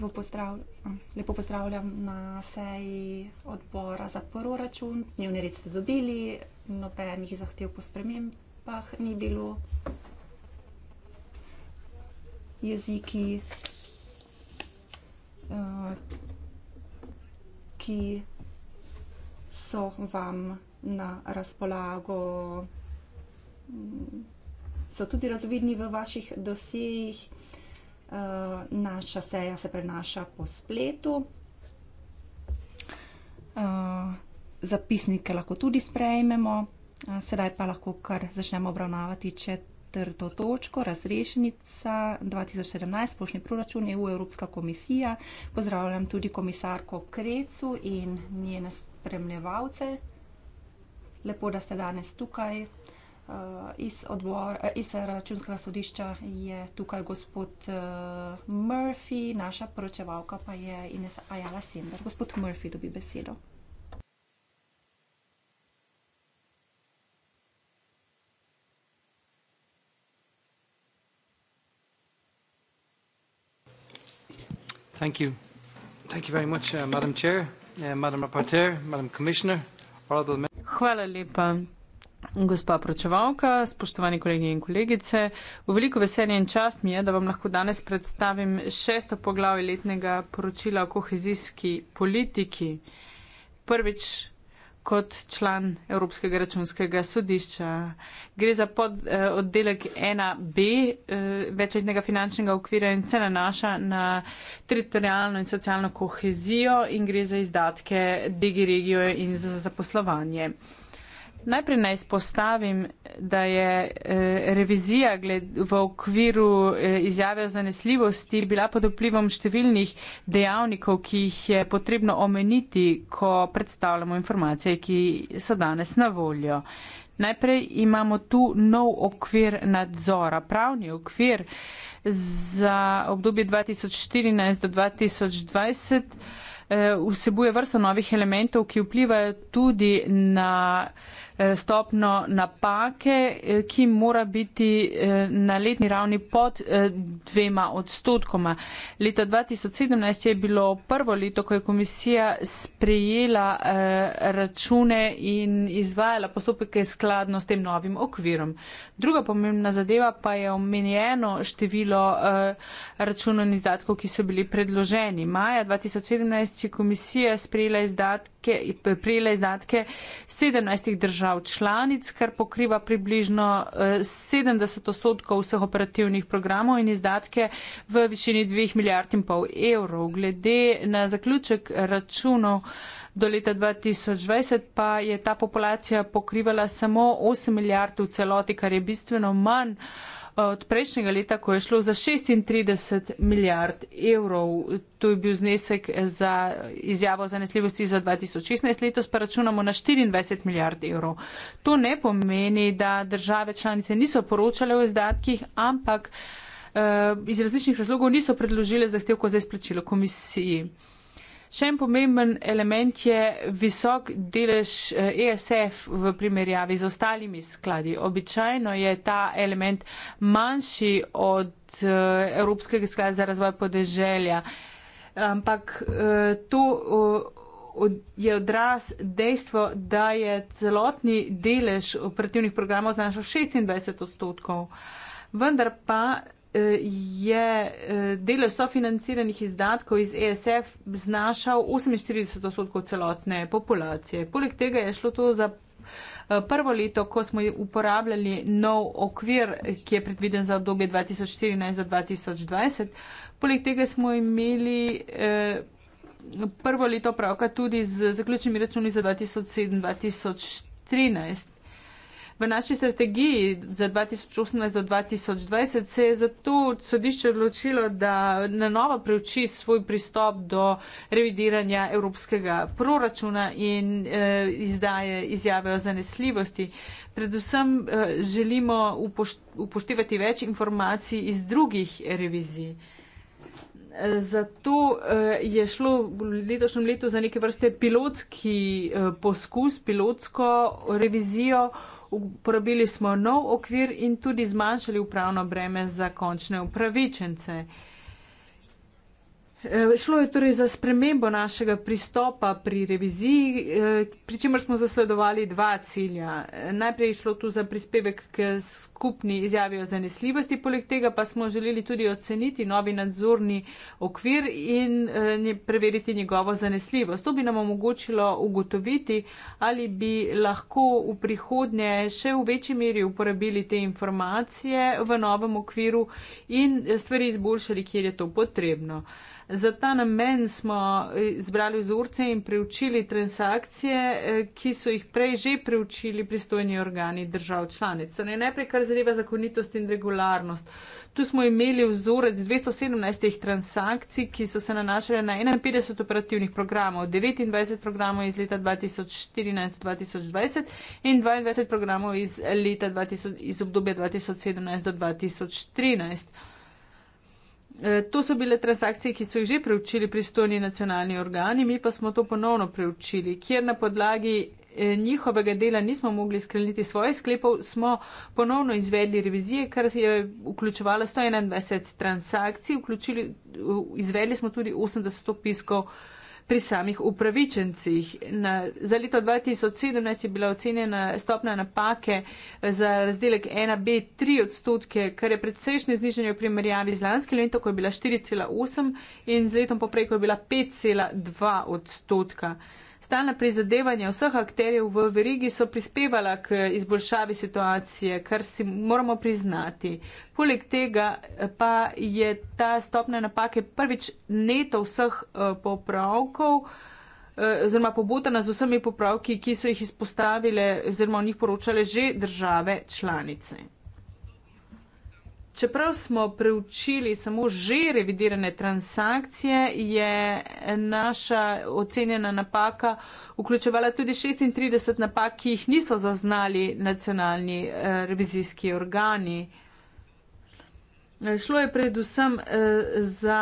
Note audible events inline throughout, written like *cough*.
No, lepo pozdravljam na seji odbora za proračun. Dnevni red ste dobili, nobenih zahtev po spremembah ni bilo. Jeziki, eh, ki so vam na razpolago, mm, so tudi razvidni v vaših dosjejih. Eh, naša seja se prenaša po spletu. Eh, zapisnike lahko tudi sprejmemo, eh, sedaj pa lahko kar začnemo obravnavati četrto točko, razrešenica 2017, splošni proračun EU, Evropska komisija. Pozdravljam tudi komisarko Krecu in njene spremljevalce. Lepo, da ste danes tukaj. Eh, iz, odbor, eh, iz eh, računskega sodišča je tukaj gospod Murphy, naša poročevalka pa je Ines Ajala Sender. Gospod Murphy dobi besedo. Thank you. Thank you very much, uh, Madam Chair, uh, Madam Rapporteur, Madam Commissioner. Hvala lepa, Gospa pročevalka, spoštovani kolegi in kolegice, v veliko veselje in čast mi je, da vam lahko danes predstavim šesto poglavje letnega poročila o kohezijski politiki. Prvič kot član Evropskega računskega sodišča. Gre za pod, eh, oddelek 1b eh, večletnega finančnega okvira in se nanaša na teritorijalno in socialno kohezijo in gre za izdatke digi regijo in za zaposlovanje. Najprej naj izpostavim, da je eh, revizija v okviru eh, izjave o zanesljivosti bila pod vplivom številnih dejavnikov, ki jih je potrebno omeniti, ko predstavljamo informacije, ki so danes na voljo. Najprej imamo tu nov okvir nadzora, pravni okvir za obdobje 2014 do 2020. Eh, vsebuje vrsto novih elementov, ki vplivajo tudi na Eh, stopno napake, eh, ki mora biti eh, na letni ravni pod dvema odstotkoma. Leta 2017 je bilo prvo leto, ko je komisija sprejela račune in izvajala postopke skladno s tem novim okvirom. Druga pomembna zadeva pa je omenjeno število računov in izdatkov, ki so bili predloženi. Maja 2017 je komisija sprejela izdatke, prejela izdatke 17 držav držav članic, kar pokriva približno 70 eh, odstotkov vseh operativnih programov in izdatke v višini 2 milijard in pol evrov. Glede na zaključek računov do leta 2020 pa je ta populacija pokrivala samo 8 milijard v celoti, kar je bistveno manj od prejšnjega leta, ko je šlo za 36 milijard evrov. To je bil znesek za izjavo o zanesljivosti za 2016, letos pa računamo na 24 milijard evrov. To ne pomeni, da države članice niso poročale o izdatkih, ampak eh, iz različnih razlogov niso predložile zahtevko za izplačilo komisiji. Še en pomemben element je visok delež ESF eh, e v primerjavi z ostalimi skladi. Običajno je ta element manjši od eh, Evropskega sklada za razvoj podeželja, ampak eh, to je odraz dejstvo, da je celotni delež operativnih programov znašal 26 odstotkov. Vendar pa je eh, delež sofinanciranih izdatkov iz ESF znašal 48 odstotkov celotne populacije. Poleg tega je šlo to za eh, prvo leto, ko smo uporabljali nov okvir, ki je predviden za obdobje 2014-2020. Poleg tega smo imeli eh, prvo leto pravka tudi z zaključnimi računi za 2007-2014. 13. V naši strategiji za 2018 do 2020 se je zato sodišče odločilo, da na novo preuči svoj pristop do revidiranja evropskega proračuna in eh, izdaje izjave o zanesljivosti. Predvsem eh, želimo upoštevati več informacij iz drugih revizij. Zato eh, je šlo v letošnjem letu za neke vrste pilotski eh, poskus, pilotsko revizijo, uporabili smo nov okvir in tudi zmanjšali upravno breme za končne upravičence. Eh, šlo je torej za spremembo našega pristopa pri reviziji, eh, pri čemer smo zasledovali dva cilja. Najprej je šlo tu za prispevek k skupni izjavi o zanesljivosti, poleg tega pa smo želeli tudi oceniti novi nadzorni okvir in eh, preveriti njegovo zanesljivost. To bi nam omogočilo ugotoviti, ali bi lahko v prihodnje še v večji meri uporabili te informacije v novem okviru in stvari izboljšali, kjer je to potrebno. Za ta namen smo izbrali vzorce in preučili transakcije, eh, ki so jih prej že preučili pristojni organi držav članic. Torej, najprej kar zadeva zakonitost in regularnost. Tu smo imeli vzorec 217 transakcij, ki so se nanašale na 51 operativnih programov, 29 programov iz leta 2014-2020 in 22 programov iz, leta 2000, iz obdobja 2017-2013. E, to so bile transakcije, ki so jih že preučili pristojni nacionalni organi, mi pa smo to ponovno preučili, kjer na podlagi e, njihovega dela nismo mogli skreniti svoje sklepov, smo ponovno izvedli revizije, kar je vključevalo 121 transakcij, vključili, izvedli smo tudi 800 piskov pri samih upravičencih. Na, za leto 2017 je bila ocenjena stopna napake eh, za razdelek 1B3 odstotke, kar je predsejšnje znižanje v primerjavi z lanskim letom, ko je bila 4,8 in z letom poprej, ko je bila 5,2 odstotka stalna prizadevanja vseh akterjev v verigi so prispevala k izboljšavi situacije, kar si moramo priznati. Poleg tega pa je ta stopna napake prvič neto vseh eh, popravkov, eh, oziroma pobutana z vsemi popravki, ki so jih izpostavile oziroma o njih poročale že države članice čeprav smo preučili samo že revidirane transakcije, je naša ocenjena napaka vključevala tudi 36 napak, ki jih niso zaznali nacionalni eh, revizijski organi. Šlo je predvsem eh, za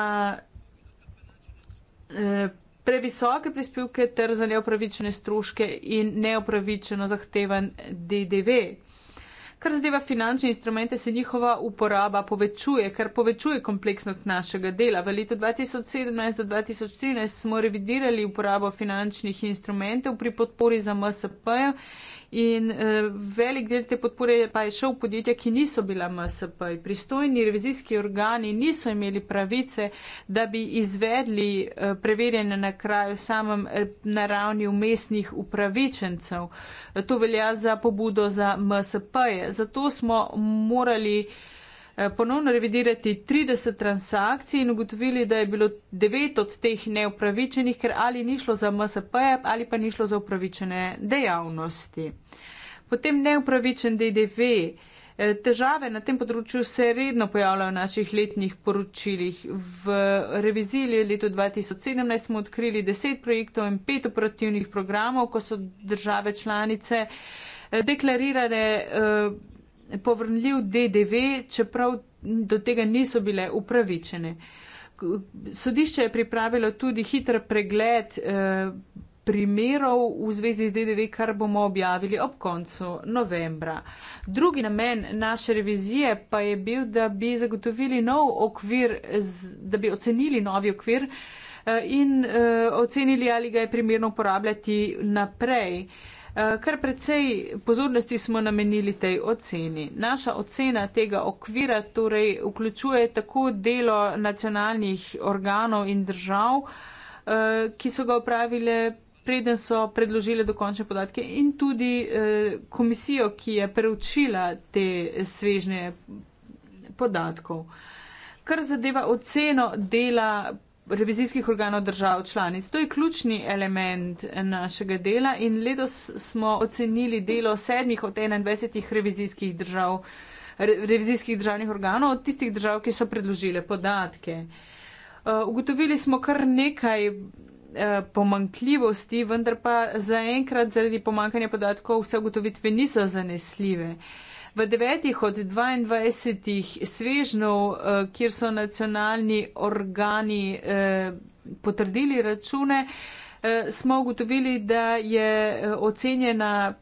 eh, previsoke prispevke ter za neopravičene stroške in neopravičeno zahteven DDV. Kar zadeva finančne instrumente, se njihova uporaba povečuje, kar povečuje kompleksnost našega dela. V letu 2017 do 2013 smo revidirali uporabo finančnih instrumentov pri podpori za MSP. -jo in eh, velik del te podpore pa je šel v podjetja, ki niso bila MSP. Pristojni revizijski organi niso imeli pravice, da bi izvedli eh, preverjanje na kraju samem eh, na ravni umestnih upravičencev. To velja za pobudo za MSP. -je. Zato smo morali Eh, ponovno revidirati 30 transakcij in ugotovili, da je bilo 9 od teh neupravičenih, ker ali ni šlo za MSP ali pa ni šlo za upravičene dejavnosti. Potem neupravičen DDV. Eh, težave na tem področju se redno pojavljajo v naših letnih poročilih. V reviziji leto 2017 smo odkrili 10 projektov in 5 operativnih programov, ko so države članice eh, deklarirale povrnljiv DDV, čeprav do tega niso bile upravičene. Sodišče je pripravilo tudi hiter pregled eh, primerov v zvezi z DDV, kar bomo objavili ob koncu novembra. Drugi namen naše revizije pa je bil, da bi zagotovili nov okvir, da bi ocenili novi okvir eh, in eh, ocenili, ali ga je primerno uporabljati naprej. Eh, kar precej pozornosti smo namenili tej oceni. Naša ocena tega okvira torej vključuje tako delo nacionalnih organov in držav, eh, ki so ga upravile preden so predložile dokončne podatke in tudi eh, komisijo, ki je preučila te svežne podatkov. Kar zadeva oceno dela revizijskih organov držav članic. To je ključni element našega dela in letos smo ocenili delo sedmih od 21 revizijskih držav, revizijskih državnih organov, od tistih držav, ki so predložile podatke. Uh, ugotovili smo kar nekaj uh, pomankljivosti, vendar pa zaenkrat zaradi pomankanja podatkov vse ugotovitve niso zanesljive v devetih od 22 svežnov, eh, kjer so nacionalni organi eh, potrdili račune, eh, smo ugotovili, da je ocenjena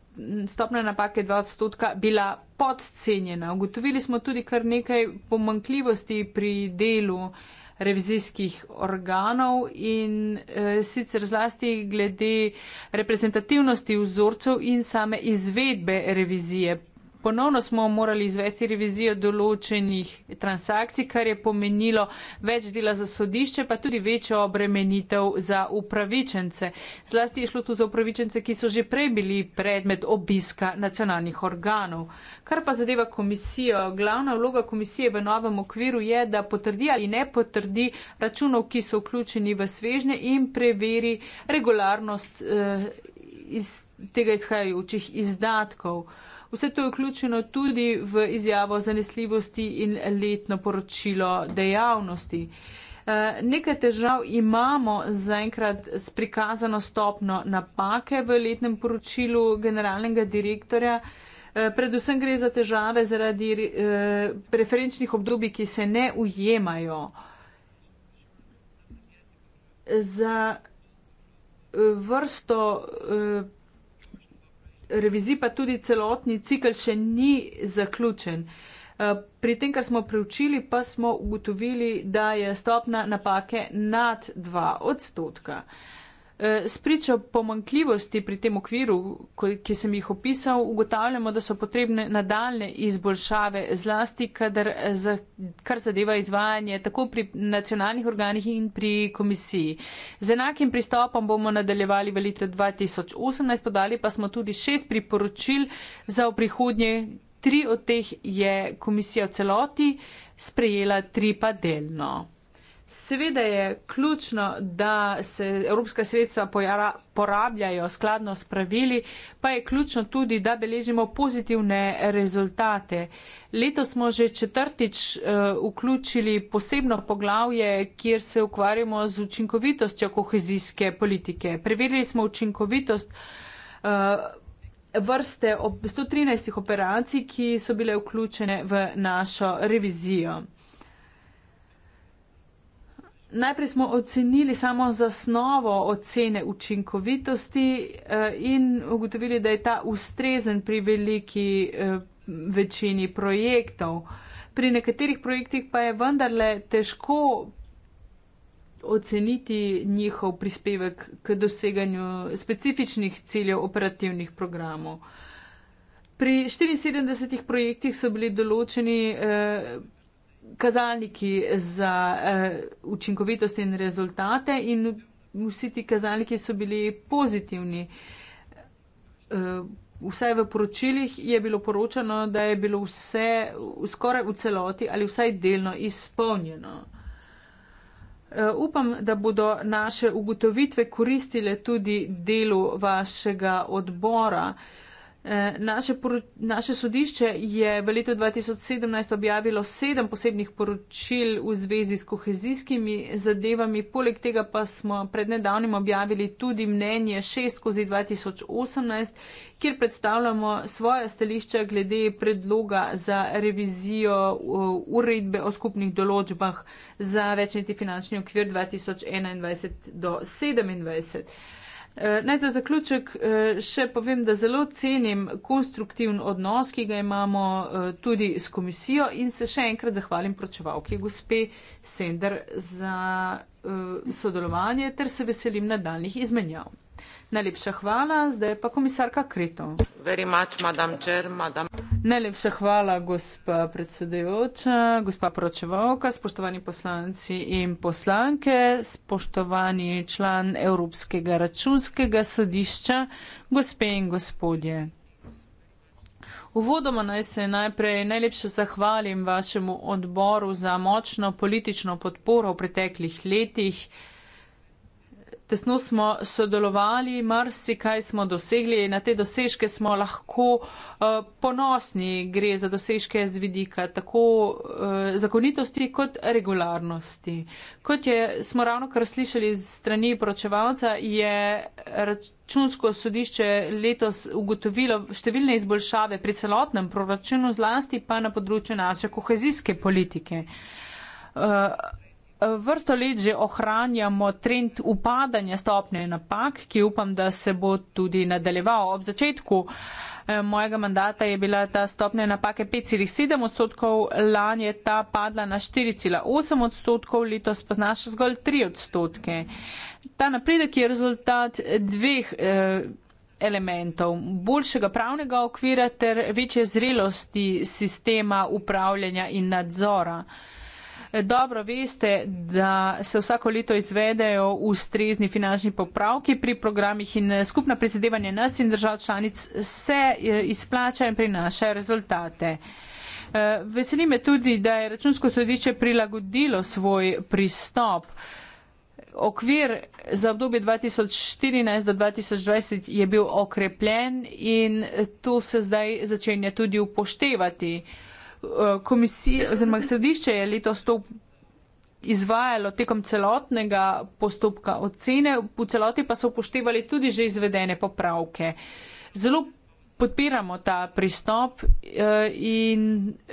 stopna napake 2 odstotka bila podcenjena. Ugotovili smo tudi kar nekaj pomankljivosti pri delu revizijskih organov in e, sicer zlasti glede reprezentativnosti vzorcev in same izvedbe revizije ponovno smo morali izvesti revizijo določenih transakcij, kar je pomenilo več dela za sodišče, pa tudi večjo obremenitev za upravičence. Zlasti je šlo tu za upravičence, ki so že prej bili predmet obiska nacionalnih organov. Kar pa zadeva komisijo, glavna vloga komisije v novem okviru je, da potrdi ali ne potrdi računov, ki so vključeni v svežne in preveri regularnost eh, iz tega izhajajočih izdatkov. Vse to je vključeno tudi v izjavo zanesljivosti in letno poročilo dejavnosti. Eh, nekaj težav imamo zaenkrat s prikazano stopno napake v letnem poročilu generalnega direktorja. Eh, predvsem gre za težave zaradi eh, preferenčnih obdobij, ki se ne ujemajo. Za vrsto revizij, pa tudi celotni cikl še ni zaključen. Eh, pri tem, kar smo preučili, pa smo ugotovili, da je stopna napake nad 2 odstotka. Uh, Eh, Spričo pomankljivosti pri tem okviru, ki sem jih opisal, ugotavljamo, da so potrebne nadaljne izboljšave zlasti, eh, kar zadeva izvajanje tako pri nacionalnih organih in pri komisiji. Z enakim pristopom bomo nadaljevali v letu 2018, podali pa smo tudi šest priporočil za prihodnje. Tri od teh je komisija v celoti sprejela, tri pa delno. Seveda je ključno, da se evropska sredstva porabljajo skladno s pravili, pa je ključno tudi, da beležimo pozitivne rezultate. Leto smo že četrtič uh, vključili posebno poglavje, kjer se ukvarjamo z učinkovitostjo kohezijske politike. Preverili smo učinkovitost. Uh, vrste ob 113 operacij, ki so bile vključene v našo revizijo najprej smo ocenili samo zasnovo ocene učinkovitosti eh, in ugotovili, da je ta ustrezen pri veliki eh, večini projektov. Pri nekaterih projektih pa je vendarle težko oceniti njihov prispevek k doseganju specifičnih ciljev operativnih programov. Pri 74 projektih so bili določeni eh, kazalniki za uh, učinkovitost in rezultate in vsi ti kazalniki so bili pozitivni. Uh, vsaj v poročilih je bilo poročano, da je bilo vse v skoraj v celoti ali vsaj delno izpolnjeno. Eh, upam, da bodo naše ugotovitve koristile tudi delu vašega odbora. Uh, Eh, naše, naše sodišče je v letu 2017 objavilo sedem posebnih poročil v zvezi s kohezijskimi zadevami, poleg tega pa smo pred nedavnim objavili tudi mnenje 6 skozi 2018, kjer predstavljamo svoje stališče glede predloga za revizijo eh, uredbe o skupnih določbah za večniti finančni okvir 2021 do 2027. Eh, naj za zaključek eh, še povem, da zelo cenim konstruktivn odnos, ki ga imamo eh, tudi s komisijo in se še enkrat zahvalim pročevalki gospe Sender za sodelovanje ter se veselim nadaljnih izmenjav. Najlepša hvala, zdaj pa komisarka Kreto. Much, madam chair, madam. Najlepša hvala, gospa predsedujoča, gospa poročevalka, spoštovani poslanci in poslanke, spoštovani član Evropskega računskega sodišča, gospe in gospodje. Uvodoma naj se najprej najlepše zahvalim vašemu odboru za močno politično podporo v preteklih letih tesno smo sodelovali, marsikaj smo dosegli in na te dosežke smo lahko uh, ponosni. Gre za dosežke z vidika tako uh, zakonitosti kot regularnosti. Kot je, smo ravno kar slišali strani poročevalca, je računsko sodišče letos ugotovilo številne izboljšave pri celotnem proračunu, zlasti pa na področju naše kohezijske politike. Uh, vrsto let že ohranjamo trend upadanja stopnje napak, ki upam, da se bo tudi nadaljeval. Ob začetku eh, mojega mandata je bila ta stopnja napake 5,7 odstotkov, lani je ta padla na 4,8 odstotkov, letos pa znaš zgolj 3 odstotke. Ta napredek je rezultat dveh. Eh, elementov, boljšega pravnega okvira ter večje zrelosti sistema upravljanja in nadzora dobro veste, da se vsako leto izvedejo ustrezni finančni popravki pri programih in eh, skupna prizadevanja nas in držav članic se eh, izplača in prinaša rezultate. Eh, veseli me tudi, da je računsko sodišče prilagodilo svoj pristop. Okvir za obdobje 2014 do 2020 je bil okrepljen in to se zdaj začenja tudi upoštevati. Eh, komisija oziroma središče je letos to izvajalo tekom celotnega postopka ocene, v celoti pa so upoštevali tudi že izvedene popravke. Zelo podpiramo ta pristop eh, in eh,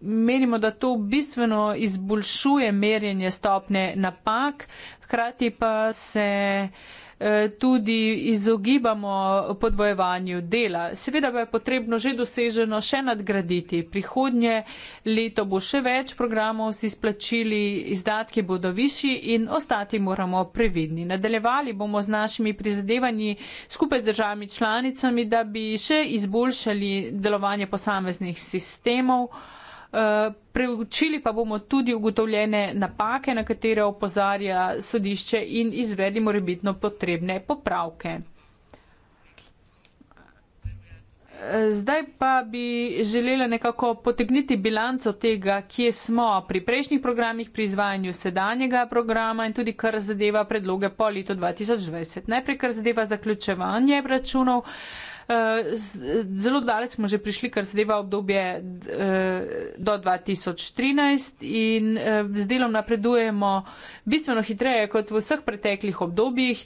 menimo, da to bistveno izboljšuje merjenje stopne napak, hkrati pa se. Eh, tudi izogibamo podvojevanju dela. Seveda pa je potrebno že doseženo še nadgraditi. Prihodnje leto bo še več programov s izplačili, izdatki bodo višji in ostati moramo previdni. Nadaljevali bomo z našimi prizadevanji skupaj z državami članicami, da bi še izboljšali delovanje posameznih sistemov. Eh, preučili pa bomo tudi ugotovljene napake, na katere opozarja sodišče in izvedli morebitno potrebne popravke. Zdaj pa bi želela nekako potegniti bilanco tega, kje smo pri prejšnjih programih, pri izvajanju sedanjega programa in tudi kar zadeva predloge po letu 2020. Najprej kar zadeva zaključevanje računov. Eh, zelo daleč smo že prišli, kar zadeva obdobje eh, do 2013 in eh, z delom napredujemo bistveno hitreje kot v vseh preteklih obdobjih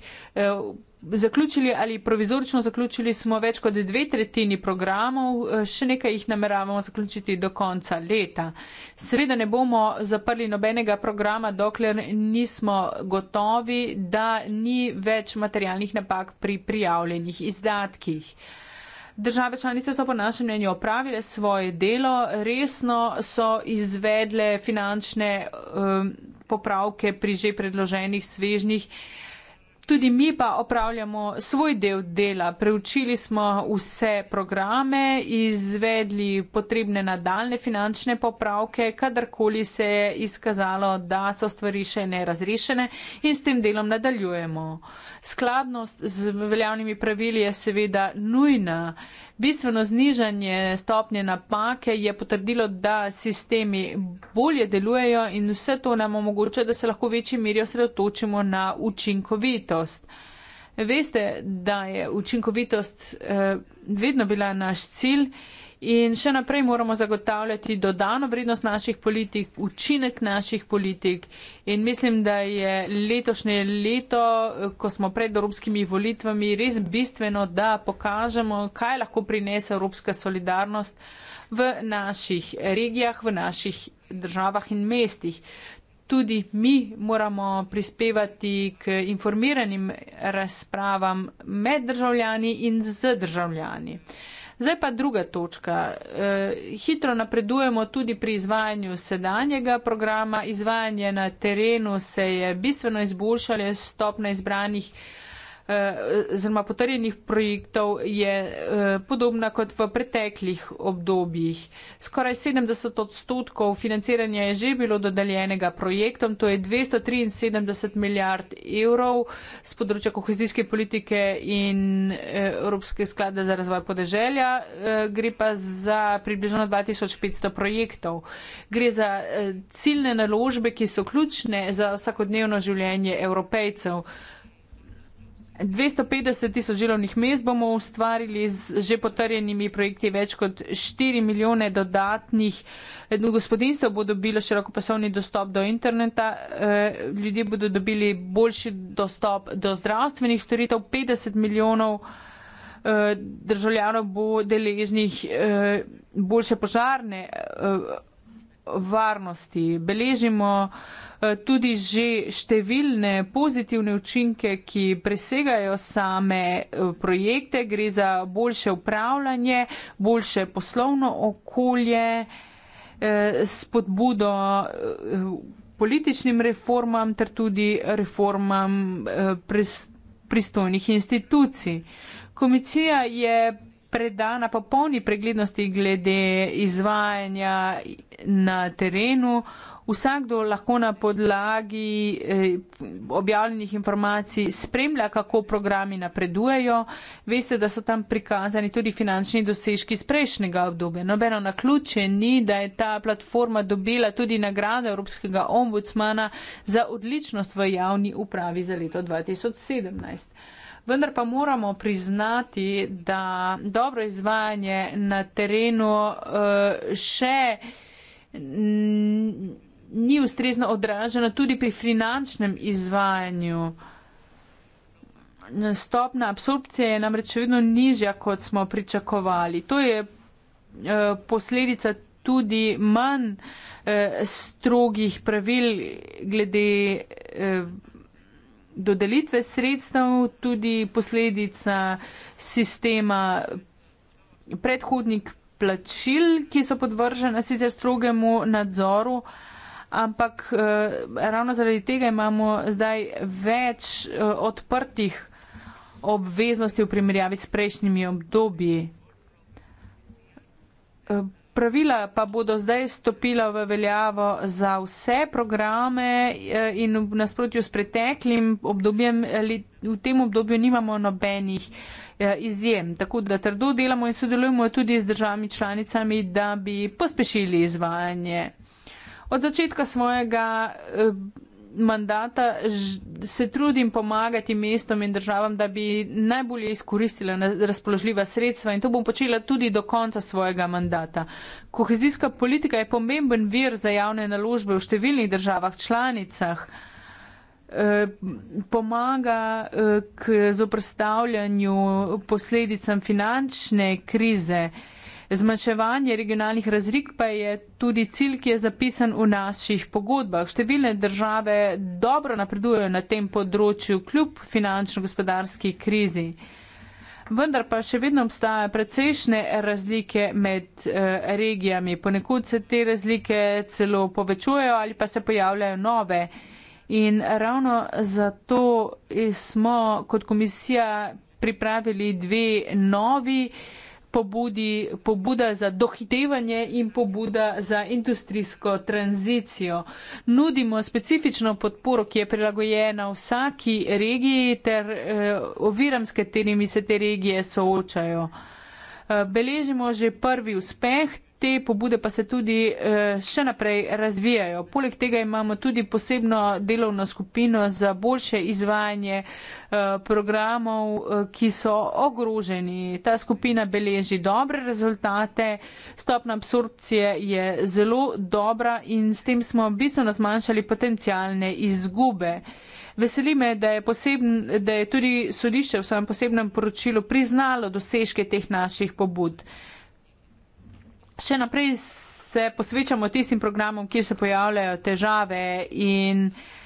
zaključili ali provizorično zaključili smo več kot dve tretjini programov, e, še nekaj jih nameravamo zaključiti do konca leta. Seveda ne bomo zaprli nobenega programa, dokler nismo gotovi, da ni več materialnih napak pri prijavljenih izdatkih. Države članice so po našem mnenju opravile svoje delo, resno so izvedle finančne eh, popravke pri že predloženih svežnih eh, Tudi mi pa opravljamo svoj del dela. Preučili smo vse programe, izvedli potrebne nadaljne finančne popravke, kadarkoli se je izkazalo, da so stvari še nerazrešene in s tem delom nadaljujemo. Skladnost z veljavnimi pravili je seveda nujna. Bistveno znižanje stopnje napake je potrdilo, da sistemi bolje delujejo in vse to nam omogoča, da se lahko v večji meri osredotočimo na učinkovitost. Veste, da je učinkovitost eh, vedno bila naš cilj. In še naprej moramo zagotavljati dodano vrednost naših politik, učinek naših politik. In mislim, da je letošnje leto, ko smo pred evropskimi volitvami, res bistveno, da pokažemo, kaj lahko prinese evropska solidarnost v naših regijah, v naših državah in mestih. Tudi mi moramo prispevati k informiranim razpravam med državljani in z državljani. Uh, Zdaj pa druga točka. E, hitro napredujemo tudi pri izvajanju sedanjega programa. Izvajanje na terenu se je bistveno izboljšalo, stopna izbranih. Eh, oziroma potrjenih projektov je eh, podobna kot v preteklih obdobjih. Skoraj 70 odstotkov financiranja je že bilo dodeljenega projektom, to je 273 milijard evrov z področja kohezijske politike in eh, Evropske sklade za razvoj podeželja, gre pa za približno 2500 projektov. Gre za ciljne naložbe, ki so ključne za vsakodnevno življenje evropejcev. 250 tisoč delovnih mest bomo ustvarili z že potrjenimi projekti, več kot 4 milijone dodatnih eh, gospodinstv bo dobilo širokopasovni dostop do interneta, eh, ljudje bodo dobili boljši dostop do zdravstvenih storitev, 50 milijonov eh, državljanov bo deležnih boljše požarne varnosti. Beležimo Eh, tudi že številne pozitivne učinke, ki presegajo same eh, projekte. Gre za boljše upravljanje, boljše poslovno okolje, eh, spodbudo političnim reformam ter tudi reformam pristojnih institucij. Komisija je predana popolni preglednosti glede izvajanja na terenu, vsakdo lahko na podlagi eh, objavljenih informacij spremlja, kako programi napredujejo. Veste, da so tam prikazani tudi finančni dosežki iz prejšnjega obdobja. Nobeno na ključe ni, da je ta platforma dobila tudi nagrado Evropskega ombudsmana za odličnost v javni upravi za leto 2017. Vendar pa moramo priznati, da dobro izvajanje na terenu eh, še ni ustrezno odražena tudi pri finančnem izvajanju. Stopna absorpcije je namreč vedno nižja, kot smo pričakovali. To je eh, posledica tudi manj eh, strogih pravil glede eh, dodelitve sredstev, tudi posledica sistema predhodnik plačil, ki so podvržena sicer strogemu nadzoru ampak eh, ravno zaradi tega imamo zdaj več eh, odprtih obveznosti v primerjavi s prejšnjimi obdobji. Eh, pravila pa bodo zdaj stopila v veljavo za vse programe in v nasprotju s preteklim obdobjem, v tem obdobju nimamo nobenih izjem. Tako da trdo delamo in sodelujemo tudi z državami članicami, da bi pospešili izvajanje od začetka svojega eh, mandata se trudim pomagati mestom in državam, da bi najbolje izkoristila razpoložljiva sredstva in to bom počela tudi do konca svojega mandata. Kohezijska politika je pomemben vir za javne naložbe v številnih državah, članicah. Eh, pomaga eh, k zoprstavljanju posledicam finančne krize. Zmanjševanje regionalnih razlik pa je tudi cilj, ki je zapisan v naših pogodbah. Številne države dobro napredujejo na tem področju, kljub finančno-gospodarski krizi. Vendar pa še vedno obstajajo precejšne razlike med eh, regijami. Ponekud se te razlike celo povečujejo ali pa se pojavljajo nove. In ravno zato eh, smo kot komisija pripravili dve novi. Eh, pobudi, pobuda za dohitevanje in pobuda za industrijsko tranzicijo. Nudimo specifično podporo, ki je prilagojena vsaki regiji ter eh, oviram, s katerimi se te regije soočajo. Eh, beležimo že prvi uspeh, te pobude pa se tudi eh, še naprej razvijajo. Poleg tega imamo tudi posebno delovno skupino za boljše izvajanje eh, programov, eh, ki so ogroženi. Ta skupina beleži dobre rezultate, stopna absorpcije je zelo dobra in s tem smo bistveno zmanjšali potencijalne izgube. Veseli me, da je, posebn, da je tudi sodišče v svojem posebnem poročilu priznalo dosežke teh naših pobud še naprej se posvečamo tistim programom, kjer se pojavljajo težave in uh,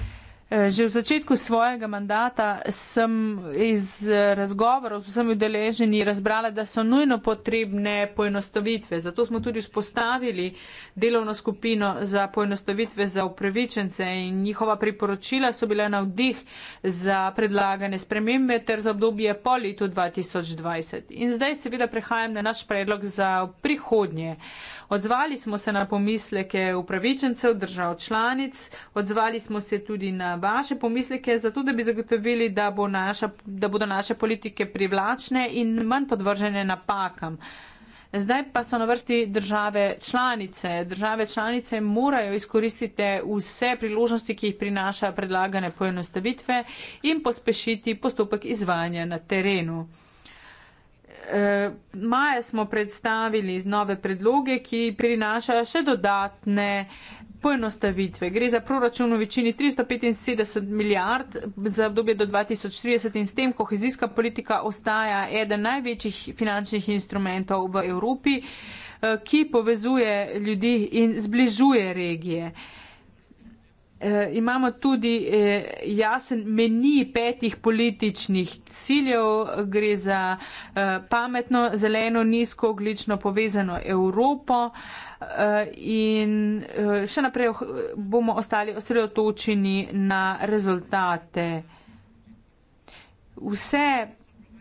Eh, že v začetku svojega mandata sem iz eh, razgovorov z vsemi udeleženi razbrala, da so nujno potrebne poenostavitve. Zato smo tudi spostavili delovno skupino za poenostavitve za upravičence in njihova priporočila so bile na vdih za predlagane spremembe ter za obdobje po letu 2020. In zdaj seveda prehajam na naš predlog za prihodnje. Odzvali smo se na pomisleke upravičencev držav članic, odzvali smo se tudi na vaše pomisleke, zato da bi zagotovili, da, bo naša, da bodo naše politike privlačne in manj podvržene napakam. Zdaj pa so na vrsti države članice. Države članice morajo izkoristiti vse priložnosti, ki jih prinaša predlagane poenostavitve in pospešiti postopek izvajanja na terenu. Eh, maja smo predstavili nove predloge, ki prinašajo še dodatne poenostavitve. Gre za proračun v večini 375 milijard za obdobje do 2030 in s tem kohezijska politika ostaja eden največjih finančnih instrumentov v Evropi, eh, ki povezuje ljudi in zbližuje regije. Eh, imamo tudi eh, jasen meni petih političnih ciljev. Gre za eh, pametno, zeleno, nizkooglično povezano Evropo in še naprej oh, bomo ostali osredotočeni na rezultate. Vse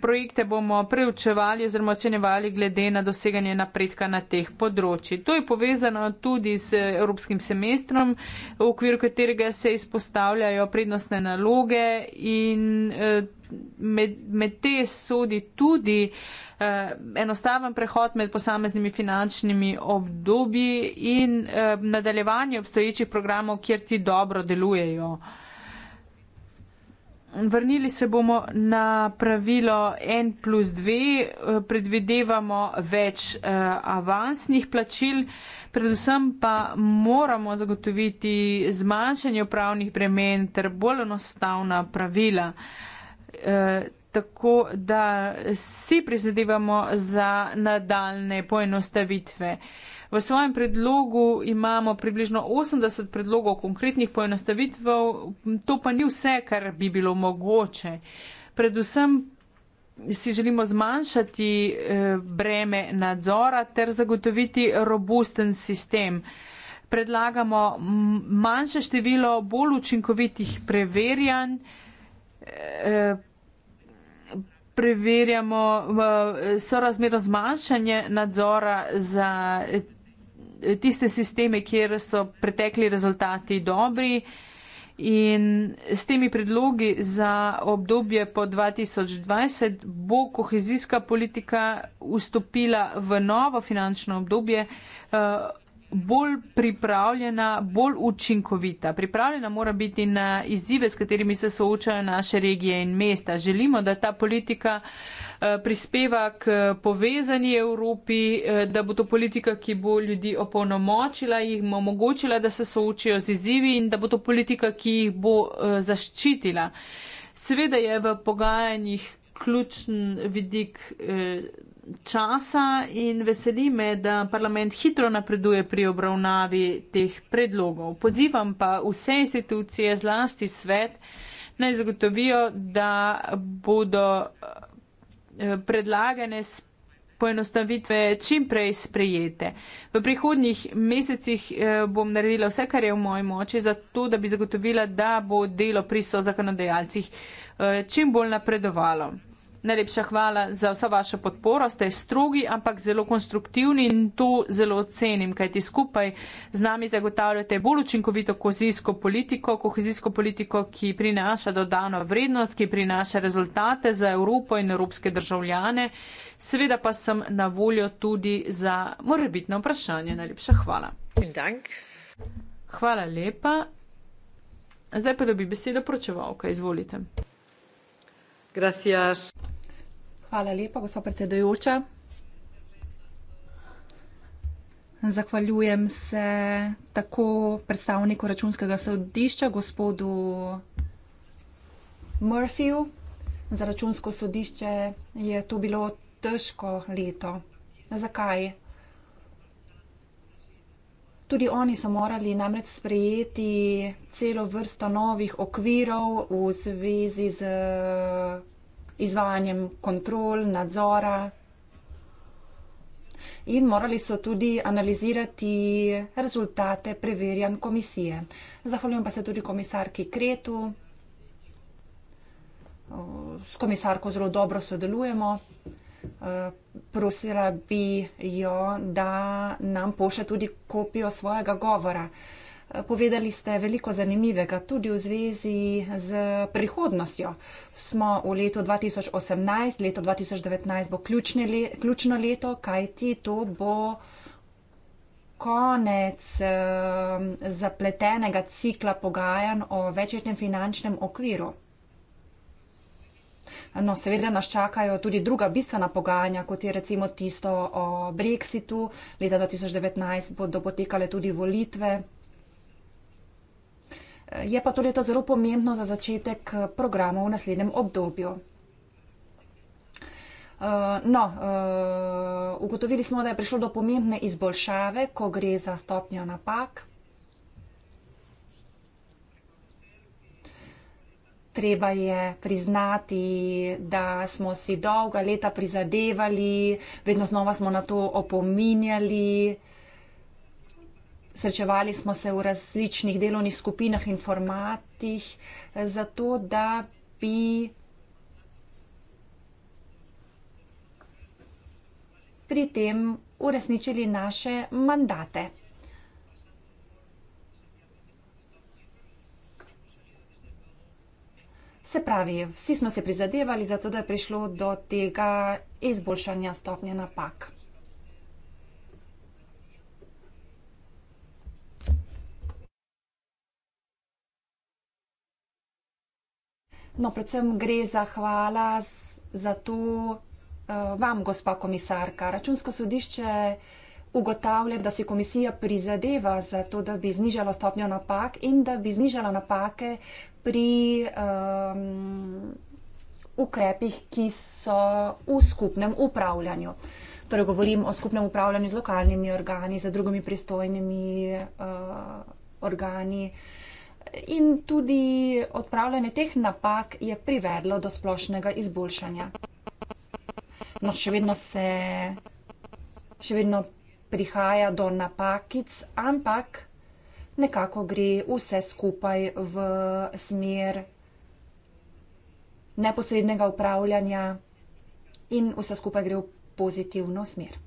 projekte bomo preučevali oziroma ocenjevali glede na doseganje napredka na teh področjih. To je povezano tudi s Evropskim semestrom, v okviru katerega se izpostavljajo prednostne naloge in eh, med, med te sodi tudi eh, enostaven prehod med posameznimi finančnimi obdobji in eh, nadaljevanje obstoječih programov, kjer ti dobro delujejo vrnili se bomo na pravilo N plus 2, eh, predvidevamo več eh, avansnih plačil, predvsem pa moramo zagotoviti zmanjšanje upravnih bremen ter bolj enostavna pravila. Eh, tako da si prizadevamo za nadaljne poenostavitve. Eh, V svojem predlogu imamo približno 80 predlogov konkretnih poenostavitev, to pa ni vse, kar bi bilo mogoče. Predvsem si želimo zmanjšati eh, breme nadzora ter zagotoviti robusten sistem. Predlagamo manjše število bolj učinkovitih preverjanj. Eh, preverjamo eh, sorazmerno zmanjšanje nadzora za tiste sisteme, kjer so pretekli rezultati dobri. In s temi predlogi za obdobje po 2020 bo kohezijska politika vstopila v novo finančno obdobje eh, bolj pripravljena, bolj učinkovita. Pripravljena mora biti na izzive, s katerimi se soočajo naše regije in mesta. Želimo, da ta politika uh, Eh, prispeva k povezani Evropi, eh, da bo to politika, ki bo ljudi opolnomočila, jih omogočila, da se soočijo z izzivi in da bo to politika, ki jih bo eh, zaščitila. Sveda je v pogajanjih ključen vidik časa in veseli me, da parlament hitro napreduje pri obravnavi teh predlogov. Pozivam pa vse institucije, zlasti svet, naj zagotovijo, da bodo Eh, predlagane poenostavitve čim prej sprejete. V prihodnjih mesecih eh, bom naredila vse, kar je v moji moči, zato da bi zagotovila, da bo delo pri so zakonodajalcih eh, čim bolj napredovalo. Najlepša hvala za vso vašo podporo. Ste strogi, ampak zelo konstruktivni in to zelo cenim, kajti skupaj z nami zagotavljate bolj učinkovito kohezijsko politiko, kohezijsko politiko, ki prinaša dodano vrednost, ki prinaša rezultate za Evropo in evropske državljane. Seveda pa sem na voljo tudi za morebitno vprašanje. Najlepša hvala. Hvala lepa. Zdaj pa dobi besedo pročevalka. Izvolite. Gracias. Hvala lepa, gospod predsedujoča. Zahvaljujem se tako predstavniku računskega sodišča, gospodu Murphyju. Za računsko sodišče je to bilo težko leto. Zakaj? Tudi oni so morali namreč sprejeti celo vrsto novih okvirov v zvezi z izvajanjem kontrol, nadzora. In morali so tudi analizirati rezultate preverjanj komisije. Zahvaljujem pa se tudi komisarki Kretu. S komisarko zelo dobro sodelujemo. Prosila bi jo, da nam pošle tudi kopijo svojega govora. Povedali ste veliko zanimivega tudi v zvezi z prihodnostjo. Smo v letu 2018, leto 2019 bo ključne, ključno leto, kajti to bo konec uh, zapletenega cikla pogajanj o večjetnem finančnem okviru. No, seveda nas čakajo tudi druga bistvena pogajanja, kot je recimo tisto o Brexitu. Leta 2019 bodo potekale tudi volitve. Je pa to leto zelo pomembno za začetek eh, programa v naslednjem obdobju. Eh, no, eh, ugotovili smo, da je prišlo do pomembne izboljšave, ko gre za stopnjo napak. Treba je priznati, da smo si dolga leta prizadevali, vedno znova smo na to opominjali srečevali smo se v različnih delovnih skupinah in formatih, eh, zato da bi pri tem uresničili naše mandate. Se pravi, vsi smo se prizadevali za to, da je prišlo do tega izboljšanja stopnje napak. No, predvsem gre za hvala za to eh, vam, gospa komisarka. Računsko sodišče ugotavlja, da si komisija prizadeva za to, da bi znižala stopnjo napak in da bi znižala napake pri um, ukrepih, ki so v skupnem upravljanju. Torej, govorim o skupnem upravljanju z lokalnimi organi, z drugimi pristojnimi uh, organi. Uh, in tudi odpravljanje teh napak je privedlo do splošnega izboljšanja. No, še vedno se, še vedno prihaja do napakic, ampak nekako gre vse skupaj v smer neposrednega upravljanja in vse skupaj gre v pozitivno smer.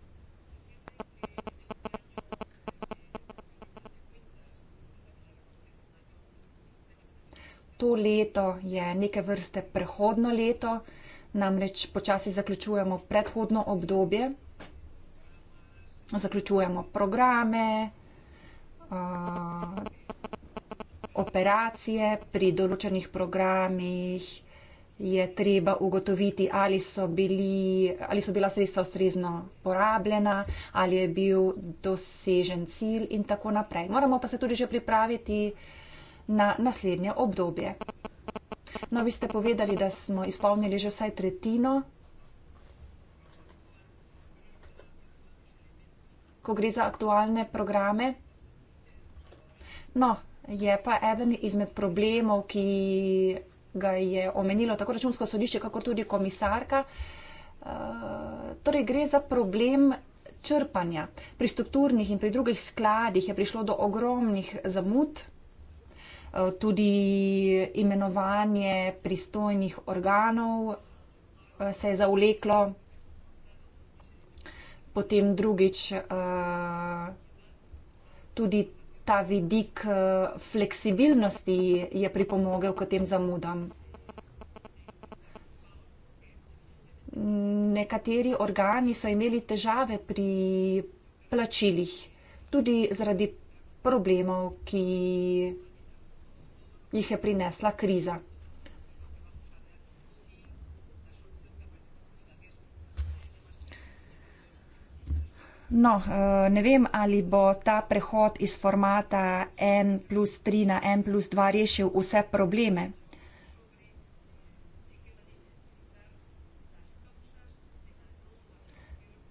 to leto je neke vrste prehodno leto, namreč počasi zaključujemo predhodno obdobje, zaključujemo programe, uh, operacije pri določenih programih, je treba ugotoviti, ali so, bili, ali so bila sredstva ustrezno porabljena, ali je bil dosežen cilj in tako naprej. Moramo pa se tudi že pripraviti, uh, na naslednje obdobje. No, vi ste povedali, da smo izpolnili že vsaj tretjino. ko gre za aktualne programe. No, je pa eden izmed problemov, ki ga je omenilo tako računsko sodišče, kako tudi komisarka. Eh, torej, gre za problem črpanja. Pri strukturnih in pri drugih skladih je prišlo do ogromnih zamud. Eh, tudi imenovanje pristojnih organov eh, se je zauleklo. Potem drugič eh, tudi ta vidik fleksibilnosti je pripomogel k tem zamudam. Nekateri organi so imeli težave pri plačilih, tudi zaradi problemov, ki jih je prinesla kriza. No, eh, ne vem, ali bo ta prehod iz formata N plus 3 na N plus 2 rešil vse probleme.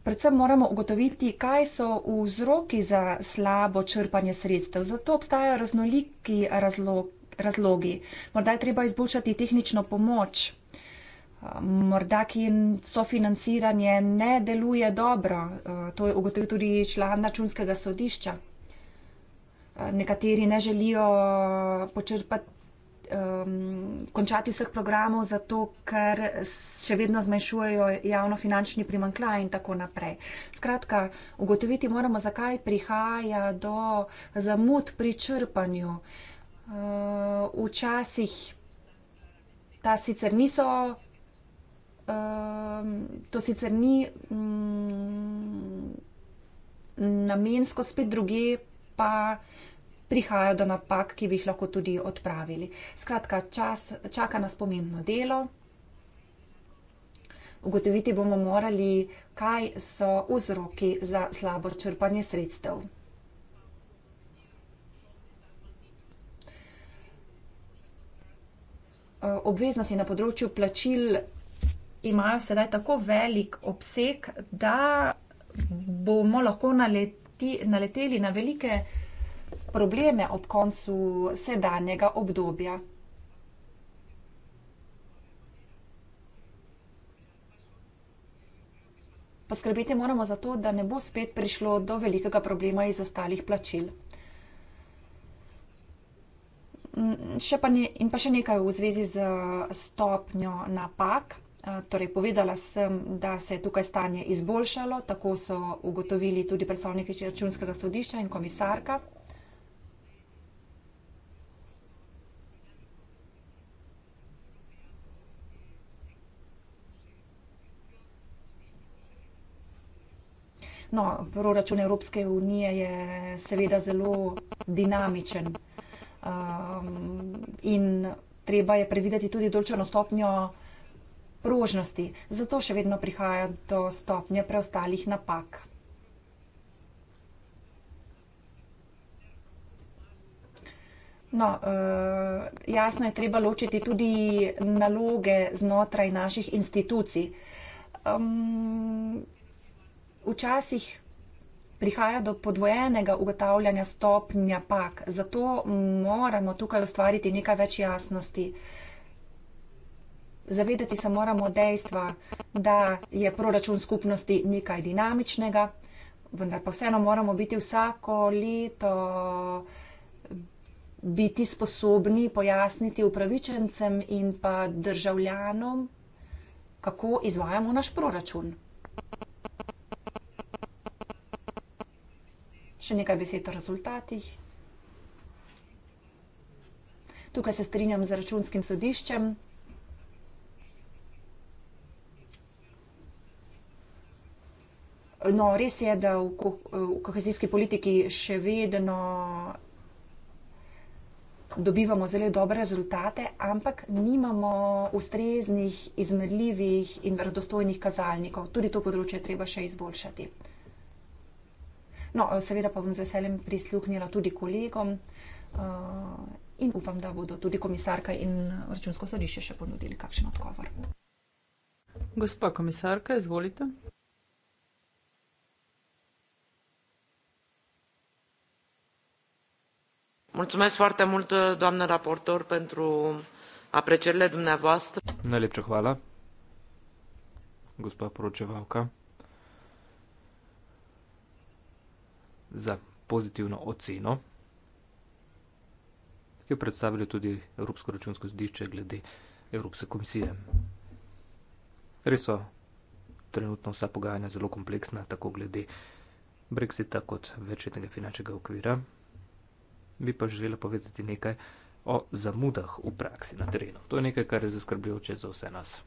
Predvsem moramo ugotoviti, kaj so vzroki za slabo črpanje sredstev. Zato obstajajo raznoliki razlogi razlogi. Morda je treba izboljšati tehnično pomoč, morda ki sofinanciranje ne deluje dobro, to je ugotovil tudi član računskega sodišča. Nekateri ne želijo počrpati, um, končati vseh programov zato, ker še vedno zmanjšujejo javnofinančni primankljaj in tako naprej. Skratka, ugotoviti moramo, zakaj prihaja do zamud pri črpanju. Uh, Eh, včasih ta sicer niso, uh, to sicer ni um, namensko, spet druge pa prihajajo do napak, ki bi jih lahko tudi odpravili. Skratka, čas čaka nas pomembno delo. Ugotoviti bomo morali, kaj so vzroki za slabo črpanje sredstev. Eh, obveznosti na področju plačil imajo sedaj tako velik obseg, da bomo lahko naleti, naleteli na velike probleme ob koncu sedanjega obdobja. Poskrbeti moramo za to, da ne bo spet prišlo do velikega problema iz ostalih plačil. Mm, še pa ne, in pa še nekaj v zvezi z eh, stopnjo napak. Eh, torej, povedala sem, da se je tukaj stanje izboljšalo, tako so ugotovili tudi predstavniki računskega sodišča in komisarka. No, proračun Evropske unije je seveda zelo dinamičen. Um, in treba je predvideti tudi določeno stopnjo prožnosti. Zato še vedno prihaja do stopnje preostalih napak. No, eh, jasno je treba ločiti tudi naloge znotraj naših institucij. Um, včasih prihaja do podvojenega ugotavljanja stopnja pak. Zato moramo tukaj ustvariti nekaj več jasnosti. Zavedati se moramo dejstva, da je proračun skupnosti nekaj dinamičnega, vendar pa vseeno moramo biti vsako leto biti sposobni pojasniti upravičencem in pa državljanom, kako izvajamo naš proračun. Še nekaj besed o rezultatih. Tukaj se strinjam z računskim sodiščem. No, res je, da v kohezijski politiki še vedno dobivamo zelo dobre rezultate, ampak nimamo ustreznih, izmerljivih in verodostojnih kazalnikov. Tudi to področje treba še izboljšati. No, seveda pa bom z veseljem prisluhnila tudi kolegom uh, in upam, da bodo tudi komisarka in računsko sodišče še ponudili kakšen odgovor. Gospa komisarka, izvolite. Mulțumesc foarte mult, doamnă raportor, pentru aprecierile dumneavoastră. Najlepša hvala, gospa Poročevalka. za pozitivno oceno, ki jo predstavlja tudi Evropsko računsko zdišče glede Evropske komisije. Res so trenutno vsa pogajanja zelo kompleksna, tako glede Brexita kot večetnega finančnega okvira. Bi pa želela povedati nekaj o zamudah v praksi na terenu. To je nekaj, kar je zaskrbljujoče za vse nas.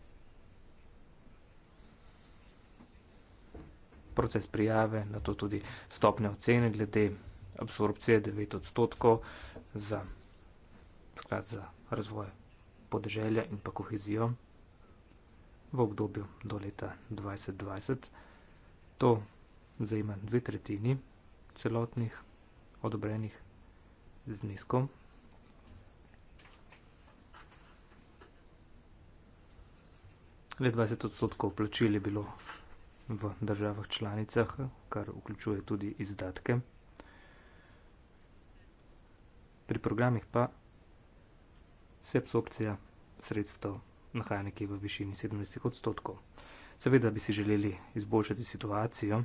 proces prijave, na to tudi stopne ocene glede absorpcije 9 odstotkov za sklad za razvoj podeželja in pa kohezijo v obdobju do leta 2020. To zajema dve tretjini celotnih odobrenih zneskov. Le 20 odstotkov plačil je bilo v državah članicah, kar vključuje tudi izdatke. Pri programih pa se absorpcija sredstev nahaja nekje v višini 70 odstotkov. Seveda bi si želeli izboljšati situacijo,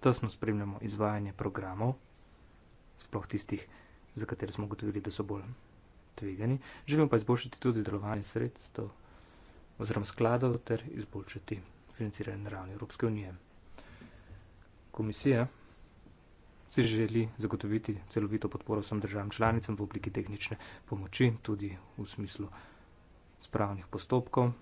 tesno spremljamo izvajanje programov, sploh tistih, za katere smo ugotovili, da so bolj tvegani. Želimo pa izboljšati tudi delovanje sredstev oziroma skladov ter izboljšati financirane na ravni Evropske unije. Komisija si želi zagotoviti celovito podporo vsem državam članicam v obliki tehnične pomoči, tudi v smislu spravnih postopkov.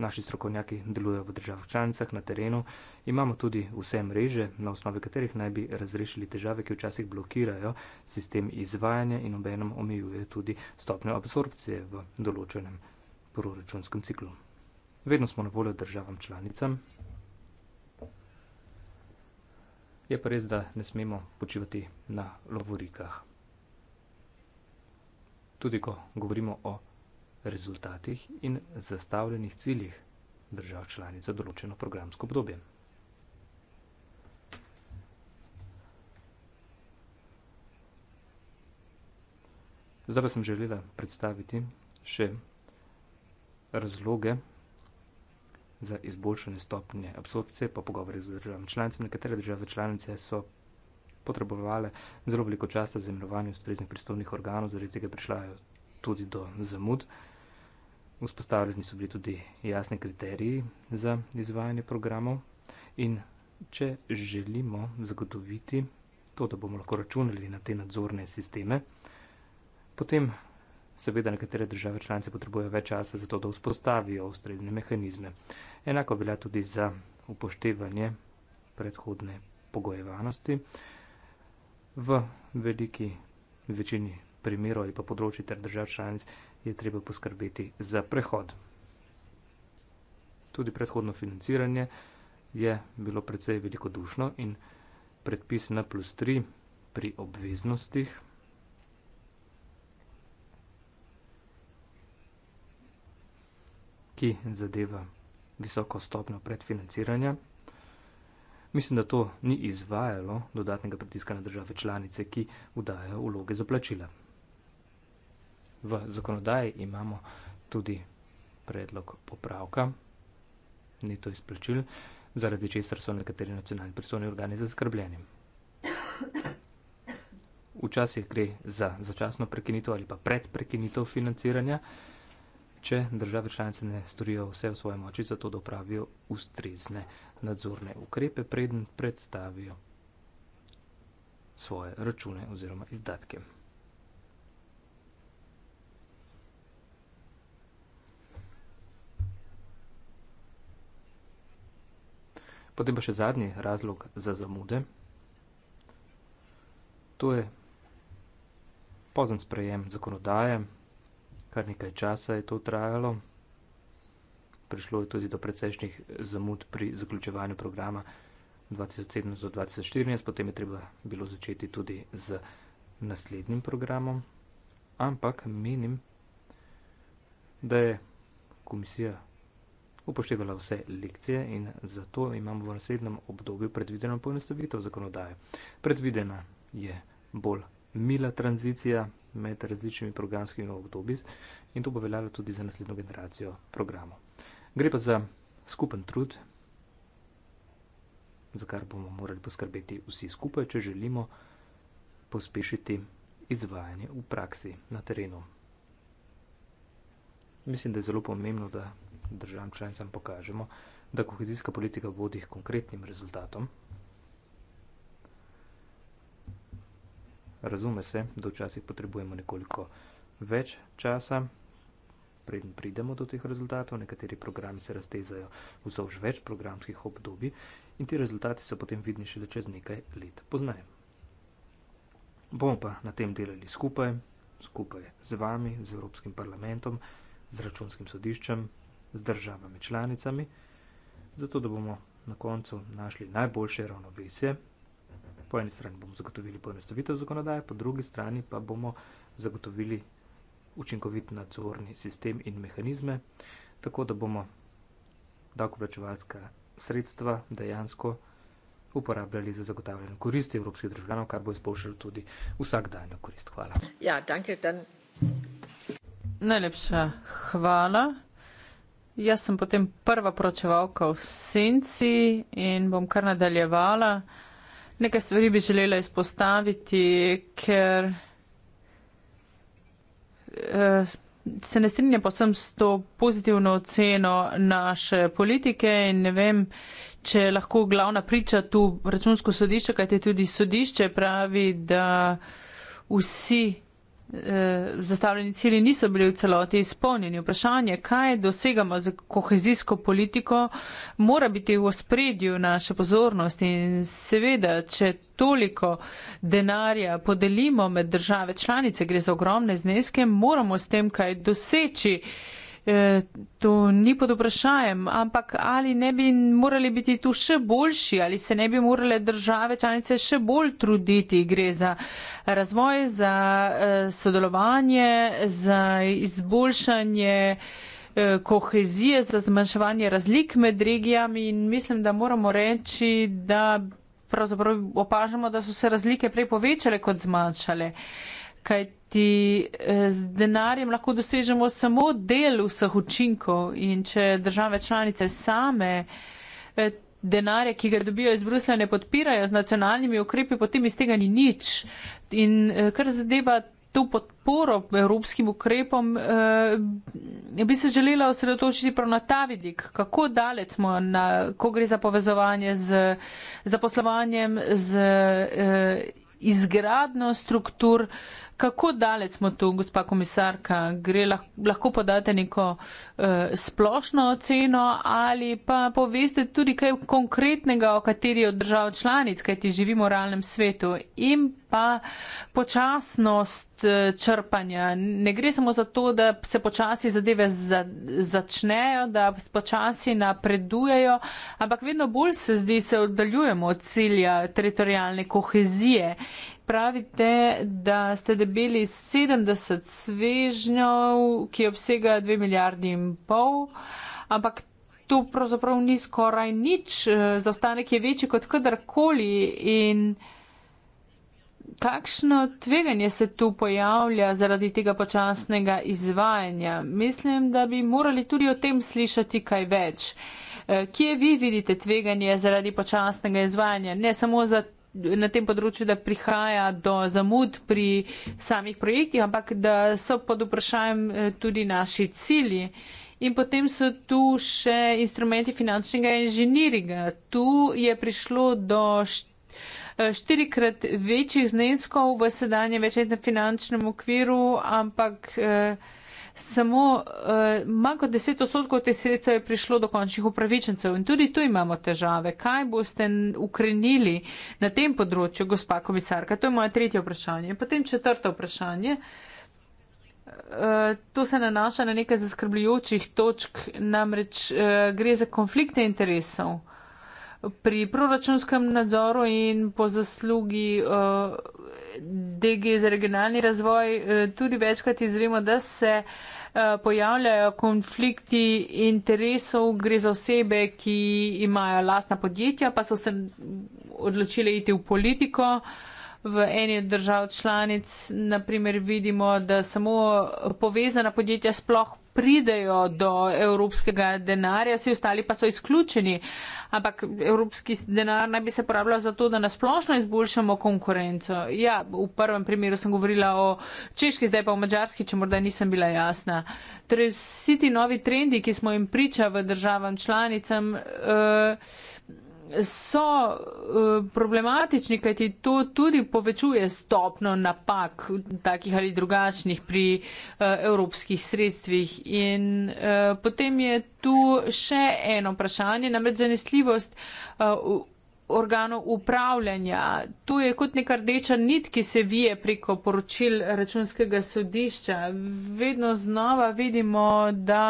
Naši strokovnjaki delujejo v državah članicah na terenu. Imamo tudi vse mreže, na osnovi katerih naj bi razrešili težave, ki včasih blokirajo sistem izvajanja in obenem omejuje tudi stopnjo absorpcije v določenem proračunskem ciklu vedno smo na voljo državam članicam. Je pa res, da ne smemo počivati na lovorikah. Tudi ko govorimo o rezultatih in zastavljenih ciljih držav članic za določeno programsko obdobje. Zdaj pa sem želela predstaviti še razloge, za izboljšanje stopnje absorpcije, pa pogovori z državami članicami. Nekatere države članice so potrebovale zelo veliko časa za imenovanje ustreznih pristovnih organov, zaradi tega prišla tudi do zamud. Vzpostavljeni so bili tudi jasni kriteriji za izvajanje programov in če želimo zagotoviti to, da bomo lahko računali na te nadzorne sisteme, potem Seveda nekatere države članice potrebujejo več časa za to, da vzpostavijo ustrezne mehanizme. Enako velja tudi za upoštevanje predhodne pogojevanosti. V veliki večini primerov ali pa področji ter držav članic je treba poskrbeti za prehod. Tudi predhodno financiranje je bilo precej veliko dušno in predpis na plus 3 pri obveznostih. ki zadeva visoko stopno predfinanciranja. Mislim, da to ni izvajalo dodatnega pritiska na države članice, ki vdajajo vloge za plačila. V zakonodaji imamo tudi predlog popravka, ni to izplačil, zaradi česar so nekateri nacionalni pristojni organi zaskrbljeni. Včasih gre za začasno prekinitev ali pa predprekinitev financiranja če države članice ne storijo vse v svoji moči, zato da upravijo ustrezne nadzorne ukrepe, preden predstavijo svoje račune oziroma izdatke. Potem pa še zadnji razlog za zamude. To je pozen sprejem zakonodaje, kar nekaj časa je to trajalo. Prišlo je tudi do precejšnjih zamud pri zaključevanju programa 2017 do 2014, potem je treba bilo začeti tudi z naslednjim programom. Ampak menim, da je komisija upoštevala vse lekcije in zato imamo v naslednjem obdobju predvideno poenostavitev zakonodaje. Predvidena je bolj mila tranzicija, med različnimi programskimi obdobji in to bo veljalo tudi za naslednjo generacijo programov. Gre pa za skupen trud, za kar bomo morali poskrbeti vsi skupaj, če želimo pospešiti izvajanje v praksi na terenu. Mislim, da je zelo pomembno, da državam članicam pokažemo, da kohezijska politika vodi konkretnim rezultatom. Razume se, da včasih potrebujemo nekoliko več časa, preden pridemo do teh rezultatov. Nekateri programi se raztezajo vzdolž več programskih obdobij in ti rezultati so potem vidni šele čez nekaj let. Poznaj. Bomo pa na tem delali skupaj, skupaj z vami, z Evropskim parlamentom, z računskim sodiščem, z državami članicami, zato da bomo na koncu našli najboljše ravnovesje Po eni strani bomo zagotovili poenostavitev zakonodaje, po drugi strani pa bomo zagotovili učinkovit nadzorni sistem in mehanizme, tako da bomo davkoplačevalska sredstva dejansko uporabljali za zagotavljanje koristi evropskih državljanov, kar bo izboljšalo tudi vsakdanjo korist. Hvala. Ja, danke, dan. Najlepša hvala. Jaz sem potem prva poročevalka v senci in bom kar nadaljevala. Nekaj stvari bi želela izpostaviti, ker eh, se ne strinja posem s to pozitivno oceno naše politike in ne vem, če je lahko glavna priča tu računsko sodišče, kajte tudi sodišče pravi, da vsi Eh, zastavljeni cilji niso bili v celoti izpolnjeni. Vprašanje, kaj dosegamo z kohezijsko politiko, mora biti v ospredju naše pozornosti in seveda, če toliko denarja podelimo med države članice, gre za ogromne zneske, moramo s tem kaj doseči. Uh, Eh, to ni pod vprašajem, ampak ali ne bi morali biti tu še boljši, ali se ne bi morale države članice še bolj truditi, gre za razvoj, za eh, sodelovanje, za izboljšanje eh, kohezije, za zmanjševanje razlik med regijami in mislim, da moramo reči, da pravzaprav opažamo, da so se razlike prej povečale kot zmanjšale. Kaj kajti eh, z denarjem lahko dosežemo samo del vseh učinkov in če države članice same eh, denarja, ki ga dobijo iz Bruslja, ne podpirajo z nacionalnimi ukrepi, potem iz tega ni nič. In eh, kar zadeva to podporo evropskim ukrepom, bi se želela osredotočiti prav na ta vidik, kako dalec smo, na, ko gre za povezovanje z zaposlovanjem, z izgradno struktur. Kako dalec smo tu, gospa komisarka? Gre, lahko, lahko podate neko eh, splošno oceno ali pa poveste tudi kaj konkretnega, o kateri od držav članic, kajti živimo v realnem svetu in pa počasnost eh, črpanja. Ne gre samo za to, da se počasi zadeve za, začnejo, da počasi napredujejo, ampak vedno bolj se zdi, se oddaljujemo od cilja teritorijalne kohezije pravite, da ste dobili 70 svežnjev, ki obsega 2 milijardi in pol, ampak to pravzaprav ni skoraj nič, eh, zaostanek je večji kot kadarkoli in kakšno tveganje se tu pojavlja zaradi tega počasnega izvajanja. Mislim, da bi morali tudi o tem slišati kaj več. Eh, kje vi vidite tveganje zaradi počasnega izvajanja? Ne samo za na tem področju, da prihaja do zamud pri samih projektih, ampak da so pod vprašanjem eh, tudi naši cilji. In potem so tu še instrumenti finančnega inženiringa. Tu je prišlo do eh, štirikrat večjih zneskov v sedanjem večletnem finančnem okviru, ampak eh, samo uh, manj kot deset odstotkov te sredstva je prišlo do končnih upravičencev in tudi tu imamo težave. Kaj boste ukrenili na tem področju, gospa komisarka? To je moje tretje vprašanje. Potem četrto vprašanje. Eh, to se nanaša na nekaj zaskrbljujočih točk, namreč eh, gre za konflikte interesov pri proračunskem nadzoru in po zaslugi DG za regionalni razvoj, eh, tudi večkrat izvemo, da se eh, pojavljajo konflikti interesov, gre za osebe, ki imajo lastna podjetja, pa so se odločile iti v politiko. V eni od držav članic, naprimer, vidimo, da samo povezana podjetja sploh pridejo do evropskega denarja, vsi ostali pa so izključeni. Ampak evropski denar naj bi se porabljal za to, da nasplošno izboljšamo konkurenco. Ja, v prvem primeru sem govorila o češki, zdaj pa o mačarski, če morda nisem bila jasna. Torej, vsi ti novi trendi, ki smo jim priča v državam članicam. Uh, so eh, problematični, kajti to tudi povečuje stopno napak takih ali drugačnih pri eh, evropskih sredstvih. In eh, potem je tu še eno vprašanje, namreč zanesljivost organov upravljanja. To je kot neka rdeča nit, ki se vije preko poročil računskega sodišča. Vedno znova vidimo, da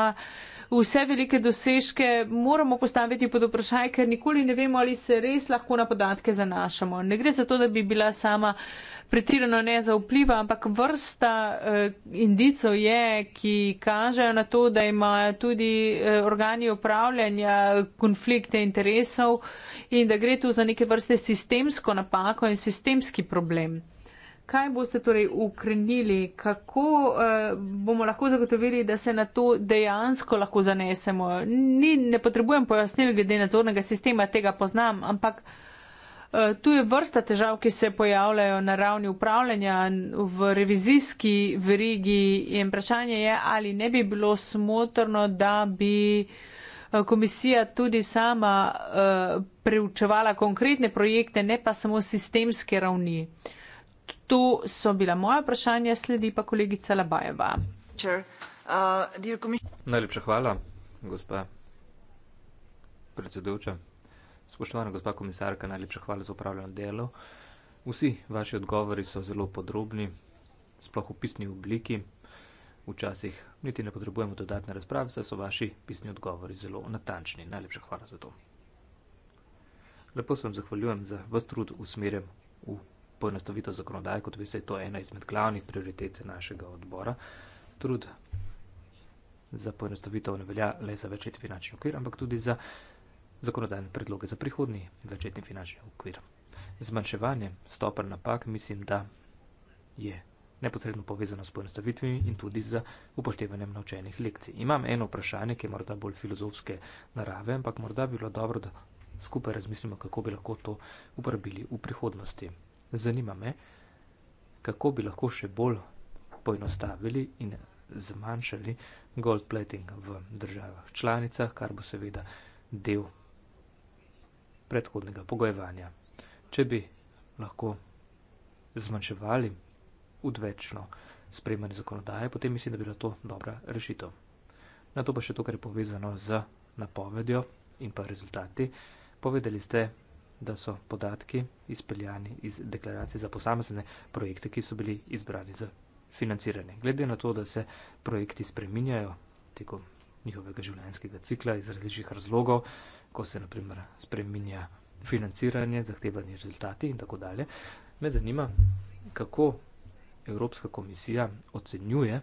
vse velike dosežke moramo postaviti pod vprašaj, ker nikoli ne vemo, ali se res lahko na podatke zanašamo. Ne gre za to, da bi bila sama pretirano nezaupljiva, ampak vrsta eh, indicov je, ki kažejo na to, da imajo tudi eh, organi upravljanja konflikte interesov in da gre tu za neke vrste sistemsko napako in sistemski problem. Kaj boste torej ukrenili, kako uh, bomo lahko zagotovili, da se na to dejansko lahko zanesemo? Ni, ne potrebujem pojasnil glede nadzornega sistema, tega poznam, ampak uh, tu je vrsta težav, ki se pojavljajo na ravni upravljanja v revizijski verigi in vprašanje je, ali ne bi bilo smotrno, da bi. Eh, komisija tudi sama uh, preučevala konkretne projekte, ne pa samo sistemske ravni. Uh, To so bila moja vprašanja, sledi pa kolegica Labajeva. Uh, najlepša hvala, gospa predsedujoča. Spoštovana gospa komisarka, najlepša hvala za upravljeno delo. Vsi vaši odgovori so zelo podrobni, sploh v pisni obliki. Včasih niti ne potrebujemo dodatne razprave, saj so vaši pisni odgovori zelo natančni. Najlepša hvala za to. Lepo se vam zahvaljujem za vse trud usmerjen v poenostavitev zakonodaje, kot veste, je to ena izmed glavnih prioritet našega odbora. Trud za poenostavitev ne velja le za večletni finančni okvir, ampak tudi za zakonodajne predloge za prihodni večletni finančni okvir. Zmanjševanje stopen napak mislim, da je neposredno povezano s poenostavitvami in tudi z upoštevanjem naučenih lekcij. Imam eno vprašanje, ki je morda bolj filozofske narave, ampak morda bi bilo dobro, da skupaj razmislimo, kako bi lahko to uporabili v prihodnosti. Zanima me, kako bi lahko še bolj poenostavili in zmanjšali gold plating v državah članicah, kar bo seveda del predhodnega pogojevanja. Če bi lahko zmanjševali odvečno sprejemanje zakonodaje, potem mislim, da bi bila to dobra rešitev. Na to pa še to, kar je povezano z napovedjo in pa rezultati. Povedali ste, da so podatki izpeljani iz deklaracije za posamezne projekte, ki so bili izbrani za financiranje. Glede na to, da se projekti spreminjajo tekom njihovega življenjskega cikla iz različnih razlogov, ko se naprimer spreminja financiranje, zahtevani rezultati in tako dalje, me zanima, kako Evropska komisija ocenjuje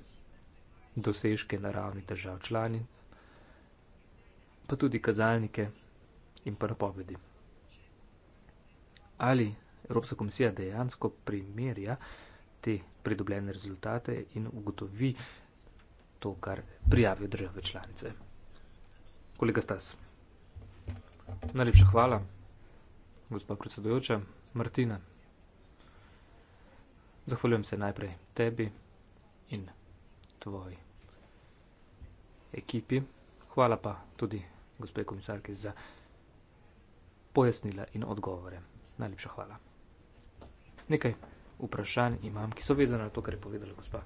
dosežke na ravni držav člani, pa tudi kazalnike in pa napovedi ali Evropska komisija dejansko primerja te pridobljene rezultate in ugotovi to, kar prijavijo države članice. Kolega Stas, najlepša hvala, gospod predsedujoča, Martina. Zahvaljujem se najprej tebi in tvoji ekipi. Hvala pa tudi gospe komisarki za pojasnila in odgovore. Najlepša hvala. Nekaj vprašanj imam, ki so vezane na to, kar je povedala gospa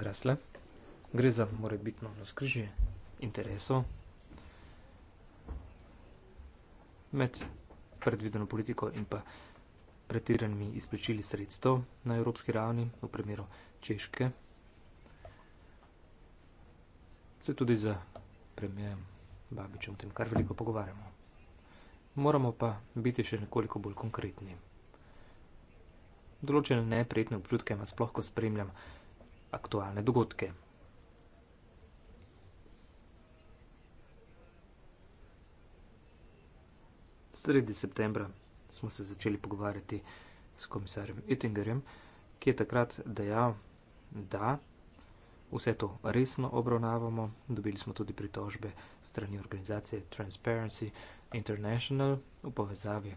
Grasle. Gre za morebitno razkrižje interesov med predvideno politiko in pa pretiranimi izplačili sredstev na evropski ravni, v primeru Češke. Se tudi za premijem Babičem o tem kar veliko pogovarjamo. Moramo pa biti še nekoliko bolj konkretni. Določene neprijetne občutke ima sploh, ko spremljam aktualne dogodke. Sredi septembra smo se začeli pogovarjati s komisarjem Ettingerjem, ki je takrat dejal, da vse to resno obravnavamo. Dobili smo tudi pritožbe strani organizacije Transparency International v povezavi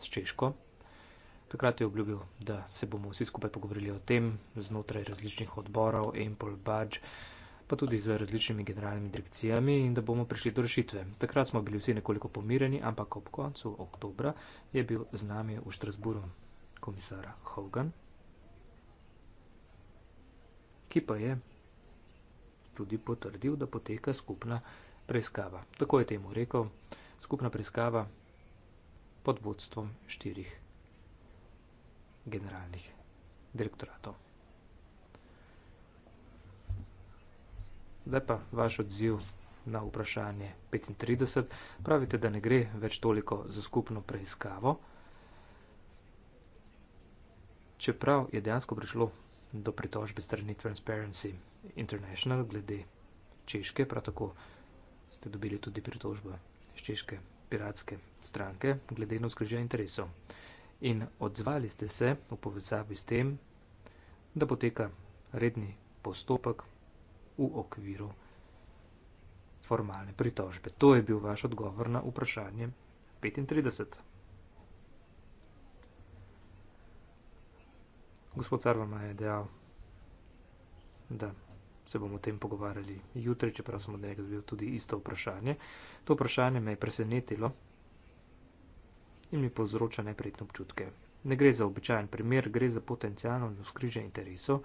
s Češko. Takrat je obljubil, da se bomo vsi skupaj pogovorili o tem znotraj različnih odborov, Ample, Budge, pa tudi z različnimi generalnimi direkcijami in da bomo prišli do rešitve. Takrat smo bili vsi nekoliko pomireni, ampak ob koncu oktobra je bil z nami v Štrasburu komisar Hogan, ki pa je tudi potrdil, da poteka skupna preiskava. Tako je temu rekel, skupna preiskava pod vodstvom štirih generalnih direktoratov. Zdaj pa vaš odziv na vprašanje 35. Pravite, da ne gre več toliko za skupno preiskavo, čeprav je dejansko prišlo do pritožbe strani Transparency. International glede Češke, prav tako ste dobili tudi pritožbo iz Češke piratske stranke glede na skrižje interesov. In odzvali ste se v povezavi s tem, da poteka redni postopek v okviru formalne pritožbe. To je bil vaš odgovor na vprašanje 35. Gospod Carvama je dejal, da se bomo o tem pogovarjali jutri, čeprav smo od njega dobili tudi isto vprašanje. To vprašanje me je presenetilo in mi povzroča neprijetne občutke. Ne gre za običajen primer, gre za potencijalno navskrižje interesov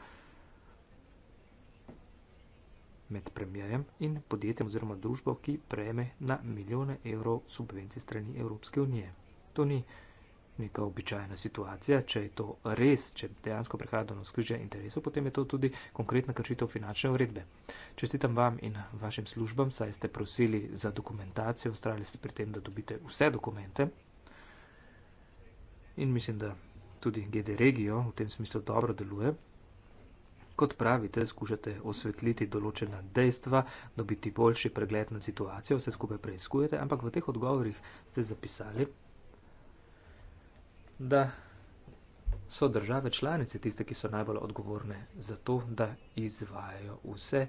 med premijajem in podjetjem oziroma družbo, ki prejme na milijone evrov subvencij strani Evropske unije. To ni neka običajna situacija, če je to res, če dejansko prihaja do nasklidja interesov, potem je to tudi konkretna kršitev finančne uredbe. Čestitam vam in vašim službam, saj ste prosili za dokumentacijo, ustrajali ste pri tem, da dobite vse dokumente in mislim, da tudi GD Regio v tem smislu dobro deluje. Kot pravite, skušate osvetliti določena dejstva, dobiti boljši pregled na situacijo, vse skupaj preizkujete, ampak v teh odgovorih ste zapisali, da so države članice tiste, ki so najbolj odgovorne za to, da izvajajo vse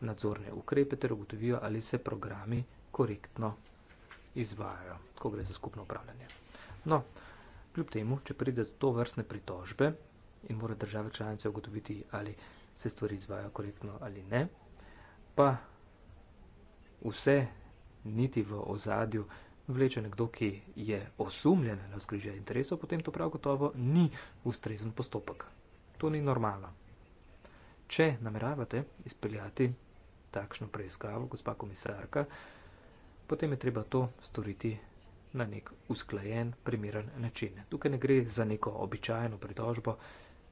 nadzorne ukrepe ter ugotovijo, ali se programi korektno izvajajo, ko gre za skupno upravljanje. No, kljub temu, če pride do to vrstne pritožbe in mora države članice ugotoviti, ali se stvari izvajajo korektno ali ne, pa vse niti v ozadju vleče nekdo, ki je osumljen na skrižje interesov, potem to prav gotovo ni ustrezen postopek. To ni normalno. Če nameravate izpeljati takšno preiskavo, gospa komisarka, potem je treba to storiti na nek usklajen, primeren način. Tukaj ne gre za neko običajno pritožbo,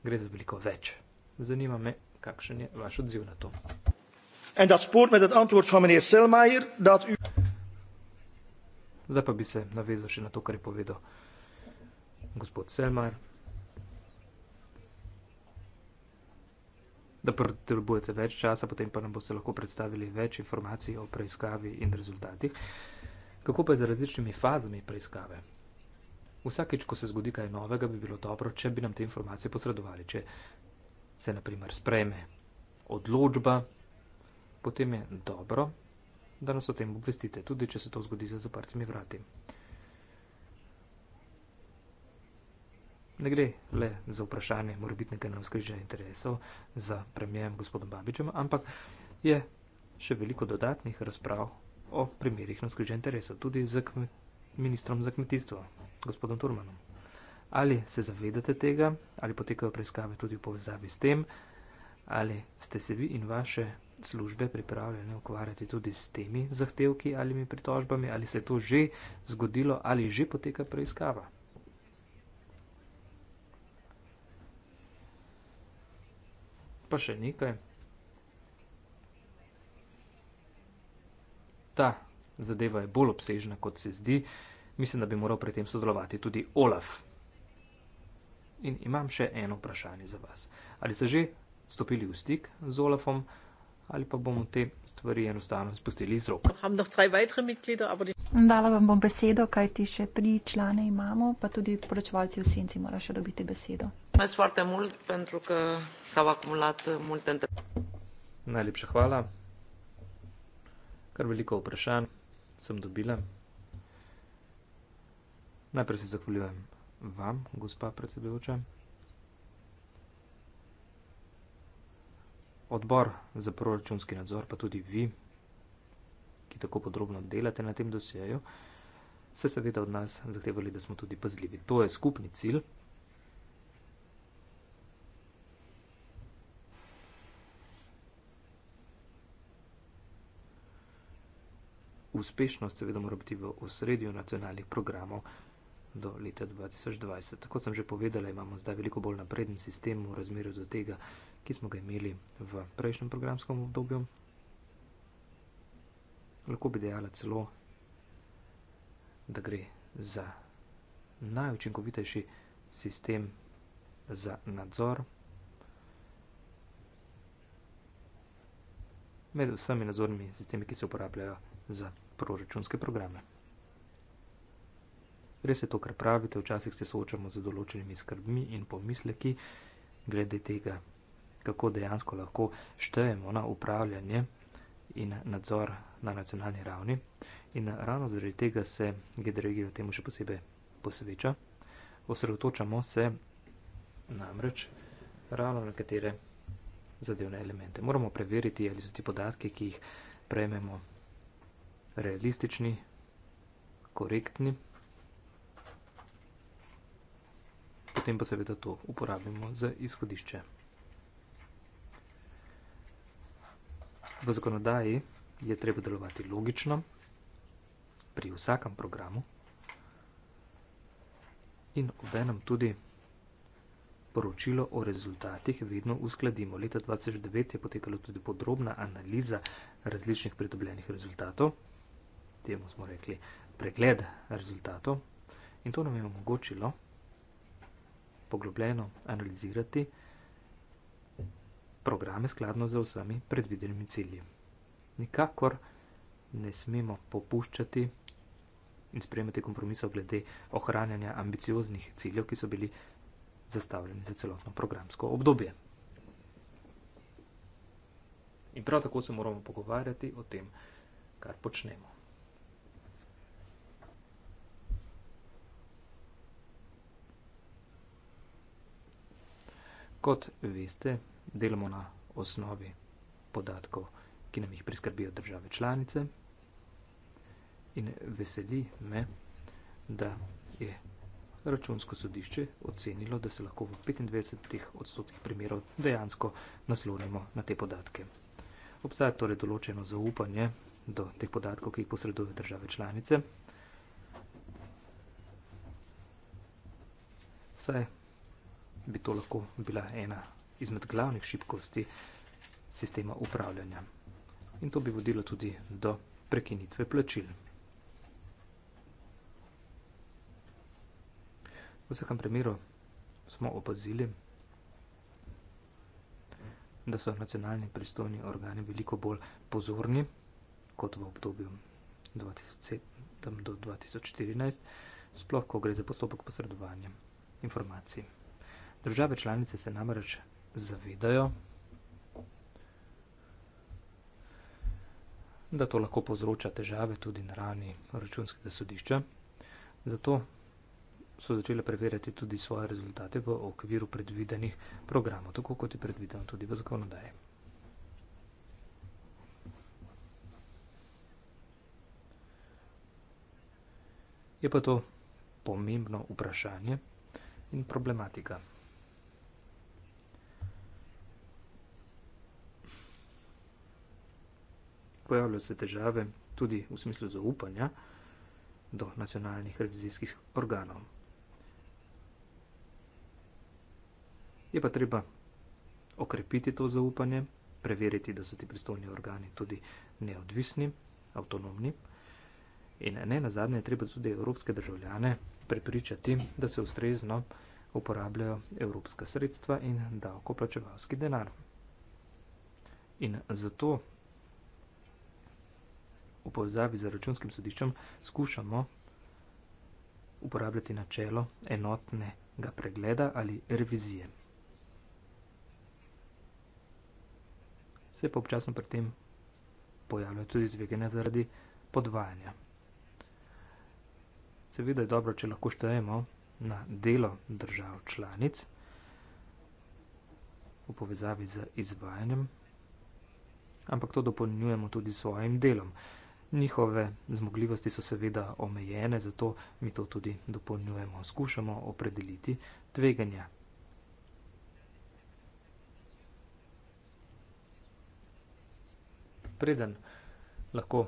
gre za veliko več. Zanima me, kakšen je vaš odziv na to. In to spoort met het antwoord van meneer Selmayr, dat u. Zdaj pa bi se navezal še na to, kar je povedal gospod Selmar. Da potrebujete več časa, potem pa nam boste lahko predstavili več informacij o preiskavi in rezultatih. Kako pa je z različnimi fazami preiskave? Vsakič, ko se zgodi kaj novega, bi bilo dobro, če bi nam te informacije posredovali. Če se, na primer, sprejme odločba, potem je dobro, da nas o tem obvestite, tudi če se to zgodi za zaprtimi vrati. Ne gre le za vprašanje morbitnega navskrižja interesov za premijem gospodom Babičem, ampak je še veliko dodatnih razprav o primerih navskrižja interesov, tudi z ministrom za kmetijstvo, gospodom Turmanom. Ali se zavedate tega, ali potekajo preiskave tudi v povezavi s tem, ali ste se vi in vaše službe pripravljene ukvarjati tudi s temi zahtevki ali pritožbami, ali se je to že zgodilo ali že poteka preiskava. Pa še nekaj. Ta zadeva je bolj obsežna, kot se zdi. Mislim, da bi moral pri tem sodelovati tudi Olaf. In imam še eno vprašanje za vas. Ali ste že stopili v stik z Olafom? ali pa bomo te stvari enostavno spustili iz rok. Dala vam bom besedo, kaj ti še tri člane imamo, pa tudi poročevalci v senci morajo še dobiti besedo. Najlepša hvala. Kar veliko vprašanj sem dobila. Najprej se zahvaljujem vam, gospa predsedujoča. odbor za proračunski nadzor, pa tudi vi, ki tako podrobno delate na tem dosjeju, ste seveda od nas zahtevali, da smo tudi pazljivi. To je skupni cilj. Uspešnost seveda mora biti v osredju nacionalnih programov do leta 2020. Tako sem že povedala, imamo zdaj veliko bolj napreden sistem v razmerju do tega, ki smo ga imeli v prejšnjem programskem obdobju. Lahko bi dejala celo, da gre za najučinkovitejši sistem za nadzor med vsemi nadzornimi sistemi, ki se uporabljajo za proračunske programe. Res je to, kar pravite, včasih se soočamo z določenimi skrbmi in pomisleki glede tega, kako dejansko lahko štejemo na upravljanje in nadzor na nacionalni ravni. In ravno zaradi tega se GDR-ja temu še posebej posveča. Osredotočamo se namreč ravno na katere zadevne elemente. Moramo preveriti, ali so ti podatki, ki jih prejmemo, realistični, korektni. Potem pa seveda to uporabimo za izhodišče. V zakonodaji je treba delovati logično pri vsakem programu in obenem tudi poročilo o rezultatih vedno uskladimo. Leta 2009 je potekala tudi podrobna analiza različnih pridobljenih rezultatov, temu smo rekli pregled rezultatov in to nam je omogočilo poglobljeno analizirati rezultatov programe skladno z vsemi predvidenimi cilji. Nikakor ne smemo popuščati in sprejemati kompromisov glede ohranjanja ambicioznih ciljev, ki so bili zastavljeni za celotno programsko obdobje. In prav tako se moramo pogovarjati o tem, kar počnemo. Kot veste, delamo na osnovi podatkov, ki nam jih priskrbijo države članice. In veseli me, da je računsko sodišče ocenilo, da se lahko v 25 odstotkih primerov dejansko naslonimo na te podatke. Obstaja torej določeno zaupanje do teh podatkov, ki jih posredujejo države članice. Saj bi to lahko bila ena izmed glavnih šibkosti sistema upravljanja. In to bi vodilo tudi do prekinitve plačil. V vsakem primeru smo opazili, da so nacionalni pristojni organi veliko bolj pozorni kot v obdobju 2007 do 2014, sploh ko gre za postopek posredovanja informacij. Države članice se namreč zavedajo, da to lahko povzroča težave tudi na ravni računskega sodišča. Zato so začele preverjati tudi svoje rezultate v okviru predvidenih programov, tako kot je predvideno tudi v zakonodaji. Je pa to pomembno vprašanje in problematika. pojavljajo se težave tudi v smislu zaupanja do nacionalnih revizijskih organov. Je pa treba okrepiti to zaupanje, preveriti, da so ti pristojni organi tudi neodvisni, avtonomni. In ne na zadnje, je treba tudi evropske državljane prepričati, da se ustrezno uporabljajo evropska sredstva in davkoplačevalski denar. In zato v povezavi z računskim sodiščem skušamo uporabljati načelo enotnega pregleda ali revizije. Se pa občasno pri tem pojavljajo tudi zvegenja zaradi podvajanja. Seveda je dobro, če lahko štejemo na delo držav članic v povezavi z izvajanjem, ampak to dopolnjujemo tudi s svojim delom. Njihove zmogljivosti so seveda omejene, zato mi to tudi dopolnjujemo. Skušamo opredeliti tveganja. Preden lahko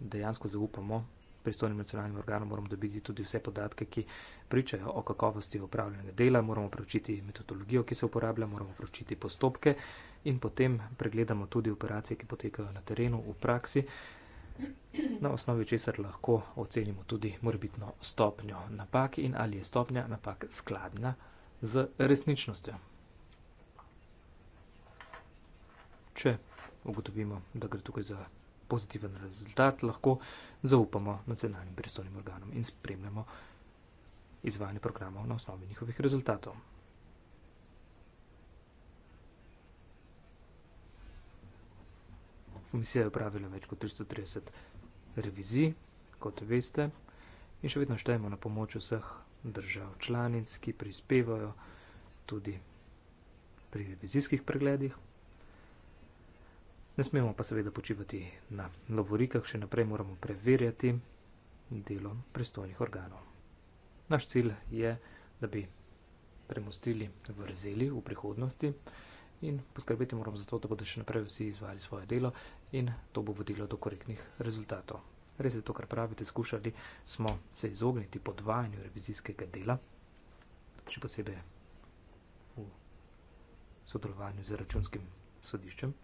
dejansko zaupamo pristojnim nacionalnim organom, moramo dobiti tudi vse podatke, ki pričajo o kakovosti upravljenega dela, moramo pročiti metodologijo, ki se uporablja, moramo pročiti postopke in potem pregledamo tudi operacije, ki potekajo na terenu, v praksi na osnovi česar lahko ocenimo tudi morbitno stopnjo napak in ali je stopnja napak skladna z resničnostjo. Če ugotovimo, da gre tukaj za pozitiven rezultat, lahko zaupamo nacionalnim pristojnim organom in spremljamo izvajanje programov na osnovi njihovih rezultatov. Komisija je upravila več kot 330 revizij, kot veste, in še vedno štejemo na pomoč vseh držav članic, ki prispevajo tudi pri revizijskih pregledih. Ne smemo pa seveda počivati na lovorikah, še naprej moramo preverjati delo pristojnih organov. Naš cilj je, da bi premustili vrzeli v prihodnosti in poskrbeti moramo za to, da bodo še naprej vsi izvali svoje delo in to bo vodilo do korektnih rezultatov. Res je to, kar pravite, skušali smo se izogniti podvajanju revizijskega dela, še posebej v sodelovanju z računskim sodiščem.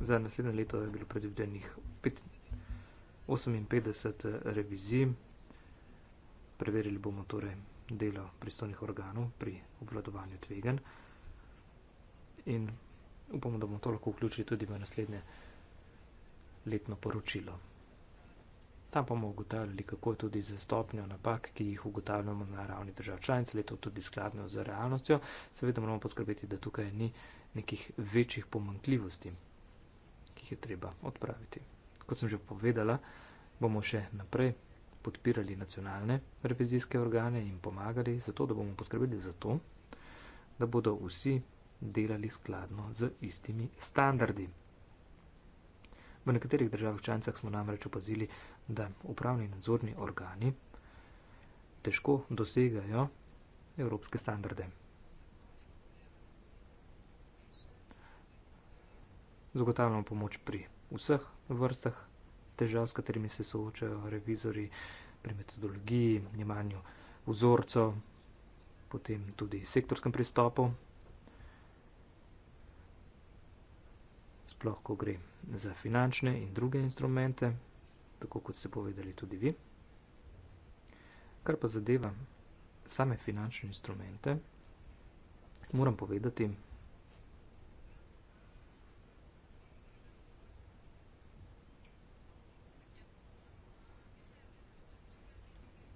Za naslednje leto je bilo predvidenih 5. 58 eh, revizij. Preverili bomo torej delo pristojnih organov pri obvladovanju tvegan in upamo, da bomo to lahko vključili tudi v naslednje letno poročilo. Tam bomo ugotavljali, kako je tudi za stopnjo napak, ki jih ugotavljamo na ravni držav članic, leto tudi skladno z realnostjo. Seveda moramo poskrbeti, da tukaj ni nekih večjih pomankljivosti, ki jih je treba odpraviti kot sem že povedala, bomo še naprej podpirali nacionalne revizijske organe in pomagali za to, da bomo poskrbeli za to, da bodo vsi delali skladno z istimi standardi. V nekaterih državah članicah smo namreč opazili, da upravni nadzorni organi težko dosegajo evropske standarde. Zagotavljamo pomoč pri vseh vrstah težav, s katerimi se soočajo revizori pri metodologiji, jemanju vzorcev, potem tudi sektorskem pristopu. Sploh, ko gre za finančne in druge instrumente, tako kot ste povedali tudi vi. Kar pa zadeva same finančne instrumente, moram povedati,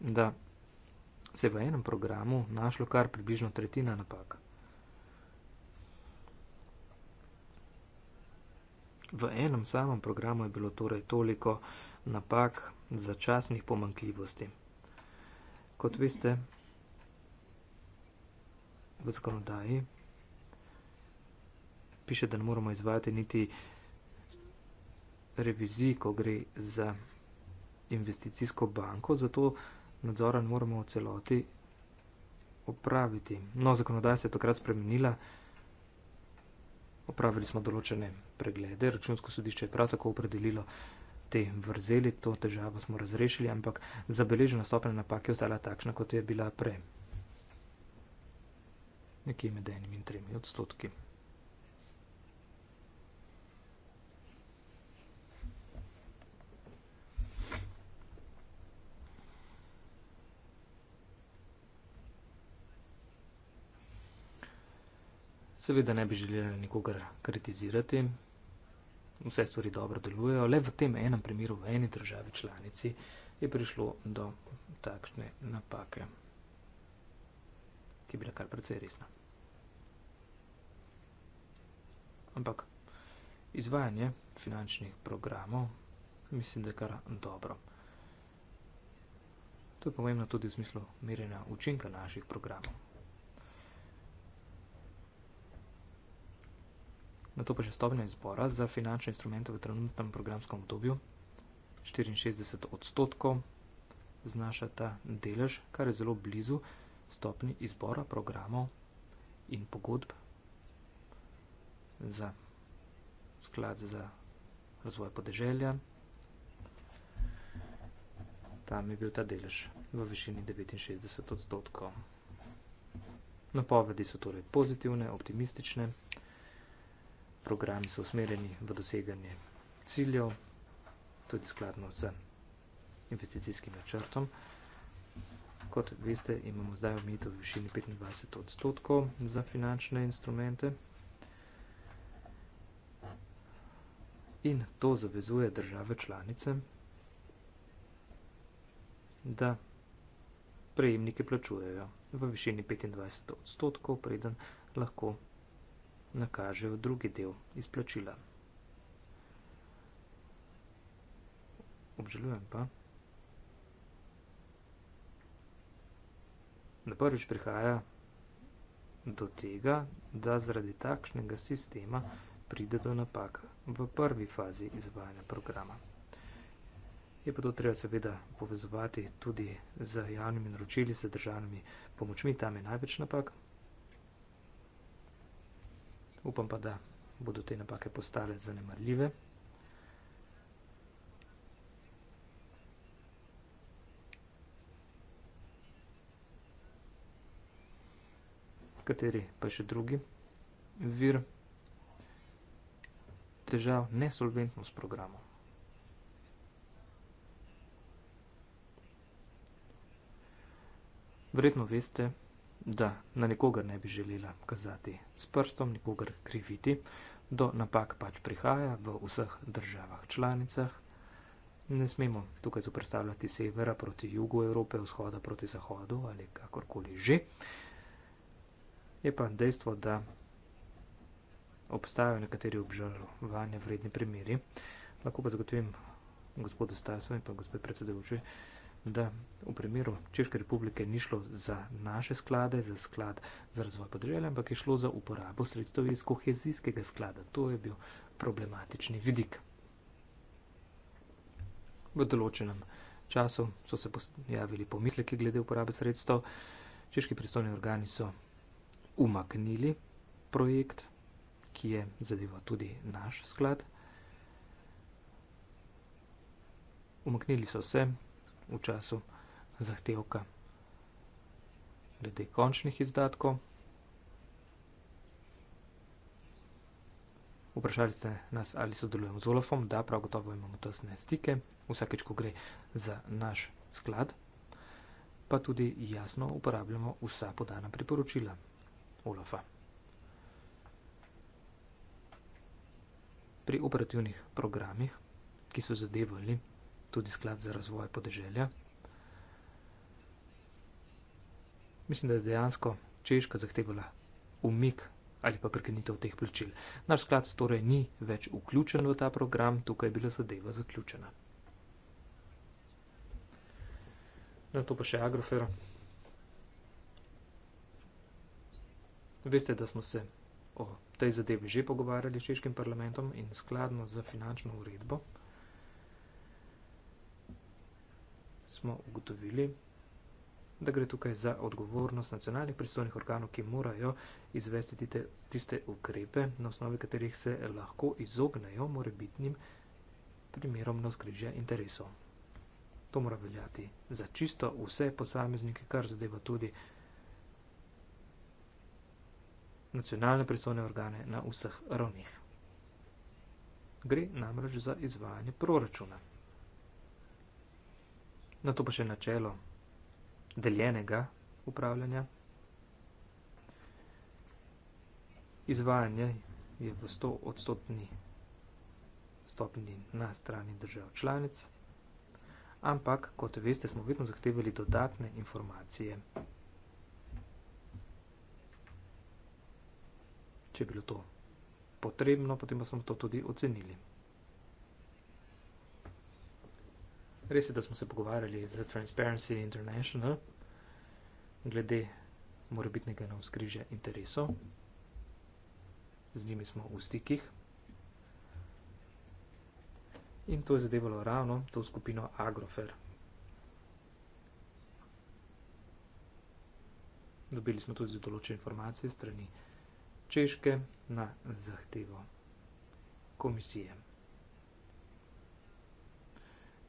da se je v enem programu našlo kar približno tretjina napak. V enem samem programu je bilo torej toliko napak začasnih pomankljivosti. Kot veste, v zakonodaji piše, da ne moramo izvajati niti reviziji, ko gre za investicijsko banko, zato nadzora ne moremo v celoti opraviti. No, zakonodaja se je takrat spremenila, opravili smo določene preglede, računsko sodišče je prav tako opredelilo te vrzeli, to težavo smo razrešili, ampak zabeležena stopnja napake je ostala takšna, kot je bila prej. Nekje med enim in tremi odstotki. Seveda ne bi želela nikogar kritizirati, vse stvari dobro delujejo, le v tem enem primeru, v eni državi članici, je prišlo do takšne napake, ki je bila kar precej resna. Ampak izvajanje finančnih programov mislim, da je kar dobro. To je pomembno tudi v smislu merjenja učinka naših programov. na to pa še stopnja izbora za finančne instrumente v trenutnem programskem obdobju 64 odstotkov znaša ta delež, kar je zelo blizu stopni izbora programov in pogodb za sklad za razvoj podeželja. Tam je bil ta delež v višini 69 odstotkov. Napovedi so torej pozitivne, optimistične programi so usmerjeni v doseganje ciljev, tudi skladno z investicijskim načrtom. Kot veste, imamo zdaj omejitev v višini 25 odstotkov za finančne instrumente. In to zavezuje države članice, da prejemnike plačujejo v višini 25 odstotkov, preden lahko nakažejo drugi del izplačila. Obžalujem pa, da prvič prihaja do tega, da zaradi takšnega sistema pride do napak v prvi fazi izvajanja programa. Je pa to treba seveda povezovati tudi z javnimi naročili, z državnimi pomočmi, tam je največ napak upam pa, da bodo te napake postale zanemarljive. Kateri pa še drugi vir težav nesolventnost programov. Verjetno veste, da na nikogar ne bi želela kazati s prstom, nikogar kriviti, do napak pač prihaja v vseh državah članicah. Ne smemo tukaj zoprstavljati severa proti jugu Evrope, vzhoda proti zahodu ali kakorkoli že. Je pa dejstvo, da obstajajo nekateri obžalovanja vredni primeri. Lahko pa zagotovim gospodu Stasovi in pa gospod predsedujoči, da v primeru Češke republike ni šlo za naše sklade, za sklad za razvoj podrežele, ampak je šlo za uporabo sredstev iz kohezijskega sklada. To je bil problematični vidik. V določenem času so se pojavili pomisleki glede uporabe sredstev. Češki pristojni organi so umaknili projekt, ki je zadeval tudi naš sklad. Umaknili so se, v času zahtevka. Glede končnih izdatkov. Vprašali ste nas, ali sodelujemo z Olofom, da prav gotovo imamo tesne stike, vsakeč, ko gre za naš sklad, pa tudi jasno uporabljamo vsa podana priporočila Olofa. Pri operativnih programih, ki so zadevali tudi sklad za razvoj podeželja. Mislim, da je dejansko Češka zahtevala umik ali pa prekinitev teh plačil. Naš sklad torej ni več vključen v ta program, tukaj je bila zadeva zaključena. Na no, to pa še Agrofer. Veste, da smo se o tej zadevi že pogovarjali s češkim parlamentom in skladno z finančno uredbo. smo ugotovili, da gre tukaj za odgovornost nacionalnih pristojnih organov, ki morajo izvesti tiste, tiste ukrepe, na osnovi katerih se lahko izognejo morebitnim primerom navzkrižja interesov. To mora veljati za čisto vse posameznike, kar zadeva tudi nacionalne pristojne organe na vseh ravnih. Gre namreč za izvajanje proračuna na to pa še načelo deljenega upravljanja. Izvajanje je v 100 odstotni stopni na strani držav članic, ampak, kot veste, smo vedno zahtevali dodatne informacije. Če je bilo to potrebno, potem pa smo to tudi ocenili. Res je, da smo se pogovarjali z Transparency International glede morebitnega navzkrižja interesov. Z njimi smo v stikih. In to je zadevalo ravno to skupino Agrofer. Dobili smo tudi določene informacije strani Češke na zahtevo komisije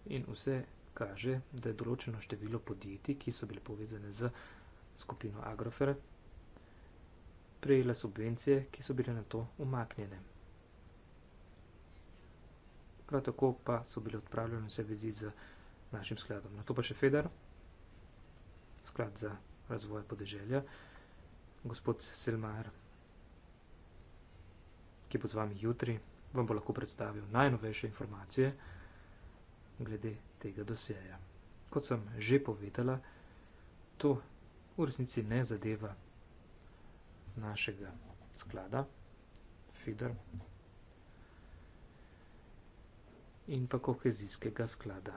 in vse kaže, da je določeno število podjetij, ki so bile povezane z skupino Agrofer, prejela subvencije, ki so bile na to umaknjene. Prav tako pa so bile odpravljene vse vezi z našim skladom. Na to pa še Feder, sklad za razvoj podeželja, gospod Selmar, ki bo z vami jutri, vam bo lahko predstavil najnovejše informacije glede tega dosjeja. Kot sem že povedala, to v resnici ne zadeva našega sklada, FIDR in pa kohezijskega sklada.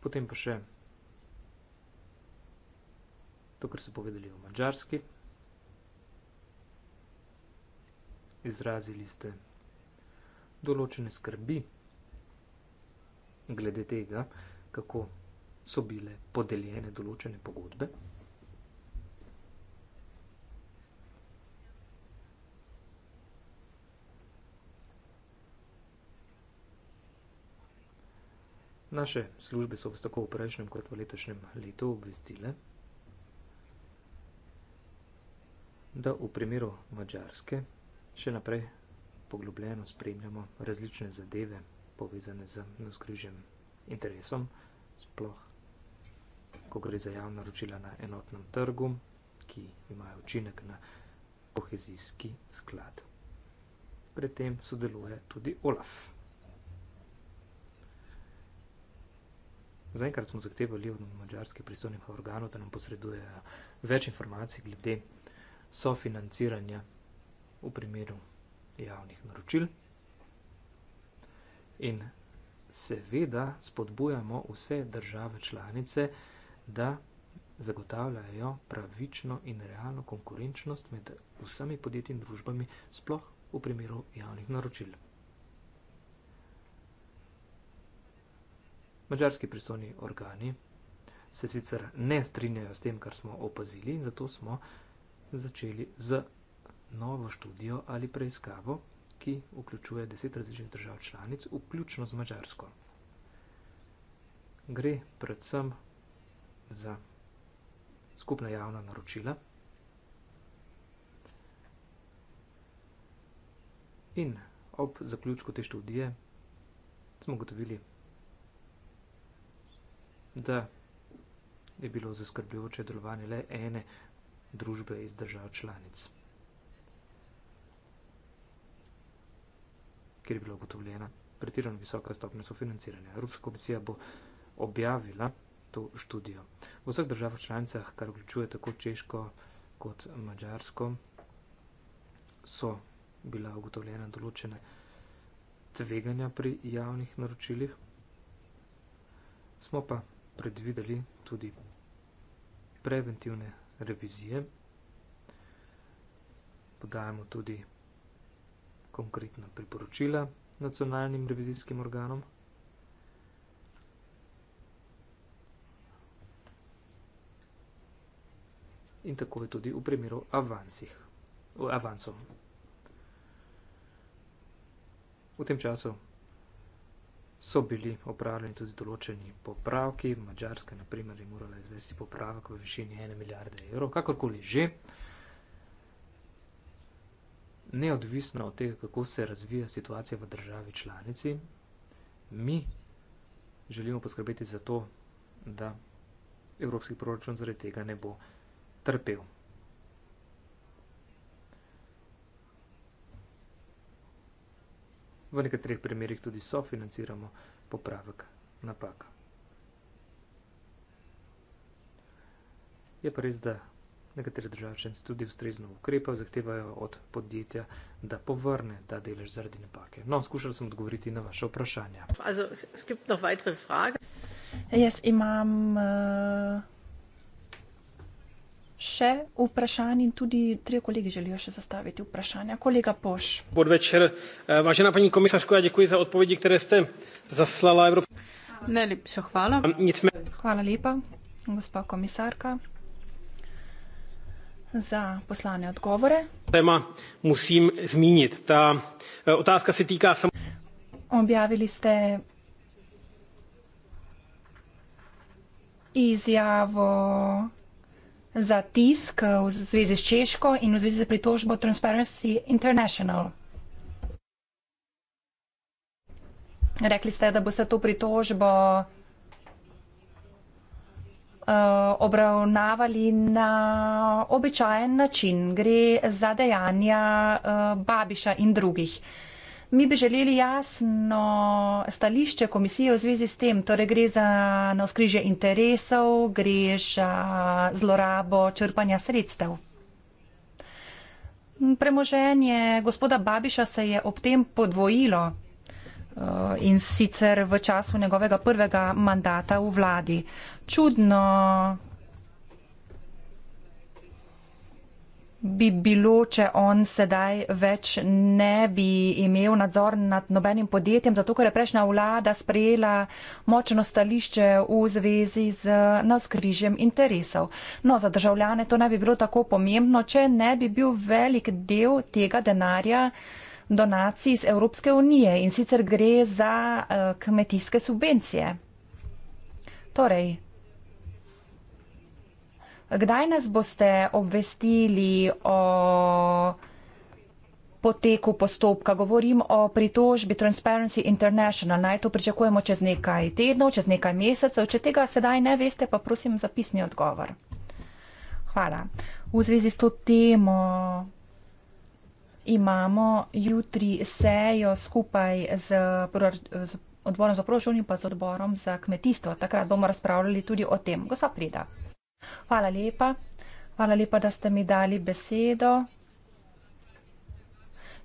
Potem pa še to, kar so povedali v mađarski. izrazili ste določene skrbi glede tega, kako so bile podeljene določene pogodbe. Naše službe so vas tako v prejšnjem kot v letošnjem letu obvestile, da v primeru Mačarske Še naprej poglobljeno spremljamo različne zadeve povezane z navzgrižem interesom, sploh ko gre za javna ročila na enotnem trgu, ki imajo učinek na kohezijski sklad. Pred tem sodeluje tudi OLAF. Zaenkrat smo zahtevali od mađarskih pristojnih organov, da nam posredujejo več informacij glede sofinanciranja v primeru javnih naročil. In seveda spodbujamo vse države članice, da zagotavljajo pravično in realno konkurenčnost med vsemi podjetji in družbami, sploh v primeru javnih naročil. Mačarski pristojni organi se sicer ne strinjajo s tem, kar smo opazili, in zato smo začeli z novo študijo ali preiskavo, ki vključuje deset različnih držav članic, vključno z Mačarsko. Gre predvsem za skupna javna naročila in ob zaključku te študije smo gotovili, da je bilo zaskrbljujoče delovanje le ene družbe iz držav članic. kjer je bila ugotovljena pretirano visoka stopnja sofinanciranja. Evropska komisija bo objavila to študijo. V vseh državah članicah, kar vključuje tako Češko kot Mačarsko, so bila ugotovljena določene tveganja pri javnih naročilih. Smo pa predvideli tudi preventivne revizije. Podajamo tudi konkretna priporočila nacionalnim revizijskim organom. In tako je tudi v primeru avansih, v avancov. V tem času so bili opravljeni tudi določeni popravki, Mačarska, naprimer, je morala izvesti popravek v višini 1 milijarde evrov, kakorkoli že neodvisno od tega, kako se razvija situacija v državi članici, mi želimo poskrbeti za to, da evropski proračun zaradi tega ne bo trpel. V nekaterih primerjih tudi sofinanciramo popravek napak. Je pa res, da Nekatere države članice tudi ustrezno ukrepajo, zahtevajo od podjetja, da povrne ta delež zaradi napake. No, skušala sem odgovoriti na vaše vprašanje. Jaz imam uh, še vprašanje in tudi tri kolegi želijo še zastaviti vprašanja. Kolega Poš. Podvečer. Eh, vážená paní komisarko, ja děkuji za odpovedi, které ste zaslala Evropskému. Najlepša hvala. Nicme... Hvala lepa, gospa komisarka za poslane odgovore. Tema musim zmeniti. Ta eh, otázka se týká samo. Objavili ste izjavo za tisk v zvezi s Češko in v zvezi z pritožbo Transparency International. Rekli ste, da boste to pritožbo uh, obravnavali na običajen način. Gre za dejanja uh, Babiša in drugih. Mi bi želeli jasno stališče komisije v zvezi s tem, torej gre za navskrižje interesov, gre za zlorabo črpanja sredstev. Premoženje gospoda Babiša se je ob tem podvojilo. Eh, in sicer v času njegovega prvega mandata v vladi. Čudno bi bilo, če on sedaj več ne bi imel nadzor nad nobenim podjetjem, zato ker je prejšnja vlada sprejela močno stališče v zvezi z eh, navskrižjem interesov. No, za državljane to ne bi bilo tako pomembno, če ne bi bil velik del tega denarja donacij iz Evropske unije in sicer gre za eh, kmetijske subvencije. Torej, kdaj nas boste obvestili o poteku postopka? Govorim o pritožbi Transparency International. Naj to pričakujemo čez nekaj tednov, čez nekaj mesecev. Če tega sedaj ne veste, pa prosim zapisni odgovor. Hvala. V zvezi s to temo imamo jutri sejo skupaj z, z odborom za proračun in pa z odborom za kmetijstvo. Takrat bomo razpravljali tudi o tem. Gospa Prida. Hvala lepa. Hvala lepa, da ste mi dali besedo.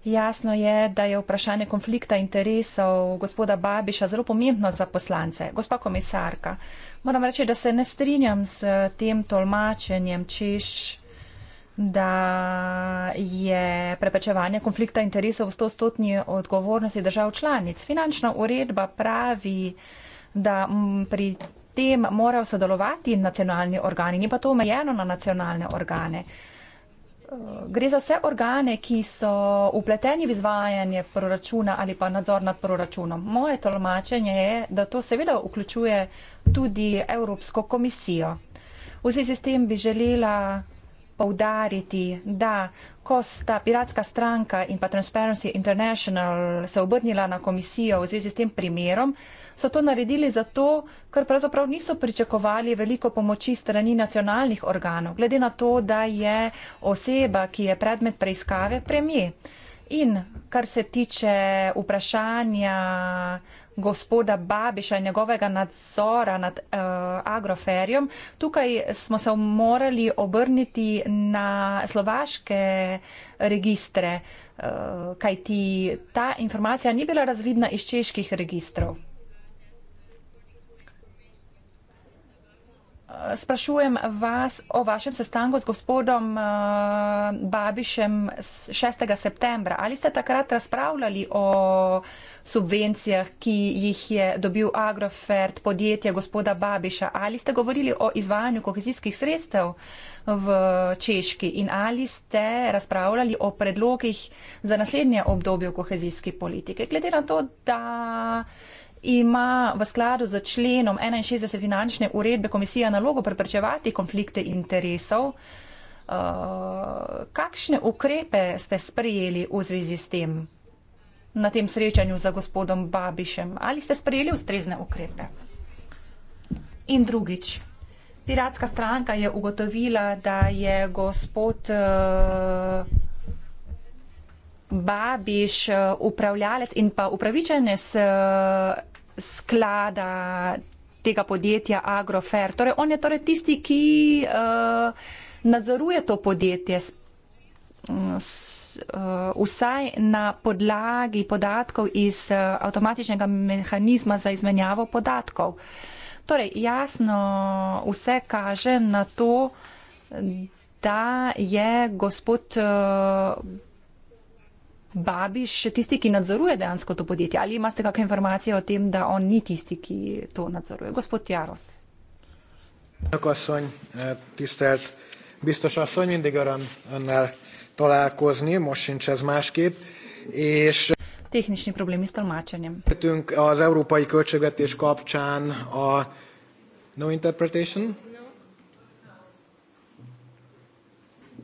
Jasno je, da je vprašanje konflikta interesov gospoda Babiša zelo pomembno za poslance. Gospa komisarka, moram reči, da se ne strinjam s tem tolmačenjem, češ. Či da je preprečevanje konflikta interesov v stotni odgovornosti držav članic. Finančna uredba pravi, da pri tem morajo sodelovati nacionalni organi, ni pa to omejeno na nacionalne organe. Eh, gre za vse organe, ki so upleteni v izvajanje proračuna ali pa nadzor nad proračunom. Moje tolmačenje je, da to seveda vključuje tudi Evropsko komisijo. Vsi sistem bi želela poudariti, da ko sta Piratska stranka in pa Transparency International se obrnila na komisijo v zvezi s tem primerom, so to naredili zato, ker pravzaprav niso pričakovali veliko pomoči strani nacionalnih organov, glede na to, da je oseba, ki je predmet preiskave, premije. In kar se tiče vprašanja gospoda Babiša in njegovega nadzora nad uh, agroferjem. Tukaj smo se morali obrniti na slovaške registre, uh, kajti ta informacija ni bila razvidna iz čeških registrov. sprašujem vas o vašem sestanku z gospodom uh, Babišem 6. septembra. Ali ste takrat razpravljali o subvencijah, ki jih je dobil Agrofert, podjetje gospoda Babiša? Ali ste govorili o izvajanju kohezijskih sredstev v Češki in ali ste razpravljali o predlogih za naslednje obdobje kohezijske politike? Glede na to, da ima v skladu z členom 61 finančne uredbe komisija nalogo preprečevati konflikte interesov. Uh, kakšne ukrepe ste sprejeli v zvezi s tem na tem srečanju za gospodom Babišem? Ali ste sprejeli ustrezne ukrepe? In drugič, piratska stranka je ugotovila, da je gospod uh, Babiš, eh, upravljalec in pa upravičenec eh, sklada tega podjetja Agrofer. Torej, on je torej tisti, ki uh, nadzoruje to podjetje s, mm, s, uh, vsaj na podlagi podatkov iz uh, avtomatičnega mehanizma za izmenjavo podatkov. Torej, jasno vse kaže na to, da je gospod uh, Babiš še tisti, ki nadzoruje dejansko to podjetje? Ali imate kakšne informacije o tem, da on ni tisti, ki to nadzoruje? Gospod Jaros. Tako asszony, tisztelt biztos asszony, mindig öröm önnel találkozni, most sincs ez másképp. És Technikai problém, Az európai költségvetés kapcsán a... No interpretation?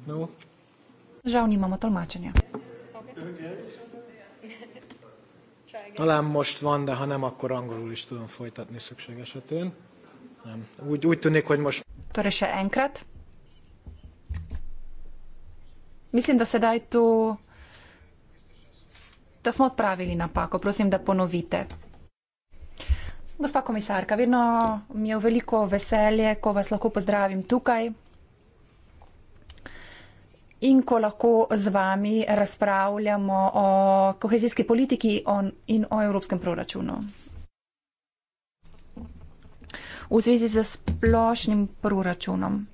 No. no. Žal nimamo tolmačenja. Talán most van, de ha nem, akkor angolul is tudom folytatni szükség esetén. Nem. Úgy, úgy tűnik, hogy most... Torese enkrat. Mislim, da sedaj to, da smo odpravili napako. Prosim, da ponovite. Gospa komisarka, vedno mi je veliko veselje, ko vas lahko pozdravim tukaj in ko lahko z vami razpravljamo o kohezijski politiki in o evropskem proračunu. V zvezi z splošnim proračunom.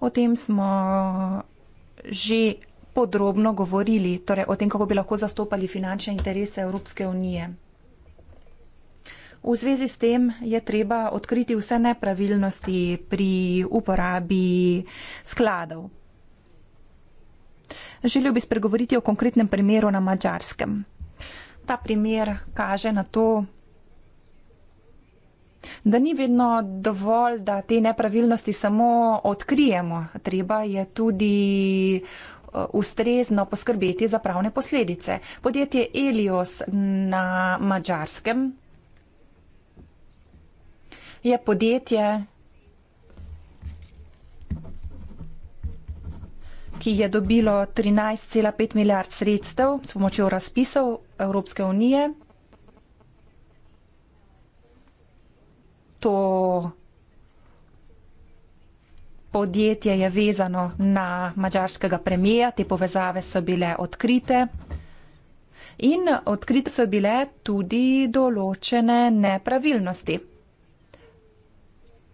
O tem smo že podrobno govorili, torej o tem, kako bi lahko zastopali finančne interese Evropske unije. V zvezi s tem je treba odkriti vse nepravilnosti pri uporabi skladov, Želel bi spregovoriti o konkretnem primeru na mačarskem. Ta primer kaže na to, da ni vedno dovolj, da te nepravilnosti samo odkrijemo. Treba je tudi uh, ustrezno poskrbeti za pravne posledice. Podjetje Elios na mačarskem je podjetje, ki je dobilo 13,5 milijard sredstev s pomočjo razpisov Evropske unije. To podjetje je vezano na mađarskega premijeja, te povezave so bile odkrite. In odkrite so bile tudi določene nepravilnosti.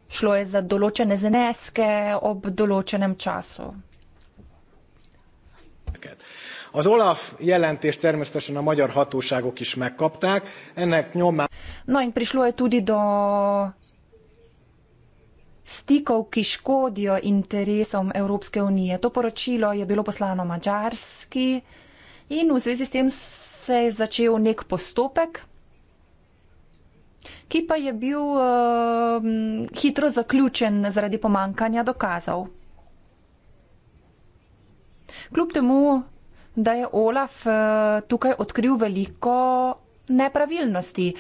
Šlo je za določene zneske ob določenem času neked. Az Olaf jelentést természetesen a magyar hatóságok is megkapták, ennek nyomán... Na, in prišlo je tudi do stikov, ki škodijo interesom Evropske unije. To poročilo je bilo poslano mačarski in v zvezi s tem se je začel nek postopek, ki pa je bil uh, mm, hitro zaključen zaradi pomankanja dokazov. Kljub temu, da je Olaf eh, tukaj odkril veliko nepravilnosti.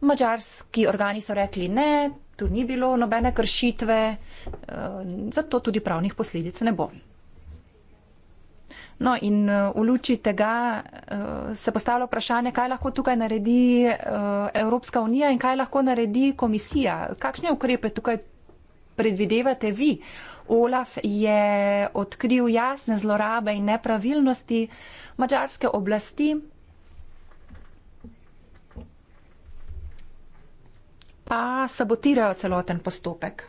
Mačarski organi so rekli ne, tu ni bilo nobene kršitve, eh, zato tudi pravnih posledic ne bo. No in eh, v luči tega se postavlja vprašanje, kaj lahko tukaj naredi Evropska unija in kaj lahko naredi komisija. Kakšne ukrepe tukaj predvidevate vi? Olaf je odkril jasne zlorabe in nepravilnosti mačarske oblasti. Pa sabotirajo celoten postopek.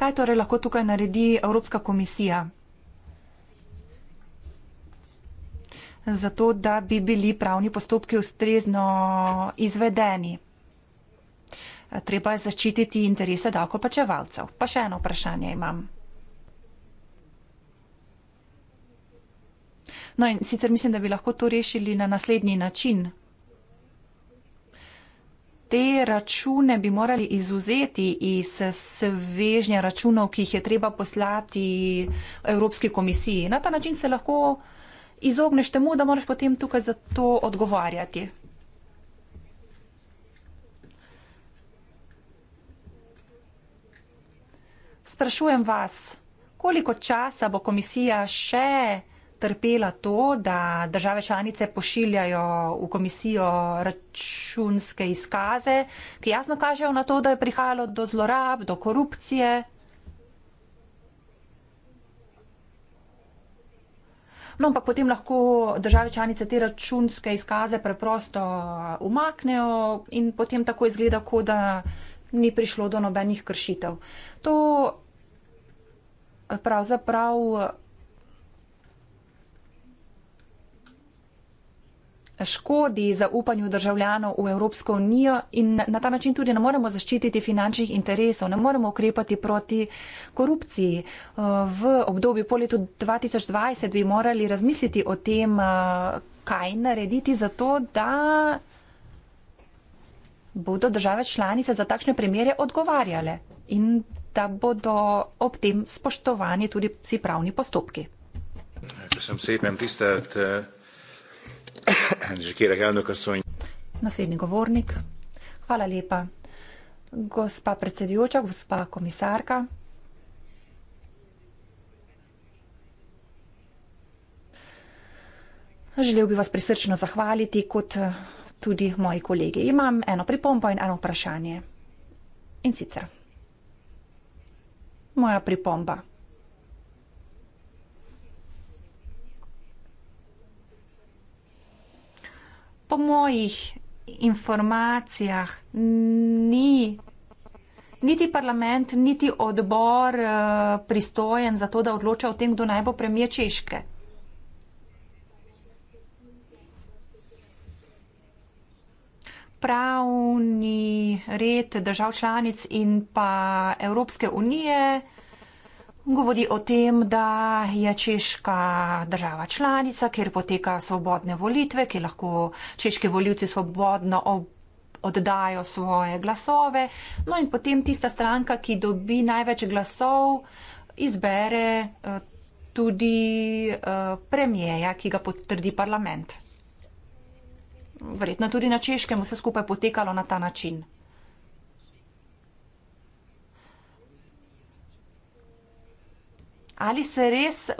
Kaj torej lahko tukaj naredi Evropska komisija? Zato, da bi bili pravni postopki ustrezno izvedeni treba zaščititi interese davkoplačevalcev. Pa še eno vprašanje imam. No in sicer mislim, da bi lahko to rešili na naslednji način. Te račune bi morali izuzeti iz svežnja računov, ki jih je treba poslati Evropski komisiji. Na ta način se lahko izogneš temu, da moraš potem tukaj za to odgovarjati. sprašujem vas, koliko časa bo komisija še trpela to, da države članice pošiljajo v komisijo računske izkaze, ki jasno kažejo na to, da je prihajalo do zlorab, do korupcije. No, ampak potem lahko države članice te računske izkaze preprosto umaknejo in potem tako izgleda, kot da ni prišlo do nobenih kršitev. To pravzaprav eh, škodi zaupanju državljanov v Evropsko unijo in na ta način tudi ne moremo zaščititi finančnih interesov, ne moremo ukrepati proti korupciji. Eh, v obdobju po letu 2020 bi morali razmisliti o tem, eh, kaj narediti za to, da bodo države članice za takšne primere odgovarjale in da bodo ob tem spoštovani tudi vsi pravni postopki. Eh, *coughs* Naslednji govornik. Hvala lepa. Gospa predsedujoča, gospa komisarka. Želel bi vas prisrčno zahvaliti kot eh, tudi moji kolegi. Imam eno pripombo in eno vprašanje. In sicer. Moja pripomba. Po mojih informacijah ni niti parlament, niti odbor eh, pristojen za to, da odloča o tem, kdo naj bo premije Češke. pravni red držav članic in pa Evropske unije govori o tem, da je Češka država članica, kjer poteka svobodne volitve, kjer lahko češki voljivci svobodno oddajo svoje glasove. No in potem tista stranka, ki dobi največ glasov, izbere eh, tudi eh, premijeja, ki ga potrdi parlament verjetno tudi na češkem vse skupaj potekalo na ta način. Ali se res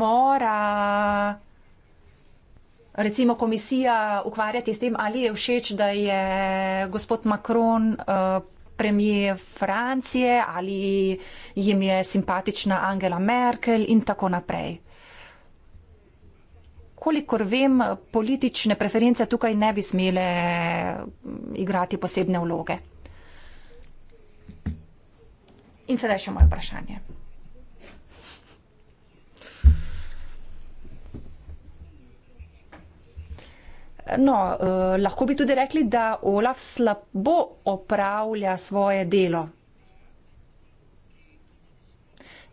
mora recimo komisija ukvarjati s tem, ali je všeč, da je gospod Macron eh, premijer Francije, ali jim je simpatična Angela Merkel in tako naprej kolikor vem, politične preference tukaj ne bi smele mm, igrati posebne vloge. In sedaj še moje vprašanje. No, eh, lahko bi tudi rekli, da Olaf slabo opravlja svoje delo.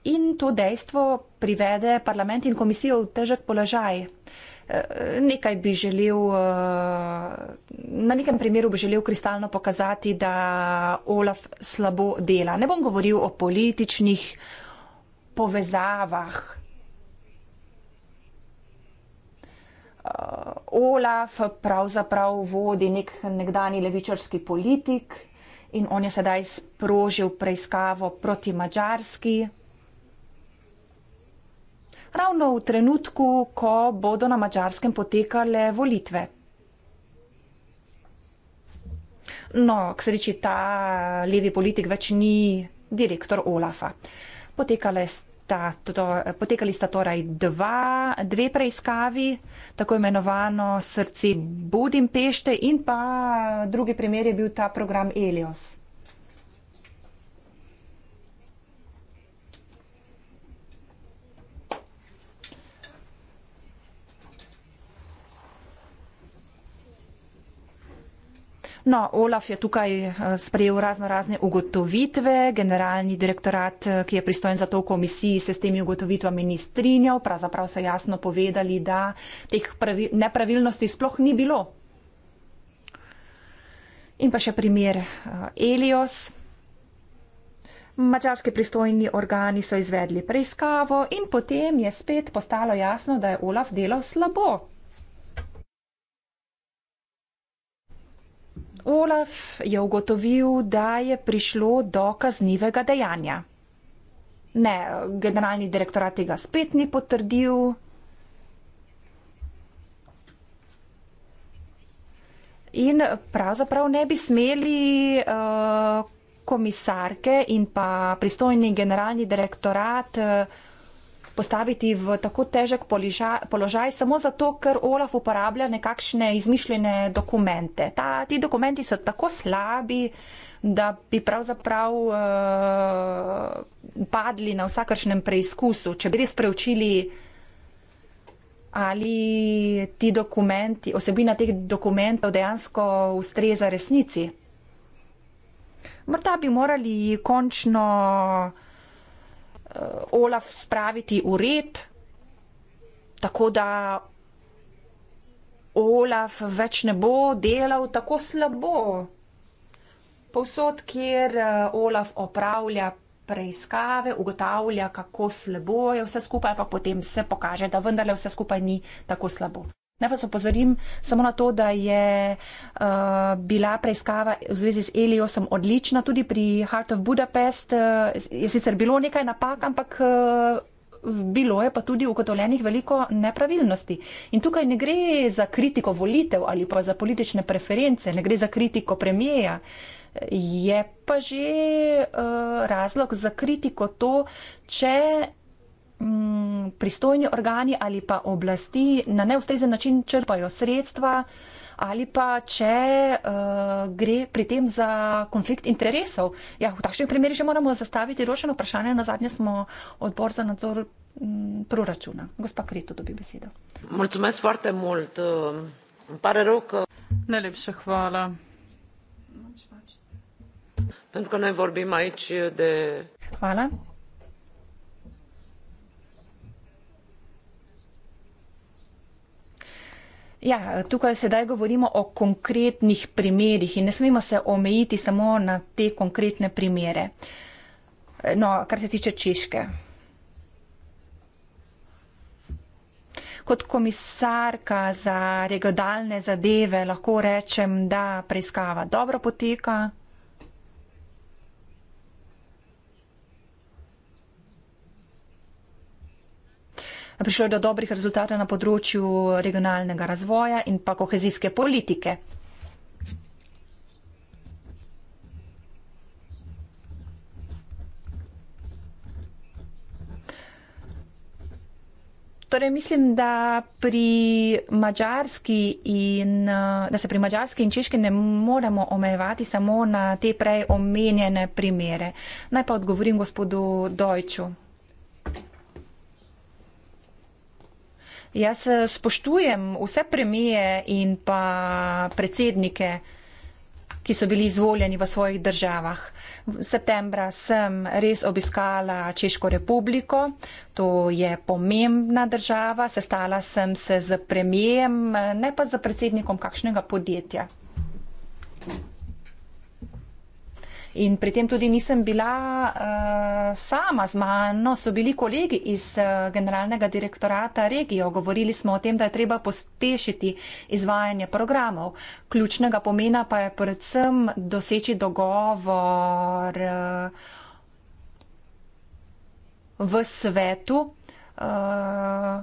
In to dejstvo privede parlament in komisijo v težek položaj. Eh, nekaj bi želel, eh, na nekem primeru bi želel kristalno pokazati, da Olaf slabo dela. Ne bom govoril o političnih povezavah. Eh, Olaf pravzaprav vodi nek nekdani levičarski politik in on je sedaj sprožil preiskavo proti Mačarski ravno v trenutku, ko bodo na Mačarskem potekale volitve. No, k sreči, ta levi politik več ni direktor Olafa. Potekale sta to, potekali sta torej dva, dve preiskavi, tako imenovano srce Budimpešte in pa drugi primer je bil ta program Elios. No, Olaf je tukaj eh, sprejel razno razne ugotovitve, generalni direktorat, eh, ki je pristojen za to komisijo, se s temi ugotovitvami ni strinjal, pravzaprav so jasno povedali, da teh nepravilnosti sploh ni bilo. In pa še primer eh, Elios. Mačarski pristojni organi so izvedli preiskavo in potem je spet postalo jasno, da je Olaf delal slabo. Olaf je ugotovil, da je prišlo do kaznivega dejanja. Ne, generalni direktorat tega spet ni potrdil. In pravzaprav ne bi smeli uh, komisarke in pa pristojni generalni direktorat uh, postaviti v tako težek poliža, položaj, samo zato, ker Olaf uporablja nekakšne izmišljene dokumente. Ta, ti dokumenti so tako slabi, da bi pravzaprav uh, padli na vsakršnem preizkusu, če bi res preučili. Ali ti dokumenti, osebina teh dokumentov dejansko ustreza resnici? Morda bi morali končno uh, Eh, Olaf spraviti v red, tako da Olaf več ne bo delal tako slabo. Povsod, kjer eh, Olaf opravlja preiskave, ugotavlja, kako slabo je vse skupaj, pa potem se pokaže, da vendarle vse skupaj ni tako slabo. Naj vas opozorim samo na to, da je uh, bila preiskava v zvezi s Eliosom odlična, tudi pri Heart of Budapest uh, je sicer bilo nekaj napak, ampak. Uh, Bilo je pa tudi ugotovljenih veliko nepravilnosti. In tukaj ne gre za kritiko volitev ali pa za politične preference, ne gre za kritiko premijeja. Je pa že uh, razlog za kritiko to, če Mm, pristojni organi ali pa oblasti na neustrezen način črpajo sredstva ali pa če uh, gre pri tem za konflikt interesov. Ja, v takšnem primeru že moramo zastaviti rošeno vprašanje. Na zadnje smo odbor za nadzor mm, proračuna. Gospa Kreto dobi besedo. Najlepša hvala. Hvala. Ja, tukaj sedaj govorimo o konkretnih primerih in ne smemo se omejiti samo na te konkretne primere. No, kar se tiče Češke. Kot komisarka za regionalne zadeve lahko rečem, da preiskava dobro poteka, prišlo je do dobrih rezultatov na področju regionalnega razvoja in pa kohezijske politike. Torej, mislim, da, pri in, eh, da se pri Mačarski in Češki ne moremo omejevati samo na te prej omenjene primere. Naj pa odgovorim gospodu Dojču. Jaz eh, spoštujem vse premije in pa predsednike, ki so bili izvoljeni v svojih državah. Septembra sem res obiskala Češko republiko, to je pomembna država, sestala sem se z premijem, eh, ne pa z predsednikom kakšnega podjetja. In pri tem tudi nisem bila uh, sama z mano, so bili kolegi iz uh, generalnega direktorata regijo. Govorili smo o tem, da je treba pospešiti izvajanje programov. Ključnega pomena pa je predvsem doseči dogovor uh, v svetu. Uh,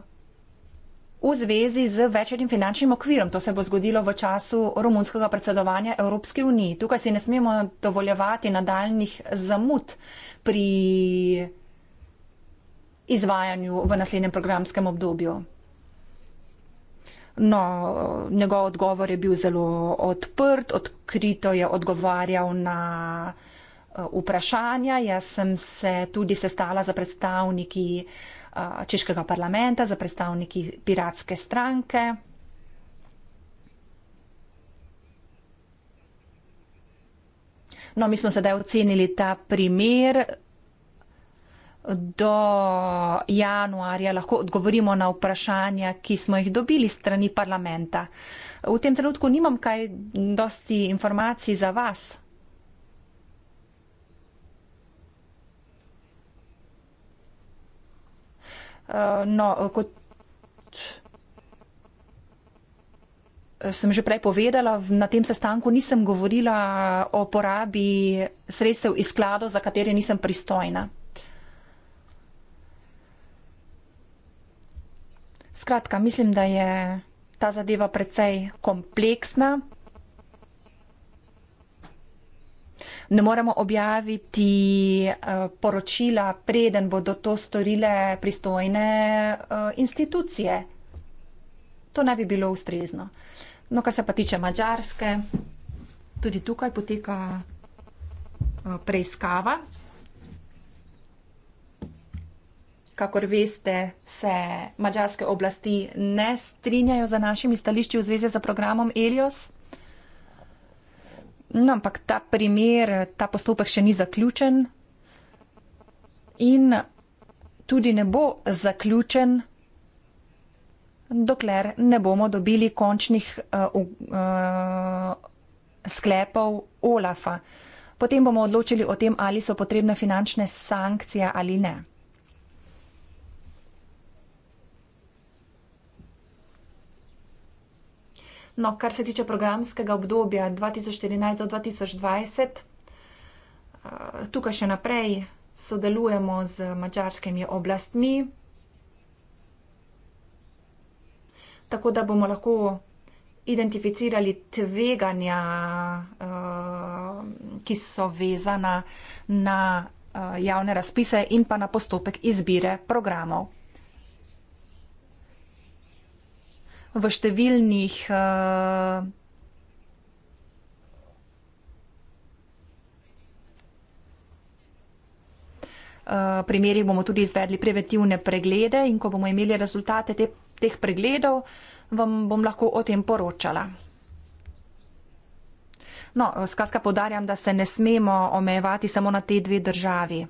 v zvezi z večjim finančnim okvirom. To se bo zgodilo v času romunskega predsedovanja Evropske unije. Tukaj si ne smemo dovoljevati nadaljnih zamud pri izvajanju v naslednjem programskem obdobju. No, njegov odgovor je bil zelo odprt, odkrito je odgovarjal na uh, vprašanja. Jaz sem se tudi sestala za predstavniki uh, češkega parlamenta, za predstavniki piratske stranke. No, mi smo sedaj ocenili ta primer. Do januarja lahko odgovorimo na vprašanja, ki smo jih dobili strani parlamenta. V tem trenutku nimam kaj dosti informacij za vas. Uh, no, eh, kot eh, sem že prej povedala, na tem sestanku nisem govorila o porabi sredstev iz skladov, za katere nisem pristojna. Skratka, mislim, da je ta zadeva precej kompleksna ne moremo objaviti eh, poročila, preden bodo to storile pristojne eh, institucije. To ne bi bilo ustrezno. No, kar se pa tiče Mačarske, tudi tukaj poteka eh, preiskava. Kakor veste, se mačarske oblasti ne strinjajo za našimi stališči v zvezi z programom Elios. No, ampak ta primer, ta postopek še ni zaključen in tudi ne bo zaključen dokler ne bomo dobili končnih uh, uh, sklepov OLAFA. Potem bomo odločili o tem, ali so potrebne finančne sankcije ali ne. No, kar se tiče programskega obdobja 2014 do 2020, eh, tukaj še naprej sodelujemo z mačarskimi oblastmi, tako da bomo lahko identificirali tveganja, eh, ki so vezana na eh, javne razpise in pa na postopek izbire programov. v številnih uh, primerih bomo tudi izvedli preventivne preglede in ko bomo imeli rezultate te, teh pregledov, vam bom lahko o tem poročala. No, eh, skratka, podarjam, da se ne smemo omejevati samo na te dve državi.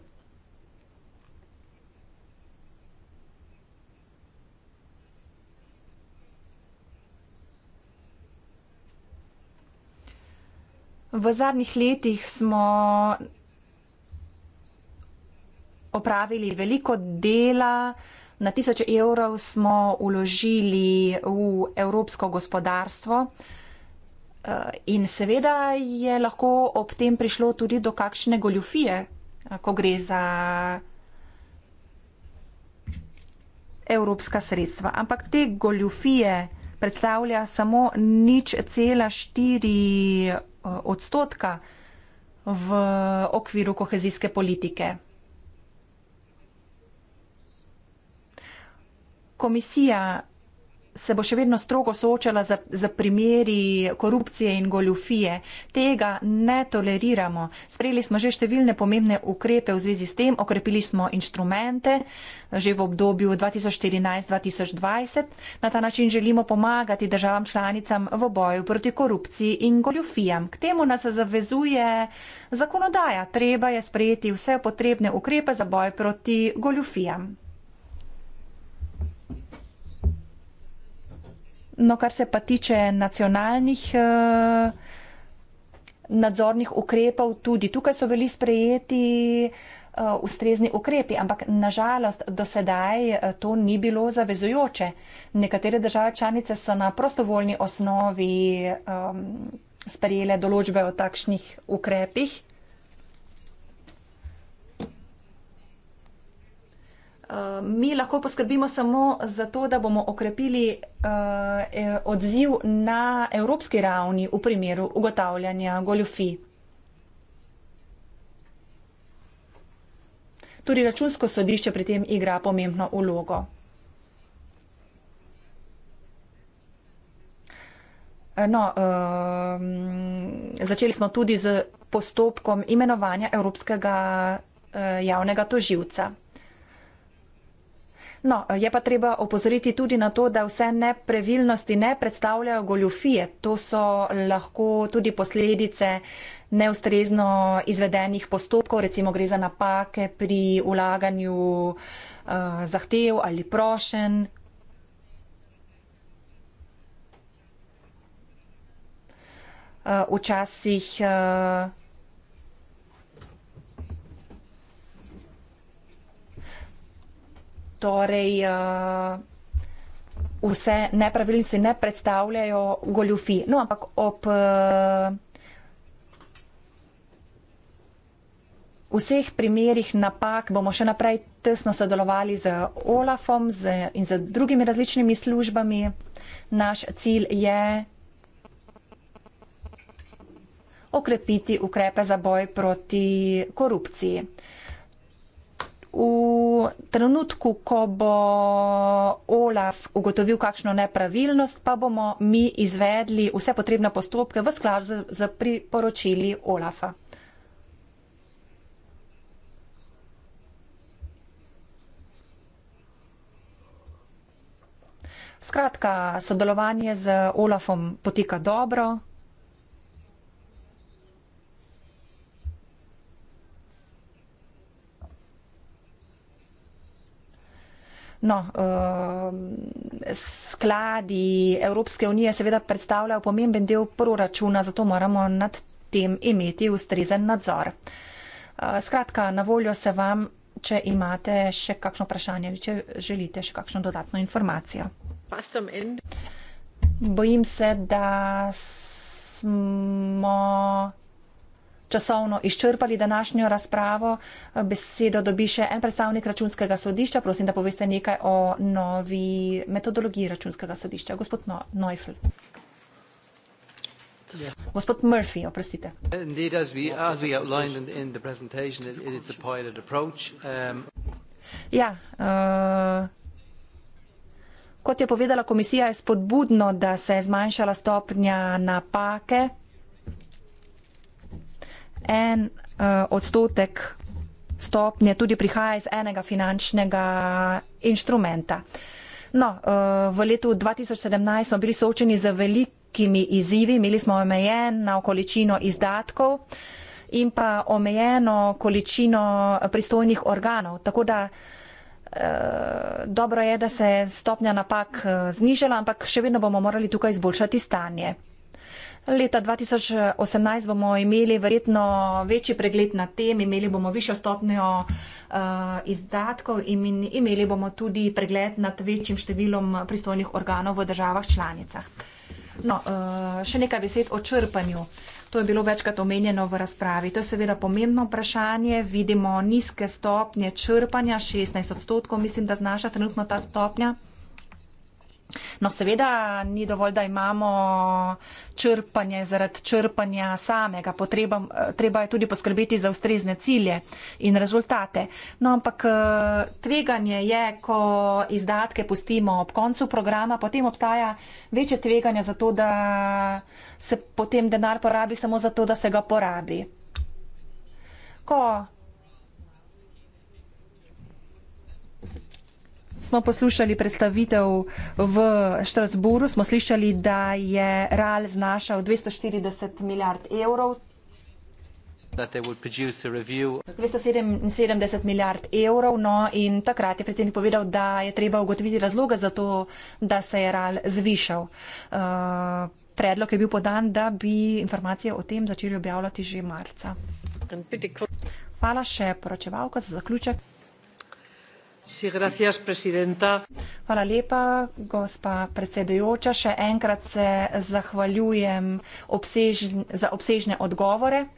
V zadnjih letih smo opravili veliko dela, na tisoče evrov smo uložili v evropsko gospodarstvo eh, in seveda je lahko ob tem prišlo tudi do kakšne goljufije, eh, ko gre za evropska sredstva. Ampak te goljufije predstavlja samo nič cela 4 Eh, odstotka v okviru kohezijske politike. Komisija se bo še vedno strogo soočala za, za primeri korupcije in goljufije. Tega ne toleriramo. Sprejeli smo že številne pomembne ukrepe v zvezi s tem, okrepili smo inštrumente že v obdobju 2014-2020. Na ta način želimo pomagati državam članicam v boju proti korupciji in goljufijam. K temu nas zavezuje zakonodaja. Treba je sprejeti vse potrebne ukrepe za boj proti goljufijam. No, kar se pa tiče nacionalnih eh, nadzornih ukrepov, tudi tukaj so bili sprejeti eh, ustrezni ukrepi, ampak nažalost do sedaj eh, to ni bilo zavezujoče. Nekatere države članice so na prostovoljni osnovi um, sprejele določbe o takšnih ukrepih, Eh, mi lahko poskrbimo samo za to, da bomo okrepili uh, odziv na evropski ravni v primeru ugotavljanja goljofi. Tudi računsko sodišče pri tem igra pomembno ulogo. Eh, no, um, začeli smo tudi z postopkom imenovanja Evropskega uh, javnega toživca. No, je pa treba opozoriti tudi na to, da vse nepravilnosti ne predstavljajo goljofije. To so lahko tudi posledice neustrezno izvedenih postopkov, recimo gre za napake pri ulaganju eh, zahtev ali prošen. Eh, včasih eh, torej uh, vse nepravilnosti ne predstavljajo goljufi. No, ampak ob uh, vseh primerih napak bomo še naprej tesno sodelovali z Olafom z, in z drugimi različnimi službami. Naš cilj je okrepiti ukrepe za boj proti korupciji. V trenutku, ko bo Olaf ugotovil kakšno nepravilnost, pa bomo mi izvedli vse potrebne postopke v skladu z priporočili Olafa. Skratka, sodelovanje z Olafom poteka dobro. No, uh, skladi Evropske unije seveda predstavljajo pomemben del proračuna, zato moramo nad tem imeti ustrezen nadzor. Uh, skratka, na voljo se vam, če imate še kakšno vprašanje ali če želite še kakšno dodatno informacijo. Bojim se, da smo časovno izčrpali današnjo razpravo. Besedo dobi še en predstavnik računskega sodišča. Prosim, da poveste nekaj o novi metodologiji računskega sodišča. Gospod no Neufel. Yeah. Gospod Murphy, oprostite. Indeed, as we, as we outlined in, in the presentation, it, it's a pilot approach. Um... Ja, uh, kot je povedala komisija, je spodbudno, da se je zmanjšala stopnja napake en uh, odstotek stopnje tudi prihaja iz enega finančnega inštrumenta. No, uh, v letu 2017 smo bili soočeni z velikimi izzivi, imeli smo omejen na okoličino izdatkov in pa omejeno količino pristojnih organov. Tako da eh, dobro je, da se stopnja napak eh, znižala, ampak še vedno bomo morali tukaj izboljšati stanje. Leta 2018 bomo imeli verjetno večji pregled na tem, imeli bomo višjo stopnjo uh, izdatkov in imeli bomo tudi pregled nad večjim številom pristojnih organov v državah članicah. No, uh, še nekaj besed o črpanju. To je bilo večkrat omenjeno v razpravi. To je seveda pomembno vprašanje. Vidimo nizke stopnje črpanja, 16 odstotkov mislim, da znaša trenutno ta stopnja. No, seveda ni dovolj, da imamo črpanje zaradi črpanja samega. Potreba, treba je tudi poskrbeti za ustrezne cilje in rezultate. No, ampak eh, tveganje je, ko izdatke pustimo ob koncu programa, potem obstaja večje tveganje za to, da se potem denar porabi samo za to, da se ga porabi. Ko smo poslušali predstavitev v Štrasburu, smo slišali, da je RAL znašal 240 milijard evrov. 277 milijard evrov, no in takrat je predsednik povedal, da je treba ugotoviti razloga za to, da se je RAL zvišal. Uh, predlog je bil podan, da bi informacije o tem začeli objavljati že marca. Hvala še poročevalko za zaključek. Hvala lepa, gospa predsedujoča. Še enkrat se zahvaljujem obsežn, za obsežne odgovore. Eh,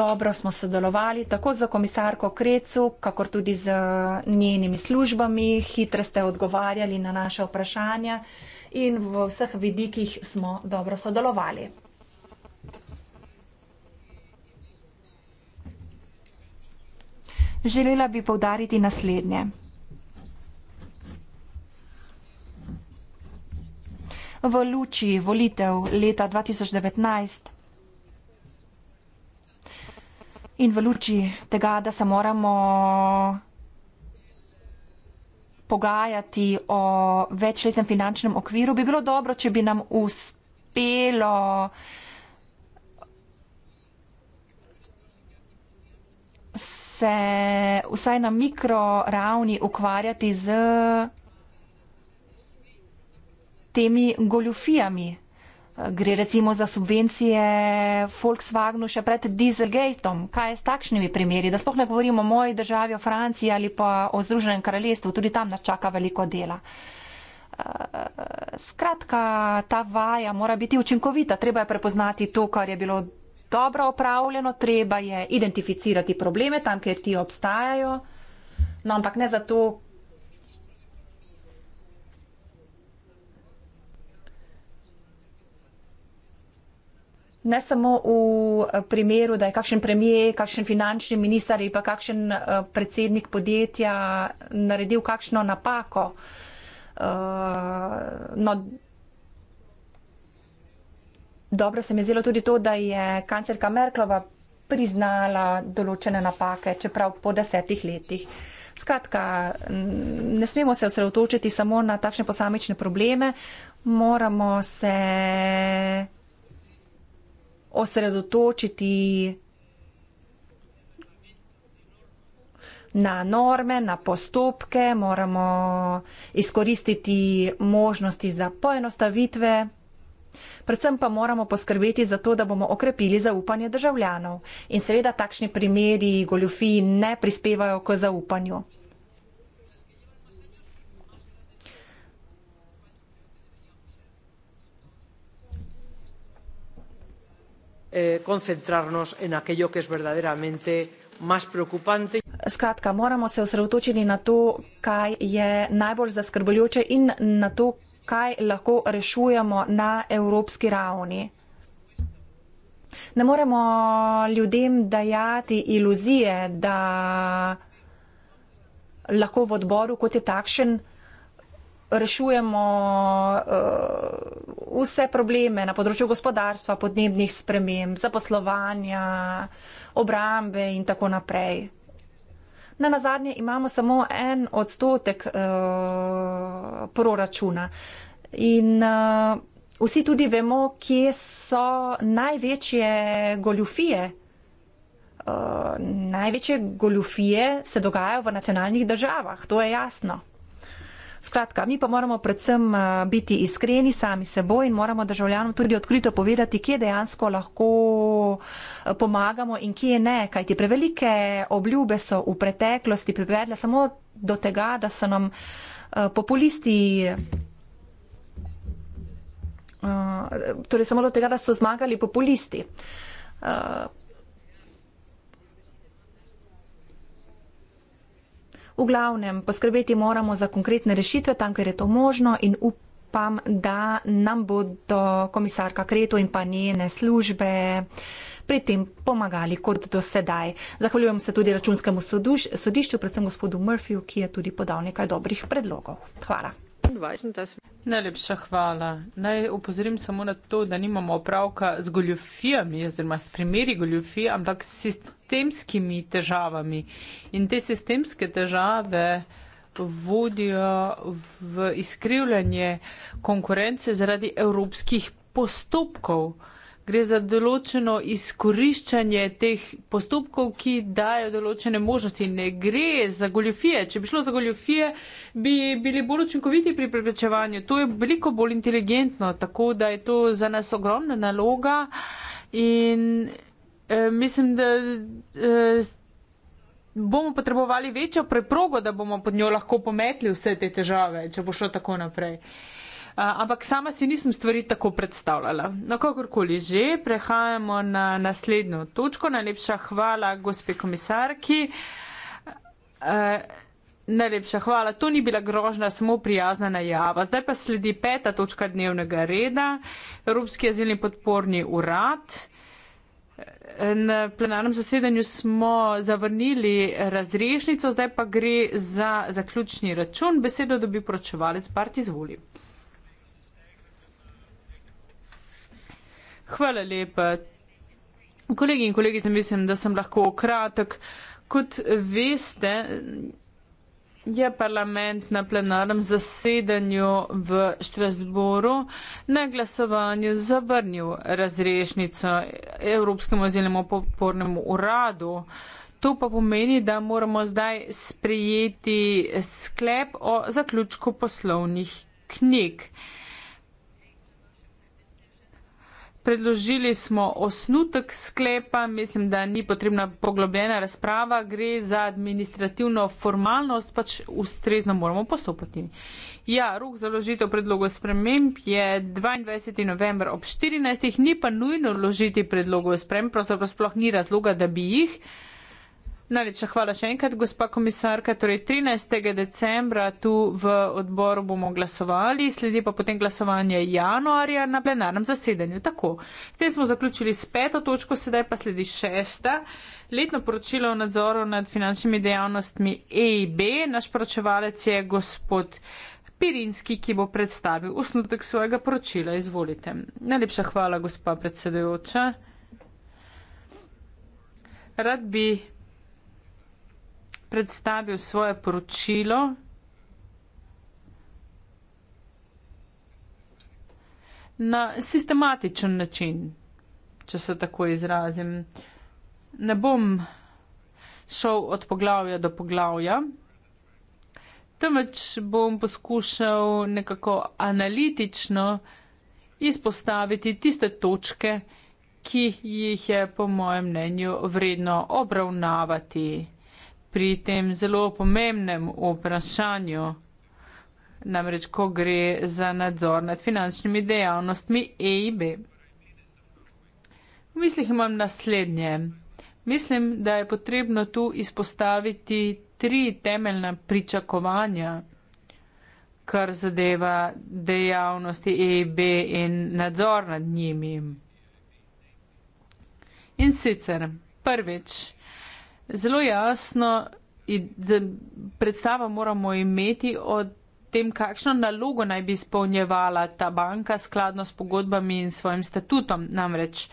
dobro smo sodelovali tako za komisarko Krecu, kakor tudi z njenimi službami. Hitro ste odgovarjali na naše vprašanja in v vseh vidikih smo dobro sodelovali. Želela bi povdariti naslednje. V luči volitev leta 2019 in v luči tega, da se moramo pogajati o večletnem finančnem okviru, bi bilo dobro, če bi nam uspelo se vsaj na mikro ravni ukvarjati z temi goljufijami. Gre recimo za subvencije Volkswagenu še pred Dieselgateom. Kaj je s takšnimi primeri? Da sploh ne govorimo o moji državi, o Franciji ali pa o Združenem kraljestvu, tudi tam nas čaka veliko dela. Skratka, ta vaja mora biti učinkovita, treba je prepoznati to, kar je bilo dobro opravljeno, treba je identificirati probleme tam, kjer ti obstajajo, no ampak ne zato, Ne samo v eh, primeru, da je kakšen premije, kakšen finančni minister ali pa kakšen eh, predsednik podjetja naredil kakšno napako. Eh, no, Dobro se mi je zelo tudi to, da je kancelka Merklova priznala določene napake, čeprav po desetih letih. Skratka, ne smemo se osredotočiti samo na takšne posamične probleme, moramo se osredotočiti na norme, na postopke, moramo izkoristiti možnosti za poenostavitve Predvsem pa moramo poskrbeti za to, da bomo okrepili zaupanje državljanov. In seveda takšni primeri goljofiji ne prispevajo k zaupanju. Eh, Skratka, moramo se osredotočiti na to, kaj je najbolj zaskrbljujoče in na to, kaj lahko rešujemo na evropski ravni. Ne moremo ljudem dajati iluzije, da lahko v odboru, kot je takšen, rešujemo uh, vse probleme na področju gospodarstva, podnebnih sprememb, zaposlovanja, obrambe in tako naprej. Na nazadnje imamo samo en odstotek uh, proračuna. In uh, vsi tudi vemo, kje so največje goljufije. Uh, največje goljufije se dogajajo v nacionalnih državah, to je jasno. Skratka, mi pa moramo predvsem eh, biti iskreni sami seboj in moramo državljanom tudi odkrito povedati, kje dejansko lahko eh, pomagamo in kje ne, kajti prevelike obljube so v preteklosti privedle samo do tega, da so nam eh, populisti. Torej, samo do tega, da so zmagali populisti. V glavnem, poskrbeti moramo za konkretne rešitve tam, ker je to možno in upam, da nam bodo komisarka Kreto in pa njene službe pri tem pomagali kot do sedaj. Zahvaljujem se tudi računskemu sodišču, predvsem gospodu Murphyju, ki je tudi podal nekaj dobrih predlogov. Hvala. Najlepša hvala. Naj upozorim samo na to, da nimamo opravka z goljofijami, oziroma s primeri goljofij, ampak s sistemskimi težavami. In te sistemske težave vodijo v izkrivljanje konkurence zaradi evropskih postopkov gre za določeno izkoriščanje teh postopkov, ki dajo določene možnosti. Ne gre za goljofije. Če bi šlo za goljofije, bi bili bolj učinkoviti pri preprečevanju. To je veliko bolj inteligentno, tako da je to za nas ogromna naloga in eh, mislim, da. Eh, bomo potrebovali večjo preprogo, da bomo pod njo lahko pometli vse te težave, če bo šlo tako naprej. Uh, ampak sama si nisem stvari tako predstavljala. No, kakorkoli že, prehajamo na naslednjo točko. Najlepša hvala, gospe komisarki. Najlepša hvala, to ni bila grožna, samo prijazna najava. Zdaj pa sledi peta točka dnevnega reda, Evropski azilni podporni urad. Na plenarnem zasedanju smo zavrnili razrešnico, zdaj pa gre za zaključni račun. Besedo dobi poročevalec, part izvoli. Hvala lepa. Kolegi in kolegice, mislim, da sem lahko kratek. Kot veste, je parlament na plenarnem zasedanju v Štrasboru na glasovanju zavrnil razrešnico Evropskemu zelenemu podpornemu uradu. To pa pomeni, da moramo zdaj sprejeti sklep o zaključku poslovnih knjig. Predložili smo osnutek sklepa, mislim, da ni potrebna poglobljena razprava, gre za administrativno formalnost, pač ustrezno moramo postopati. Ja, rok za ložitev predlogov sprememb je 22. november ob 14. ni pa nujno ložiti predlogov sprememb, pravzaprav sploh ni razloga, da bi jih. Najlepša hvala še enkrat, gospa komisarka. Torej 13. decembra tu v odboru bomo glasovali, sledi pa potem glasovanje januarja na plenarnem zasedanju. Tako, s tem smo zaključili s peto točko, sedaj pa sledi šesta. Letno poročilo o nadzoru nad finančnimi dejavnostmi EIB. Naš poročevalec je gospod Pirinski, ki bo predstavil osnutek svojega poročila. Izvolite. Najlepša hvala, gospa predsedujoča. Rad bi predstavil svoje poročilo. Na sistematičen način, če se tako izrazim. Ne bom šel od poglavja do poglavja, temveč bom poskušal nekako analitično izpostaviti tiste točke, ki jih je po mojem mnenju vredno obravnavati pri tem zelo pomembnem vprašanju, namreč ko gre za nadzor nad finančnimi dejavnostmi EIB. V mislih imam naslednje. Mislim, da je potrebno tu izpostaviti tri temeljna pričakovanja, kar zadeva dejavnosti EIB in nadzor nad njimi. In sicer prvič, zelo jasno predstavo moramo imeti o tem, kakšno nalogo naj bi izpolnjevala ta banka skladno s pogodbami in svojim statutom. Namreč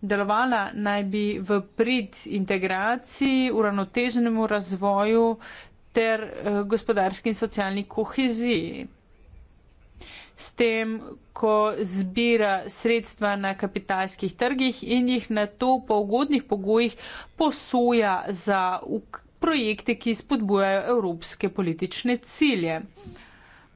delovala naj bi v prid integraciji, uravnoteženemu razvoju ter eh, gospodarski in socialni koheziji s tem, ko zbira sredstva na kapitalskih trgih in jih na to po ugodnih pogojih posuja za projekte, ki spodbujajo evropske politične cilje.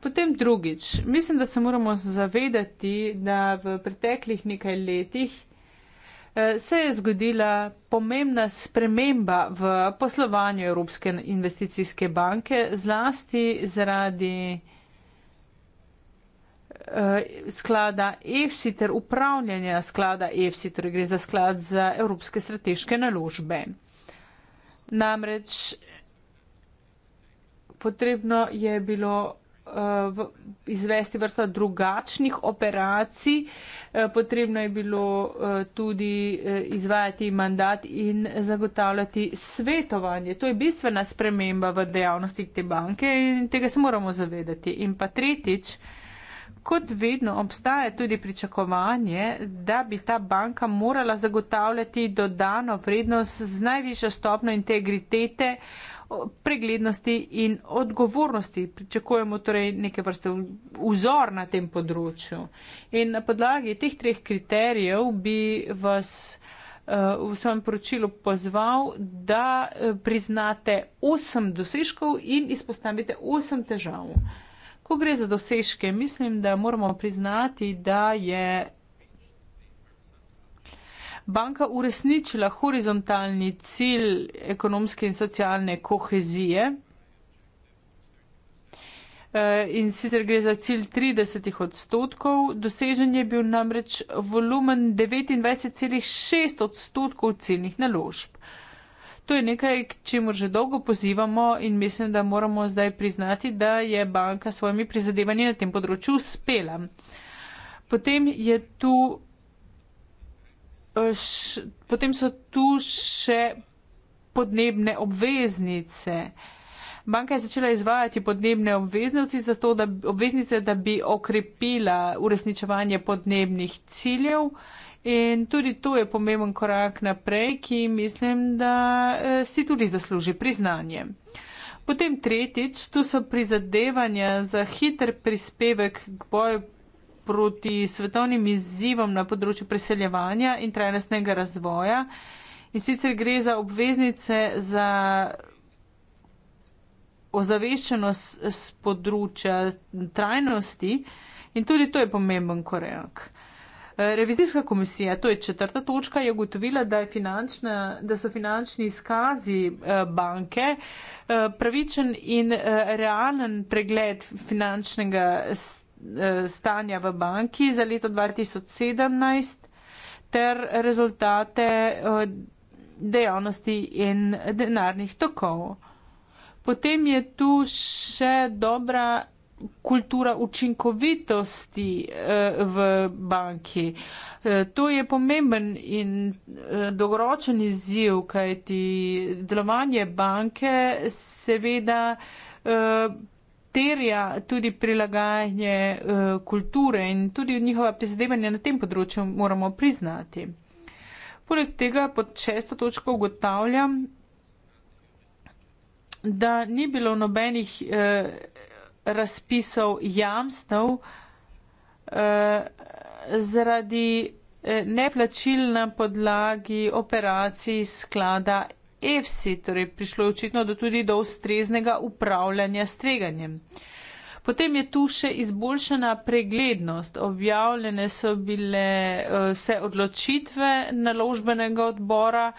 Potem drugič, mislim, da se moramo zavedati, da v preteklih nekaj letih eh, se je zgodila pomembna sprememba v poslovanju Evropske investicijske banke, zlasti zaradi Eh, sklada EFSI ter upravljanja sklada EFSI, torej gre za sklad za evropske strateške naložbe. Namreč potrebno je bilo uh, v, izvesti vrsta drugačnih operacij, uh, potrebno je bilo uh, tudi uh, izvajati mandat in zagotavljati svetovanje. To je bistvena sprememba v dejavnosti te banke in tega se moramo zavedati. In pa tretjič, uh, kot vedno obstaja tudi pričakovanje, da bi ta banka morala zagotavljati dodano vrednost z najvišjo stopno integritete, preglednosti in odgovornosti. Pričakujemo torej neke vrste vzor na tem področju. In na podlagi teh treh kriterijev bi vas eh, v svojem poročilu pozval, da eh, priznate osem dosežkov in izpostavite osem težav ko gre za dosežke, mislim, da moramo priznati, da je banka uresničila horizontalni cilj ekonomske in socialne kohezije. Eh, in sicer gre za cilj 30 odstotkov, dosežen je bil namreč volumen 29,6 odstotkov ciljnih naložb to je nekaj, k čemu že dolgo pozivamo in mislim, da moramo zdaj priznati, da je banka s svojimi prizadevanji na tem področju uspela. Potem, je tu, eh, š, potem so tu še podnebne obveznice. Banka je začela izvajati podnebne obveznice, zato, da, obveznice, da bi okrepila uresničevanje podnebnih ciljev. In tudi to je pomemben korak naprej, ki mislim, da eh, si tudi zasluži priznanje. Potem tretjič, tu so prizadevanja za hiter prispevek k boju proti svetovnim izzivom na področju preseljevanja in trajnostnega razvoja. In sicer gre za obveznice za ozaveščenost z področja trajnosti in tudi to je pomemben korak. Revizijska komisija, to je četrta točka, je ugotovila, da, je finančna, da so finančni izkazi eh, banke eh, pravičen in eh, realen pregled finančnega stanja v banki za leto 2017 ter rezultate dejavnosti in denarnih tokov. Potem je tu še dobra kultura učinkovitosti eh, v banki. Eh, to je pomemben in eh, dogoročen izziv, kajti delovanje banke seveda terja tudi prilagajanje kulture in tudi njihova prizadevanja na tem področju moramo priznati. Poleg tega pod šesto točko ugotavljam, da ni bilo nobenih razpisov jamstev eh, zaradi eh, neplačil na podlagi operacij sklada EFSI, torej prišlo je očitno do tudi do ustreznega upravljanja s tveganjem. Potem je tu še izboljšana preglednost. Objavljene so bile eh, vse odločitve naložbenega odbora,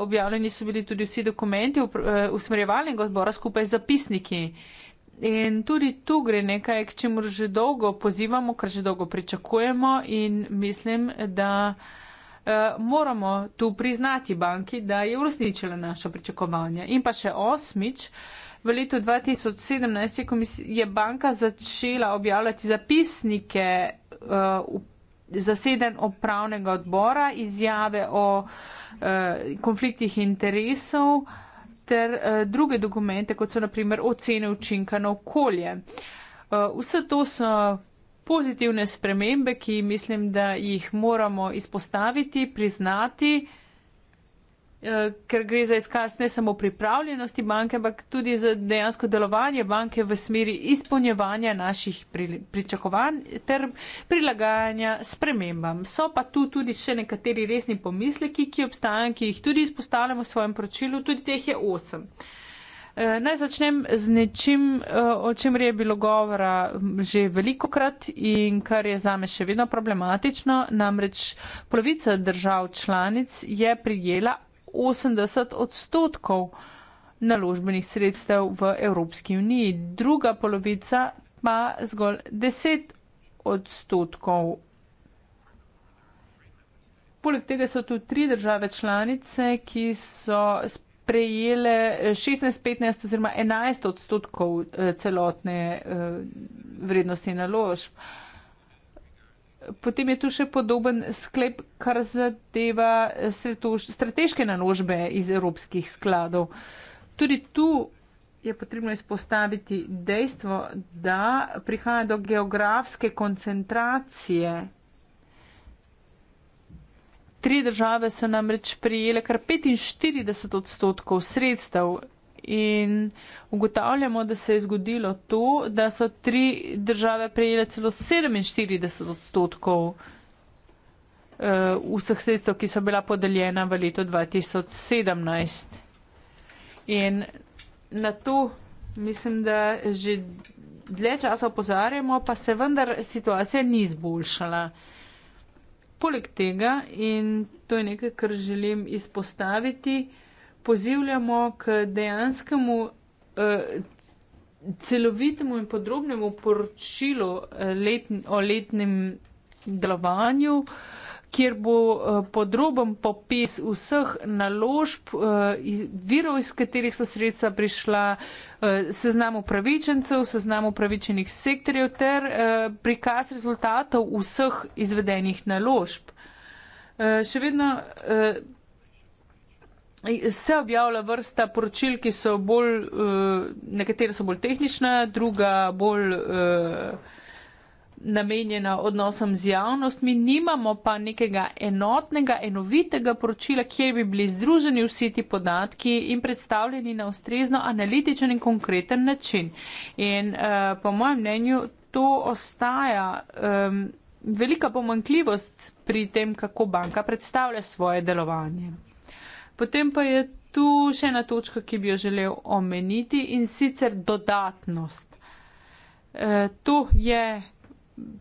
objavljeni so bili tudi vsi dokumenti usmerjevalnega odbora skupaj z zapisniki. In tudi tu gre nekaj, k čemu že dolgo pozivamo, kar že dolgo pričakujemo in mislim, da eh, moramo tu priznati banki, da je uresničila naša pričakovanja. In pa še osmič, v letu 2017 je, je banka začela objavljati zapisnike uh, zaseden opravnega odbora, izjave o uh, konfliktih interesov. Uh, ter uh, druge dokumente, kot so naprimer ocene učinka na okolje. Uh, vse to so pozitivne spremembe, ki mislim, da jih moramo izpostaviti, priznati. Uh, Eh, ker gre za izkaz ne samo pripravljenosti banke, ampak tudi za dejansko delovanje banke v smeri izpolnjevanja naših pričakovanj ter prilagajanja spremembam. So pa tu tudi še nekateri resni pomisleki, ki obstajajo, ki jih tudi izpostavljamo v svojem pročilu, tudi teh je osem. Eh, naj začnem z nečim, eh, o čemer je bilo govora že veliko krat in kar je zame še vedno problematično. Namreč polovica držav članic je prijela 80 odstotkov naložbenih sredstev v Evropski uniji, druga polovica pa zgolj 10 odstotkov. Poleg tega so tu tri države članice, ki so prejele 16, 15 oziroma 11 odstotkov eh, celotne eh, vrednosti naložb. Potem je tu še podoben sklep, kar zadeva strateške naložbe iz evropskih skladov. Tudi tu je potrebno izpostaviti dejstvo, da prihaja do geografske koncentracije. Tri države so namreč prijele kar 45 odstotkov sredstev in ugotavljamo, da se je zgodilo to, da so tri države prejele celo 47 odstotkov uh, vseh sredstev, ki so bila podeljena v letu 2017. In na to mislim, da že dlje časa opozarjamo, pa se vendar situacija ni izboljšala. Poleg tega, in to je nekaj, kar želim izpostaviti, uh, pozivljamo k dejanskemu eh, celovitemu in podrobnemu poročilu eh, let, o letnem delovanju, kjer bo eh, podroben popis vseh naložb, eh, virov, iz katerih so sredstva prišla, eh, seznam upravičencev, seznam upravičenih sektorjev ter eh, prikaz rezultatov vseh izvedenih naložb. Eh, še vedno. Eh, se objavlja vrsta poročil, ki so bolj, eh, nekatere so bolj tehnične, druga bolj eh, namenjena odnosom z javnostmi, nimamo pa nekega enotnega, enovitega poročila, kjer bi bili združeni vsi ti podatki in predstavljeni na ustrezno analitičen in konkreten način. In uh, po mojem mnenju to ostaja um, velika pomankljivost pri tem, kako banka predstavlja svoje delovanje. Potem pa je tu še ena točka, ki bi jo želel omeniti in sicer dodatnost. E, to je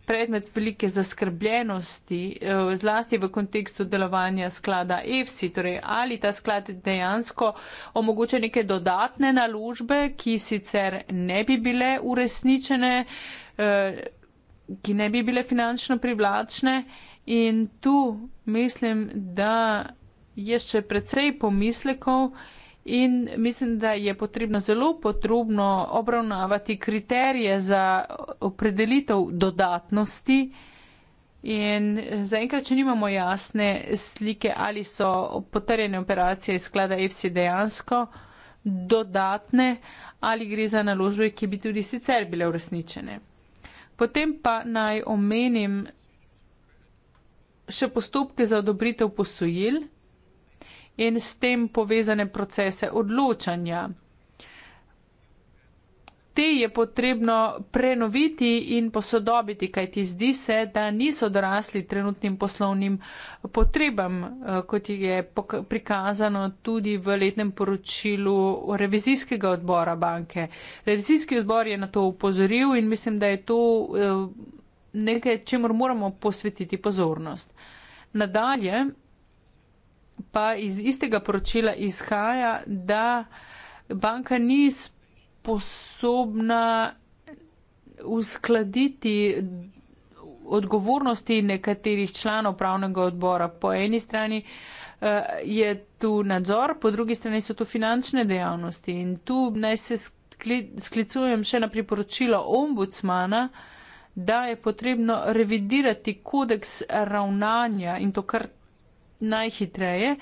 predmet velike zaskrbljenosti, e, zlasti v kontekstu delovanja sklada EFSI, torej ali ta sklad dejansko omogoča neke dodatne naložbe, ki sicer ne bi bile uresničene, e, ki ne bi bile finančno privlačne. In tu mislim, da je še precej pomislekov in mislim, da je potrebno zelo podrobno obravnavati kriterije za opredelitev dodatnosti. In zaenkrat, če nimamo jasne slike, ali so potrjene operacije iz sklada EFSI dejansko dodatne ali gre za naložbe, ki bi tudi sicer bile uresničene. Potem pa naj omenim še postopke za odobritev posojil in s tem povezane procese odločanja. Te je potrebno prenoviti in posodobiti, kajti zdi se, da niso dorasli trenutnim poslovnim potrebam, eh, kot je prikazano tudi v letnem poročilu revizijskega odbora banke. Revizijski odbor je na to upozoril in mislim, da je to eh, nekaj, čemu moramo posvetiti pozornost. Nadalje pa iz istega poročila izhaja, da banka ni sposobna uskladiti odgovornosti nekaterih članov pravnega odbora. Po eni strani eh, je tu nadzor, po drugi strani so tu finančne dejavnosti in tu naj se sklicujem še na priporočilo ombudsmana, da je potrebno revidirati kodeks ravnanja in to kar najhitreje,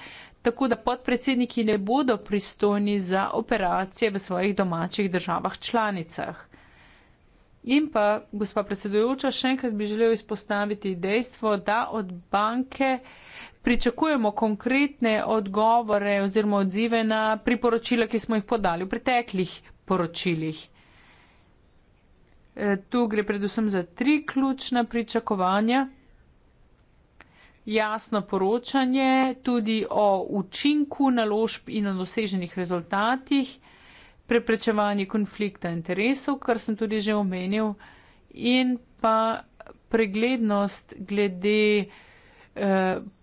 tako da podpredsedniki ne bodo pristojni za operacije v svojih domačih državah članicah. In pa, gospa predsedujoča, še enkrat bi želel izpostaviti dejstvo, da od banke pričakujemo konkretne odgovore oziroma odzive na priporočila, ki smo jih podali v preteklih poročilih. E, tu gre predvsem za tri ključna pričakovanja jasno poročanje tudi o učinku naložb in o doseženih rezultatih, preprečevanje konflikta interesov, kar sem tudi že omenil, in pa preglednost glede eh,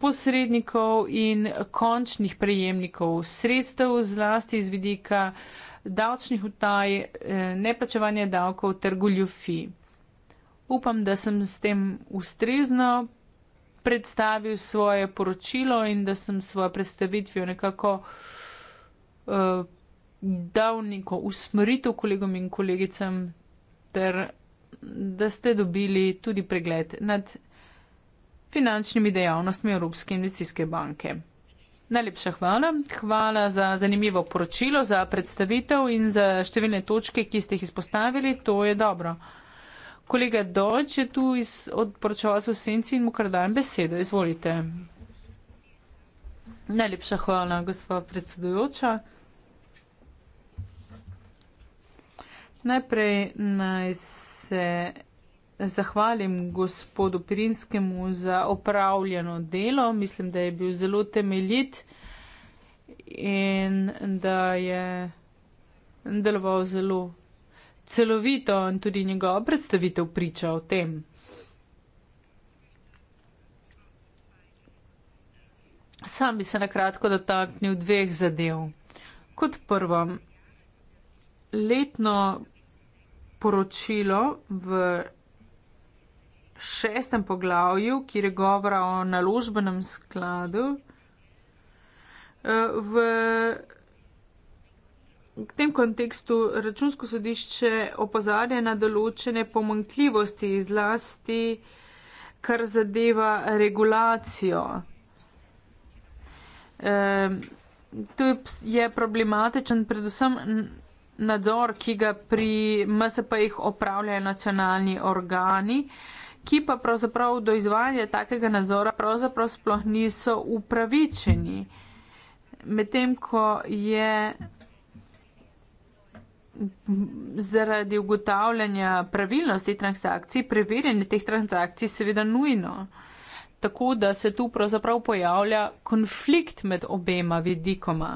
posrednikov in končnih prejemnikov sredstev zlasti iz vidika davčnih utaj, eh, neplačevanja davkov ter goljufi. Upam, da sem s tem ustrezno predstavil svoje poročilo in da sem s svojo predstavitvijo nekako uh, dal neko usmeritev kolegom in kolegicam, ter da ste dobili tudi pregled nad finančnimi dejavnostmi Evropske investicijske banke. Najlepša hvala. Hvala za zanimivo poročilo, za predstavitev in za številne točke, ki ste jih izpostavili. To je dobro. Kolega Dodge je tu iz, od poročevalcev Senci in mu kar dajem besedo. Izvolite. Najlepša hvala, gospod predsedujoča. Najprej naj se zahvalim gospodu Pirinskemu za opravljeno delo. Mislim, da je bil zelo temeljit in da je deloval zelo celovito in tudi njegova predstavitev priča o tem. Sam bi se na kratko dotaknil dveh zadev. Kot prvo, letno poročilo v šestem poglavju, kjer je govora o naložbenem skladu, eh, v v tem kontekstu računsko sodišče opozarja na določene pomankljivosti, zlasti kar zadeva regulacijo. E, to je problematičen predvsem nadzor, ki ga pri MSP-jih opravljajo nacionalni organi, ki pa pravzaprav do izvajanja takega nadzora pravzaprav sploh niso upravičeni. Medtem ko je zaradi ugotavljanja pravilnosti transakcij, preverjanje teh transakcij seveda nujno. Tako da se tu pravzaprav pojavlja konflikt med obema vidikoma.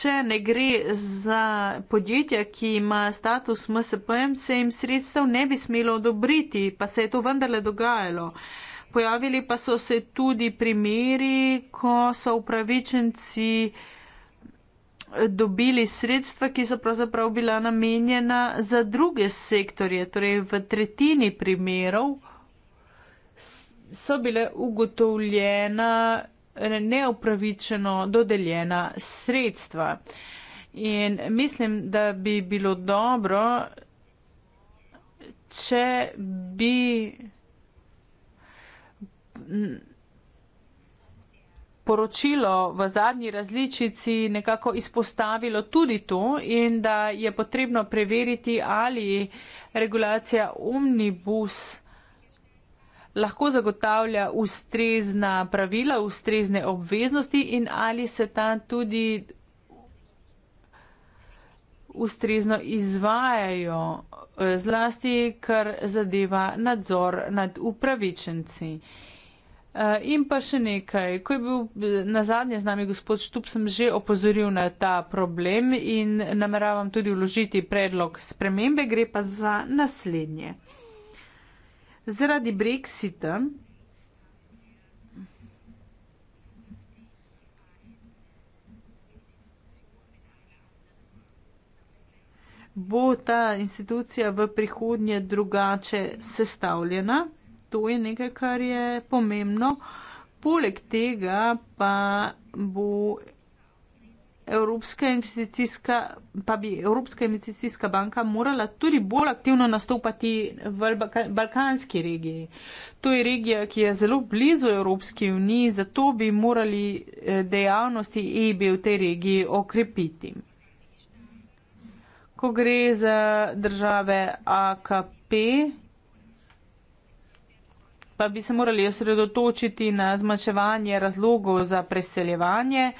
če ne gre za podjetja, ki ima status MSP-jem, se jim sredstev ne bi smelo odobriti, pa se je to vendarle dogajalo. Pojavili pa so se tudi primeri, ko so upravičenci eh, dobili sredstva, ki so pravzaprav bila namenjena za druge sektorje, torej v tretjini primerov so bile ugotovljena neupravičeno dodeljena sredstva. In mislim, da bi bilo dobro, če bi poročilo v zadnji različici nekako izpostavilo tudi to in da je potrebno preveriti, ali regulacija omnibus lahko zagotavlja ustrezna pravila, ustrezne obveznosti in ali se ta tudi ustrezno izvajajo, e, zlasti kar zadeva nadzor nad upravičenci. E, in pa še nekaj, ko je bil na zadnje z nami gospod Štup, sem že opozoril na ta problem in nameravam tudi vložiti predlog spremembe, gre pa za naslednje zaradi Brexita bo ta institucija v prihodnje drugače sestavljena. To je nekaj, kar je pomembno. Poleg tega pa bo Evropska investicijska, pa bi Evropska investicijska banka morala tudi bolj aktivno nastopati v Balkanski regiji. To je regija, ki je zelo blizu Evropski uniji, zato bi morali eh, dejavnosti EIB v tej regiji okrepiti. Ko gre za države AKP, pa bi se morali osredotočiti na zmanjševanje razlogov za preseljevanje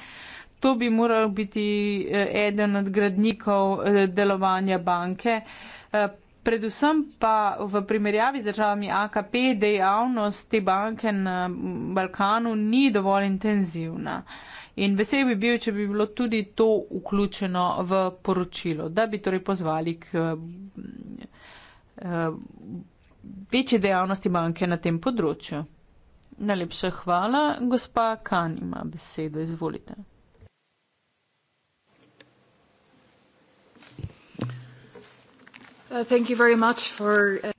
to bi moral biti eh, eden od gradnikov eh, delovanja banke. Eh, predvsem pa v primerjavi z državami AKP dejavnost te banke na Balkanu ni dovolj intenzivna. In vesel bi bil, če bi bilo tudi to vključeno v poročilo, da bi torej pozvali k večji dejavnosti banke na tem področju. Najlepša hvala. Gospa Kan ima besedo. Izvolite. Uh, uh,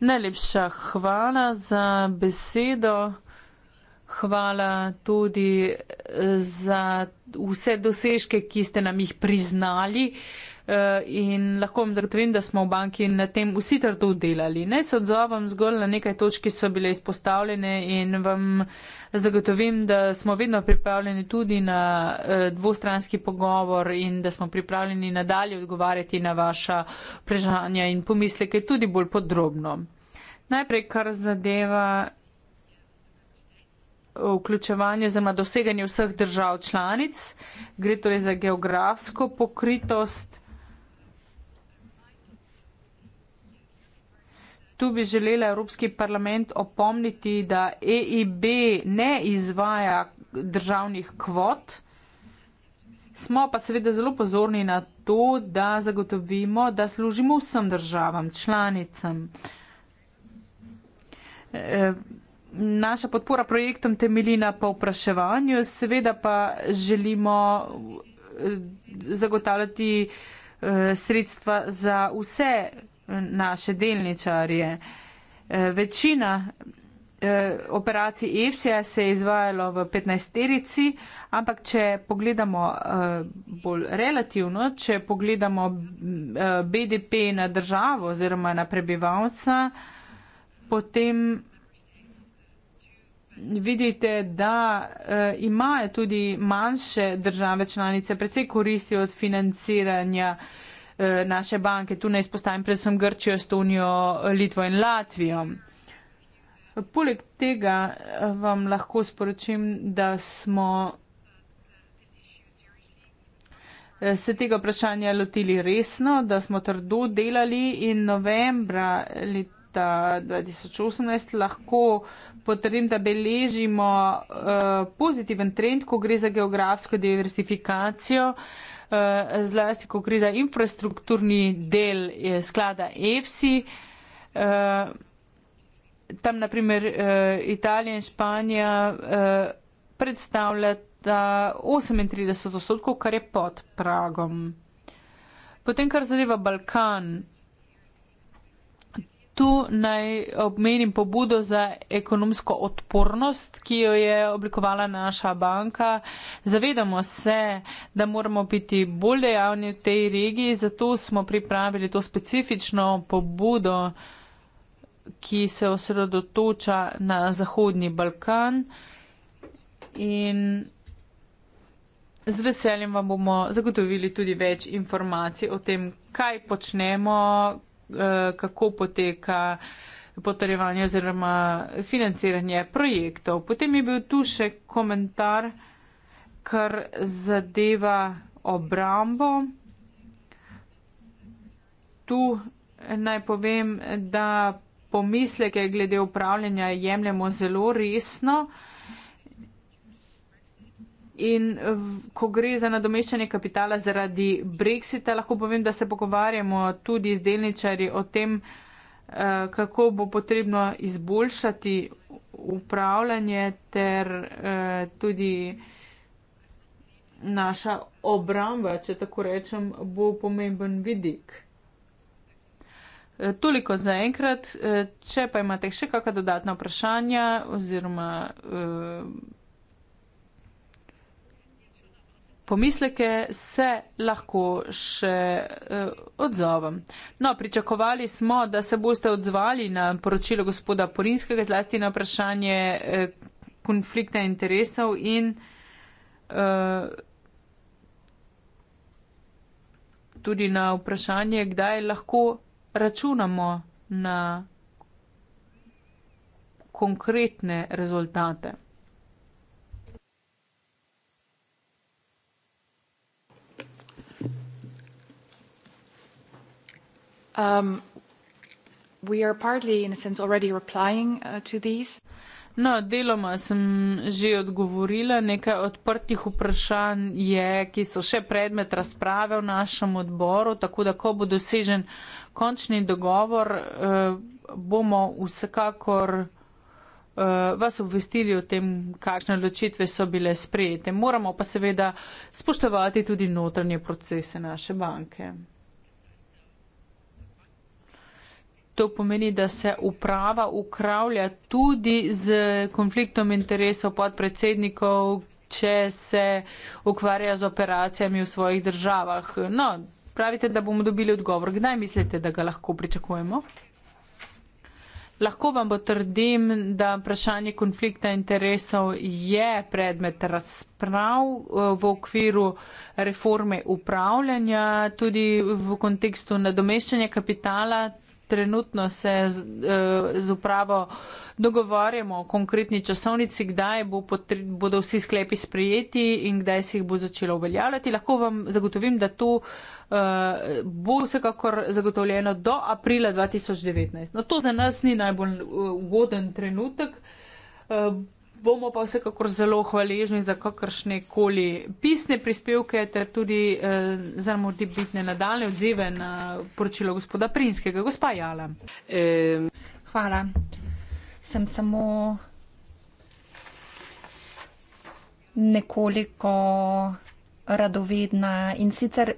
Najlepša hvala za besedo. Hvala tudi eh, za vse dosežke, ki ste nam jih priznali. Uh, Eh, in lahko vam zagotovim, da smo v banki na tem vsi trdo delali. Ne se odzovem zgolj na nekaj točk, ki so bile izpostavljene in vam zagotovim, da smo vedno pripravljeni tudi na eh, dvostranski pogovor in da smo pripravljeni nadalje odgovarjati na vaša prežanja in pomisleke tudi bolj podrobno. Najprej, kar zadeva vključevanje oziroma doseganje vseh držav članic, gre torej za geografsko pokritost, Tu bi želela Evropski parlament opomniti, da EIB ne izvaja državnih kvot. Smo pa seveda zelo pozorni na to, da zagotovimo, da služimo vsem državam, članicam. Eh, naša podpora projektom temelji na povpraševanju, seveda pa želimo eh, zagotavljati eh, sredstva za vse naše delničarje. E, večina e, operacij EFSE se je izvajalo v 15-terici, ampak če pogledamo e, bolj relativno, če pogledamo BDP na državo oziroma na prebivalca, potem vidite, da imajo tudi manjše države članice precej koristi od financiranja. Eh, naše banke. Tu ne izpostavim predvsem Grčijo, Estonijo, Litvo in Latvijo. Poleg tega eh, vam lahko sporočim, da smo eh, se tega vprašanja lotili resno, da smo trdo delali in novembra leta 2018 lahko potrdim, da beležimo uh, pozitiven trend, ko gre za geografsko diversifikacijo. Uh, Eh, zlasti, ko gre za infrastrukturni del eh, sklada EFSI. Eh, tam naprimer Italija in Španija predstavljata 38 odstotkov, kar je pod pragom. Potem, kar zadeva Balkan, Tu naj obmenim pobudo za ekonomsko odpornost, ki jo je oblikovala naša banka. Zavedamo se, da moramo biti bolj dejavni v tej regiji, zato smo pripravili to specifično pobudo, ki se osredotoča na Zahodni Balkan. In z veseljem vam bomo zagotovili tudi več informacij o tem, kaj počnemo, Eh, kako poteka potrjevanje oziroma financiranje projektov. Potem je bil tu še komentar, kar zadeva obrambo. Tu naj povem, da pomisleke glede upravljanja jemljemo zelo resno in v, ko gre za nadomeščanje kapitala zaradi Brexita, lahko povem, da se pogovarjamo tudi z delničarji o tem, eh, kako bo potrebno izboljšati upravljanje ter eh, tudi naša obramba, če tako rečem, bo pomemben vidik. Eh, toliko za enkrat, eh, če pa imate še kakšna dodatna vprašanja oziroma. Eh, pomisleke se lahko še uh, odzovem. No, pričakovali smo, da se boste odzvali na poročilo gospoda Porinskega, zlasti na vprašanje uh, konflikta interesov in uh, tudi na vprašanje, kdaj lahko računamo na konkretne rezultate. Um, we are partly, in a sense, already replying uh, to these. No, deloma sem že odgovorila. Nekaj odprtih vprašanj je, ki so še predmet razprave v našem odboru, tako da, ko bo dosežen končni dogovor, uh, bomo vsekakor uh, vas obvestili o tem, kakšne odločitve so bile sprejete. Moramo pa seveda spoštovati tudi notranje procese naše banke. to pomeni, da se uprava upravlja tudi z konfliktom interesov podpredsednikov, če se ukvarja z operacijami v svojih državah. No, pravite, da bomo dobili odgovor. Kdaj mislite, da ga lahko pričakujemo? Lahko vam potrdim, da vprašanje konflikta interesov je predmet razprav eh, v okviru reforme upravljanja, tudi v kontekstu nadomeščanja kapitala, trenutno se z, e, z upravo dogovarjamo o konkretni časovnici, kdaj bo potre, bodo vsi sklepi sprejeti in kdaj se jih bo začelo uveljavljati. Lahko vam zagotovim, da to uh, bo vsekakor zagotovljeno do aprila 2019. No, to za nas ni najbolj e, ugoden trenutek. Uh, Bomo pa vsekakor zelo hvaležni za kakršne koli pisne prispevke ter tudi eh, za morda bitne nadaljne odzive na poročilo gospoda Prinskega. Gospa Jala. E... Hvala. Sem samo nekoliko radovedna in sicer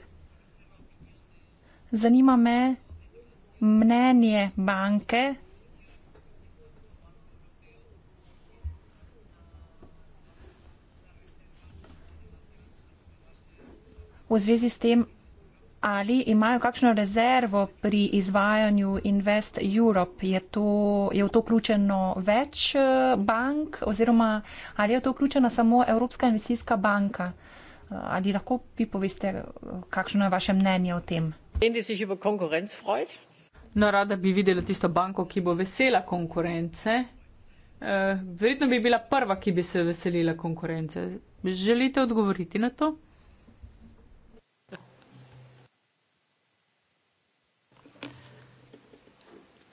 zanima me mnenje banke v zvezi s tem, ali imajo kakšno rezervo pri izvajanju Invest Europe? Je, to, je v to vključeno več eh, bank oziroma ali je v to vključena samo Evropska investicijska banka? Eh, ali lahko vi poveste, kakšno je vaše mnenje o tem? No, rada bi videla tisto banko, ki bo vesela konkurence. Eh, verjetno bi bila prva, ki bi se veselila konkurence. Želite odgovoriti na to?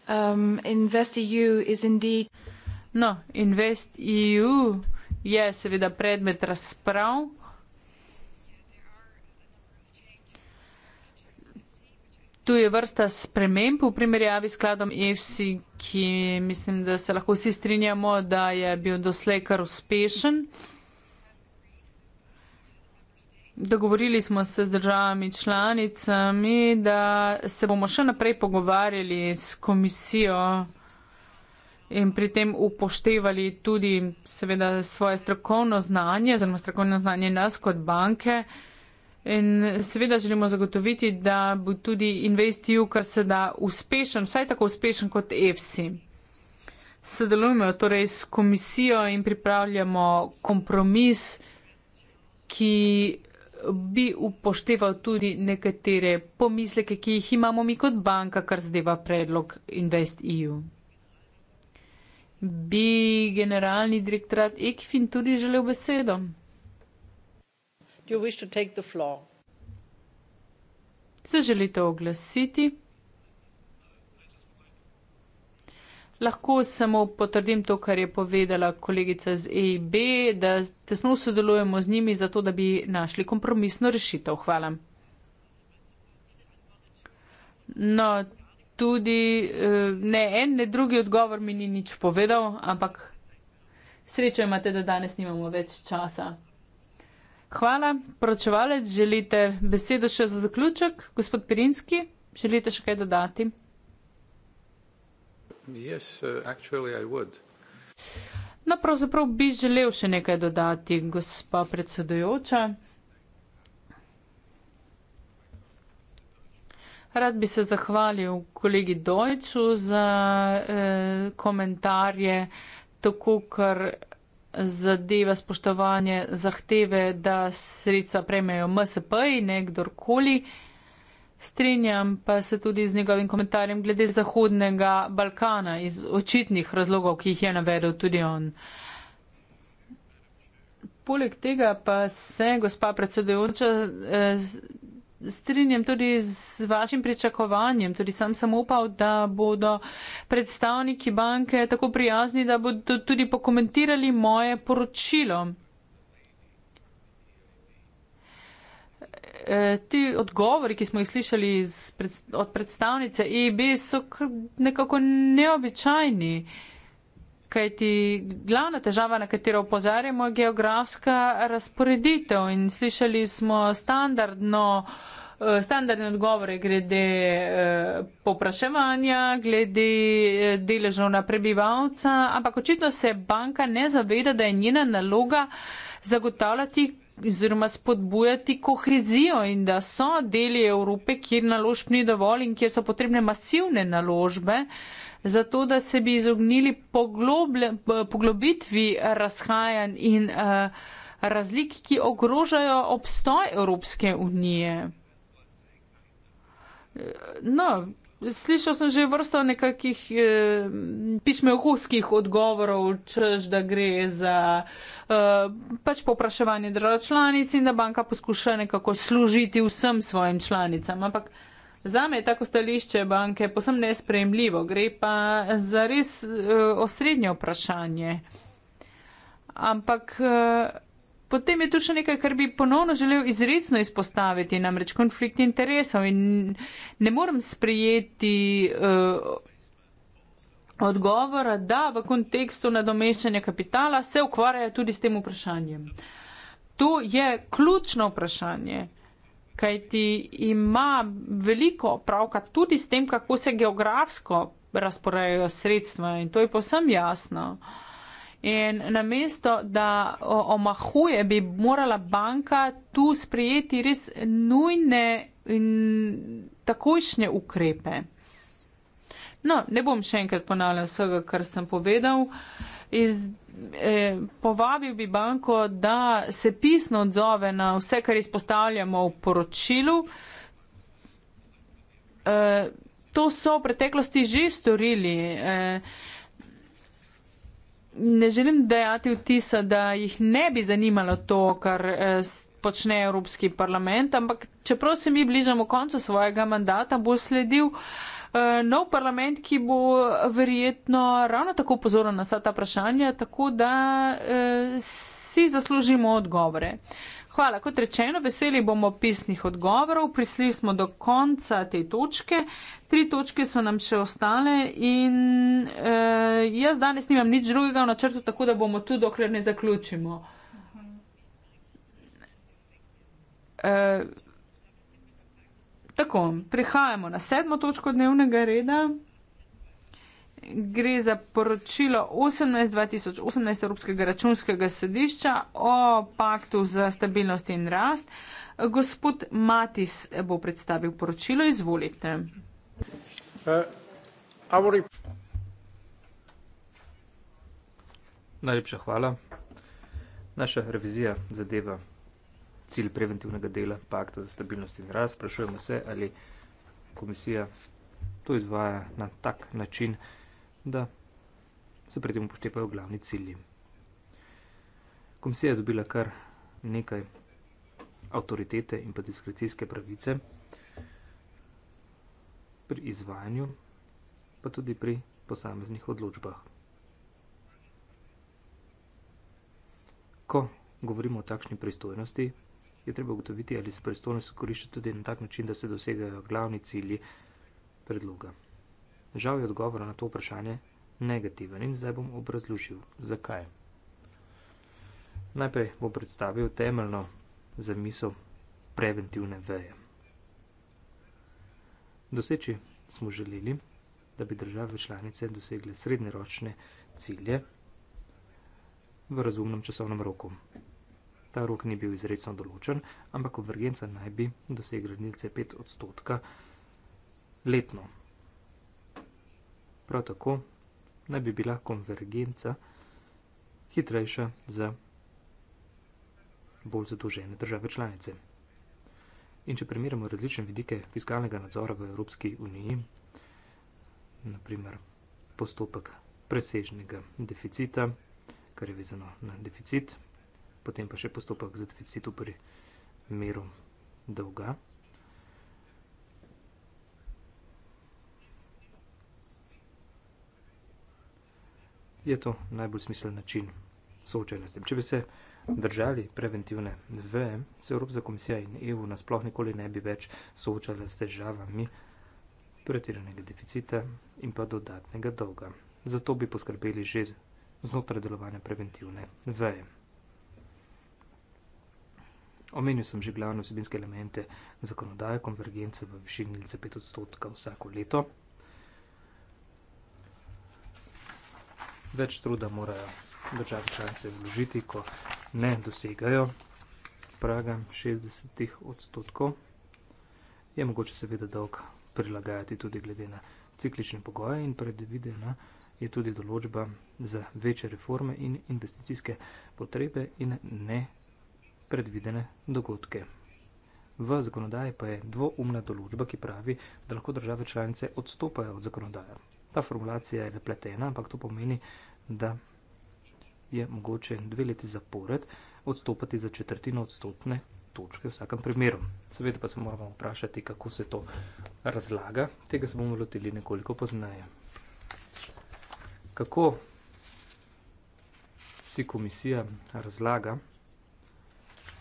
Um, Invest EU is indeed. No, Invest EU je seveda predmet razprav. Tu je vrsta sprememb v primerjavi s skladom EFSI, ki mislim, da se lahko vsi strinjamo, da je bil doslej kar uspešen. Dogovorili smo se z državami članicami, da se bomo še naprej pogovarjali s komisijo in pri tem upoštevali tudi seveda svoje strokovno znanje oziroma strokovno znanje nas kot banke. In seveda želimo zagotoviti, da bo tudi InvestEU kar se da uspešen, vsaj tako uspešen kot EFSI. Sodelujemo torej s komisijo in pripravljamo kompromis, ki bi upošteval tudi nekatere pomisleke, ki jih imamo mi kot banka, kar zdeva predlog InvestEU. Bi generalni direktorat ECFIN tudi želel besedo? Se želite oglasiti? Lahko samo potrdim to, kar je povedala kolegica z EIB, da tesno sodelujemo z njimi zato, da bi našli kompromisno rešitev. Hvala. No, tudi eh, ne en, ne drugi odgovor mi ni nič povedal, ampak srečo imate, da danes nimamo več časa. Hvala, poročevalec, želite besedo še za zaključek? Gospod Pirinski, želite še kaj dodati? Yes, uh, actually I would. No, pravzaprav bi želel še nekaj dodati, gospa predsedujoča. Rad bi se zahvalil kolegi Dojču za eh, komentarje, tako kar zadeva spoštovanje zahteve, da sredstva prejmejo MSP in nekdorkoli. Eh, Strinjam pa se tudi z njegovim komentarjem glede Zahodnega Balkana iz očitnih razlogov, ki jih je navedel tudi on. Poleg tega pa se, gospa predsedujoča, eh, strinjam tudi z vašim pričakovanjem. Tudi sam sem upal, da bodo predstavniki banke tako prijazni, da bodo tudi pokomentirali moje poročilo. Eh, ti odgovori, ki smo jih slišali pred, od predstavnice EIB, so nekako neobičajni. Kaj ti glavna težava, na katero opozarjamo, je geografska razporeditev in slišali smo standardno, eh, standardne odgovore glede eh, popraševanja, glede deležov na prebivalca, ampak očitno se banka ne zaveda, da je njena naloga zagotavljati oziroma spodbujati kohezijo in da so deli Evrope, kjer naložb ni dovolj in kjer so potrebne masivne naložbe, zato da se bi izognili poglobljen, poglobitvi razhajanj in uh, razlik, ki ogrožajo obstoj Evropske unije. No, Slišal sem že vrsto nekakih eh, pišmehovskih odgovorov, čež, da gre za eh, pač popraševanje držav članic in da banka poskuša nekako služiti vsem svojim članicam. Ampak zame je tako stališče banke posem nespremljivo, gre pa za res eh, osrednje vprašanje. Ampak. Eh, Potem je tu še nekaj, kar bi ponovno želel izredno izpostaviti, namreč konflikt interesov in ne morem sprejeti uh, odgovora, da v kontekstu nadomeščanja kapitala se ukvarjajo tudi s tem vprašanjem. To je ključno vprašanje, kaj ti ima veliko pravka tudi s tem, kako se geografsko razporejajo sredstva in to je posem jasno. Uh, In namesto, da omahuje, bi morala banka tu sprejeti res nujne in takojšnje ukrepe. No, ne bom še enkrat ponavljal vsega, kar sem povedal. Iz, eh, povabil bi banko, da se pisno odzove na vse, kar izpostavljamo v poročilu. Eh, to so v preteklosti že storili. Eh, ne želim dejati vtisa, da jih ne bi zanimalo to, kar eh, počne Evropski parlament, ampak čeprav se mi bližamo koncu svojega mandata, bo sledil eh, nov parlament, ki bo verjetno ravno tako pozoren na vsa ta vprašanja, tako da eh, si zaslužimo odgovore. Hvala. Kot rečeno, veseli bomo pisnih odgovorov. Prisli smo do konca te točke. Tri točke so nam še ostale in eh, jaz danes nimam nič drugega v načrtu, tako da bomo tu, dokler ne zaključimo. Eh, tako, prihajamo na sedmo točko dnevnega reda gre za poročilo 18-2018 Evropskega računskega sodišča o paktu za stabilnost in rast. Gospod Matis bo predstavil poročilo, izvolite. Uh, Najlepša hvala. Naša revizija zadeva cilj preventivnega dela pakta za stabilnost in rast. Sprašujemo se, ali komisija to izvaja na tak način, da se pri tem upoštevajo glavni cilji. Komisija je dobila kar nekaj avtoritete in pa diskrecijske pravice pri izvajanju, pa tudi pri posameznih odločbah. Ko govorimo o takšni pristojnosti, je treba ugotoviti, ali se pristojnost korišča tudi na tak način, da se dosegajo glavni cilji predloga. Žal je odgovor na to vprašanje negativen in zdaj bom obrazložil, zakaj. Najprej bom predstavil temeljno zamisel preventivne veje. Doseči smo želeli, da bi države članice dosegle srednjeročne cilje v razumnem časovnem roku. Ta rok ni bil izredno določen, ampak konvergenca naj bi dosegla nilce 5 odstotka letno. Prav tako naj bi bila konvergenca hitrejša za bolj zadolžene države članice. In če primerjamo različne vidike fiskalnega nadzora v Evropski uniji, naprimer postopek presežnega deficita, kar je vezano na deficit, potem pa še postopek za deficit v primeru dolga. je to najbolj smiseln način soočanja s tem. Če bi se držali preventivne veje, se Evropska komisija in EU nasploh nikoli ne bi več soočale s težavami pretiranega deficita in pa dodatnega dolga. Zato bi poskrbeli že znotraj delovanja preventivne veje. Omenil sem že glavne vsebinske elemente zakonodaje, konvergence v višini 5 odstotka vsako leto. več truda morajo države članice vložiti, ko ne dosegajo praga 60 odstotkov. Je mogoče seveda dolg prilagajati tudi glede na ciklične pogoje in predvidena je tudi določba za večje reforme in investicijske potrebe in ne predvidene dogodke. V zakonodaji pa je dvoumna določba, ki pravi, da lahko države članice odstopajo od zakonodaje. Ta formulacija je zapletena, ampak to pomeni, da je mogoče dve leti zapored odstopati za četrtino odstotne točke v vsakem primeru. Seveda pa se moramo vprašati, kako se to razlaga. Tega se bomo lotili nekoliko poznaje. Kako si komisija razlaga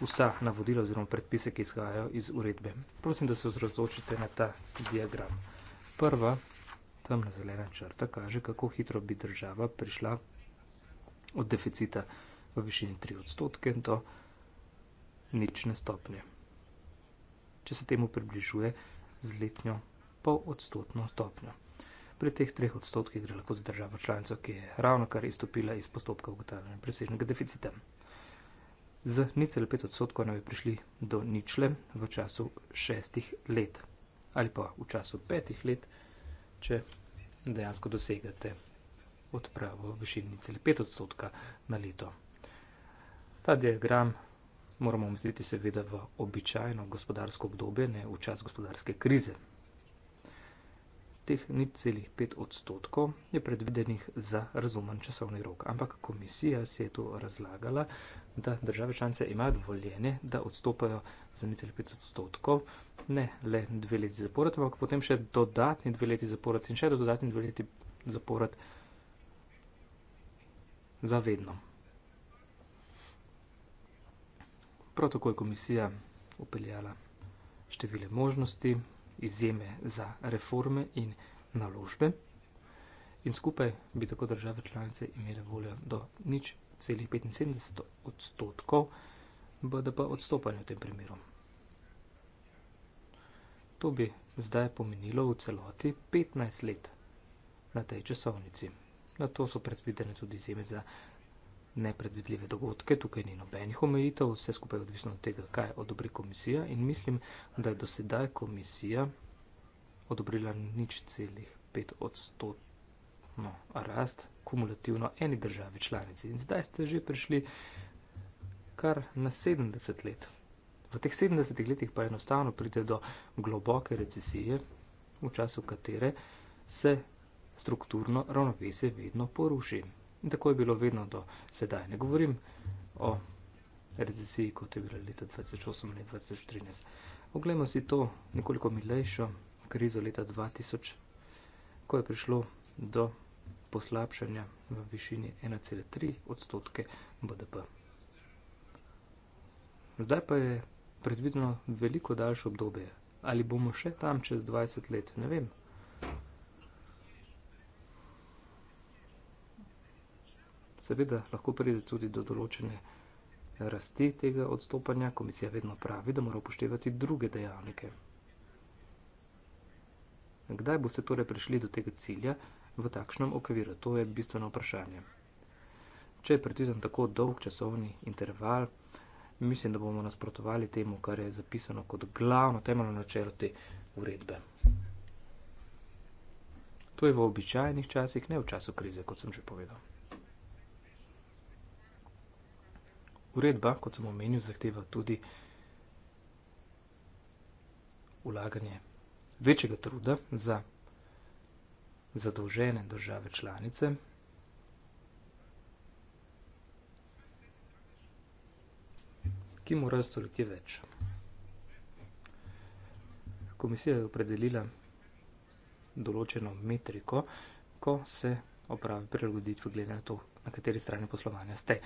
vsa navodila oziroma predpise, ki izhajajo iz uredbe? Prosim, da se ozrotočite na ta diagram. Prva Temna zelena črta kaže, kako hitro bi država prišla od deficita v višini 3 odstotke do nične stopnje, če se temu približuje z letnjo pol odstotno stopnjo. Pri teh 3 odstotkih gre lahko za državo članico, ki je ravno kar izstopila iz postopka ugotavljanja presežnega deficita. Z 0,5 odstotkov nam je prišli do ničle v času šestih let ali pa v času petih let če dejansko dosegate odpravo v višini celi 5 odstotka na leto. Ta diagram moramo misliti seveda v običajno gospodarsko obdobje, ne v čas gospodarske krize teh 0,5 odstotkov je predvidenih za razumen časovni rok. Ampak komisija se je to razlagala, da države članice imajo dovoljene, da odstopajo za 0,5 odstotkov, ne le dve leti zapored, ampak potem še dodatni dve leti zapored in še dodatni dve leti zapored zavedno. Prav tako je komisija upeljala. Števile možnosti izjeme za reforme in naložbe. In skupaj bi tako države članice imele voljo do nič celih 75 odstotkov BDP odstopanja v tem primeru. To bi zdaj pomenilo v celoti 15 let na tej časovnici. Na to so predvidene tudi izjeme za reforme nepredvidljive dogodke, tukaj ni nobenih omejitev, vse skupaj je odvisno od tega, kaj odobri komisija in mislim, da je do sedaj komisija odobrila nič celih pet odstotno rast kumulativno eni državi članici. In zdaj ste že prišli kar na 70 let. V teh 70 letih pa enostavno pride do globoke recesije, v času katere se strukturno ravnovesje vedno poruši. In tako je bilo vedno do sedaj. Ne govorim o recesiji, kot je bilo leta 2008 ali 2013. Oglejmo si to nekoliko milejšo krizo leta 2000, ko je prišlo do poslabšanja v višini 1,3 odstotke BDP. Zdaj pa je predvideno veliko daljše obdobje. Ali bomo še tam čez 20 let, ne vem. seveda lahko pride tudi do določene rasti tega odstopanja, komisija vedno pravi, da mora upoštevati druge dejavnike. Kdaj boste torej prišli do tega cilja v takšnem okviru? To je bistveno vprašanje. Če je predviden tako dolg časovni interval, mislim, da bomo nasprotovali temu, kar je zapisano kot glavno temeljno načelo te uredbe. To je v običajnih časih, ne v času krize, kot sem že povedal. Uredba, kot sem omenil, zahteva tudi ulaganje večjega truda za zadolžene države članice, ki morajo storiti več. Komisija je opredelila določeno metriko, ko se opravi prilagoditve glede na to, na kateri strani poslovanja ste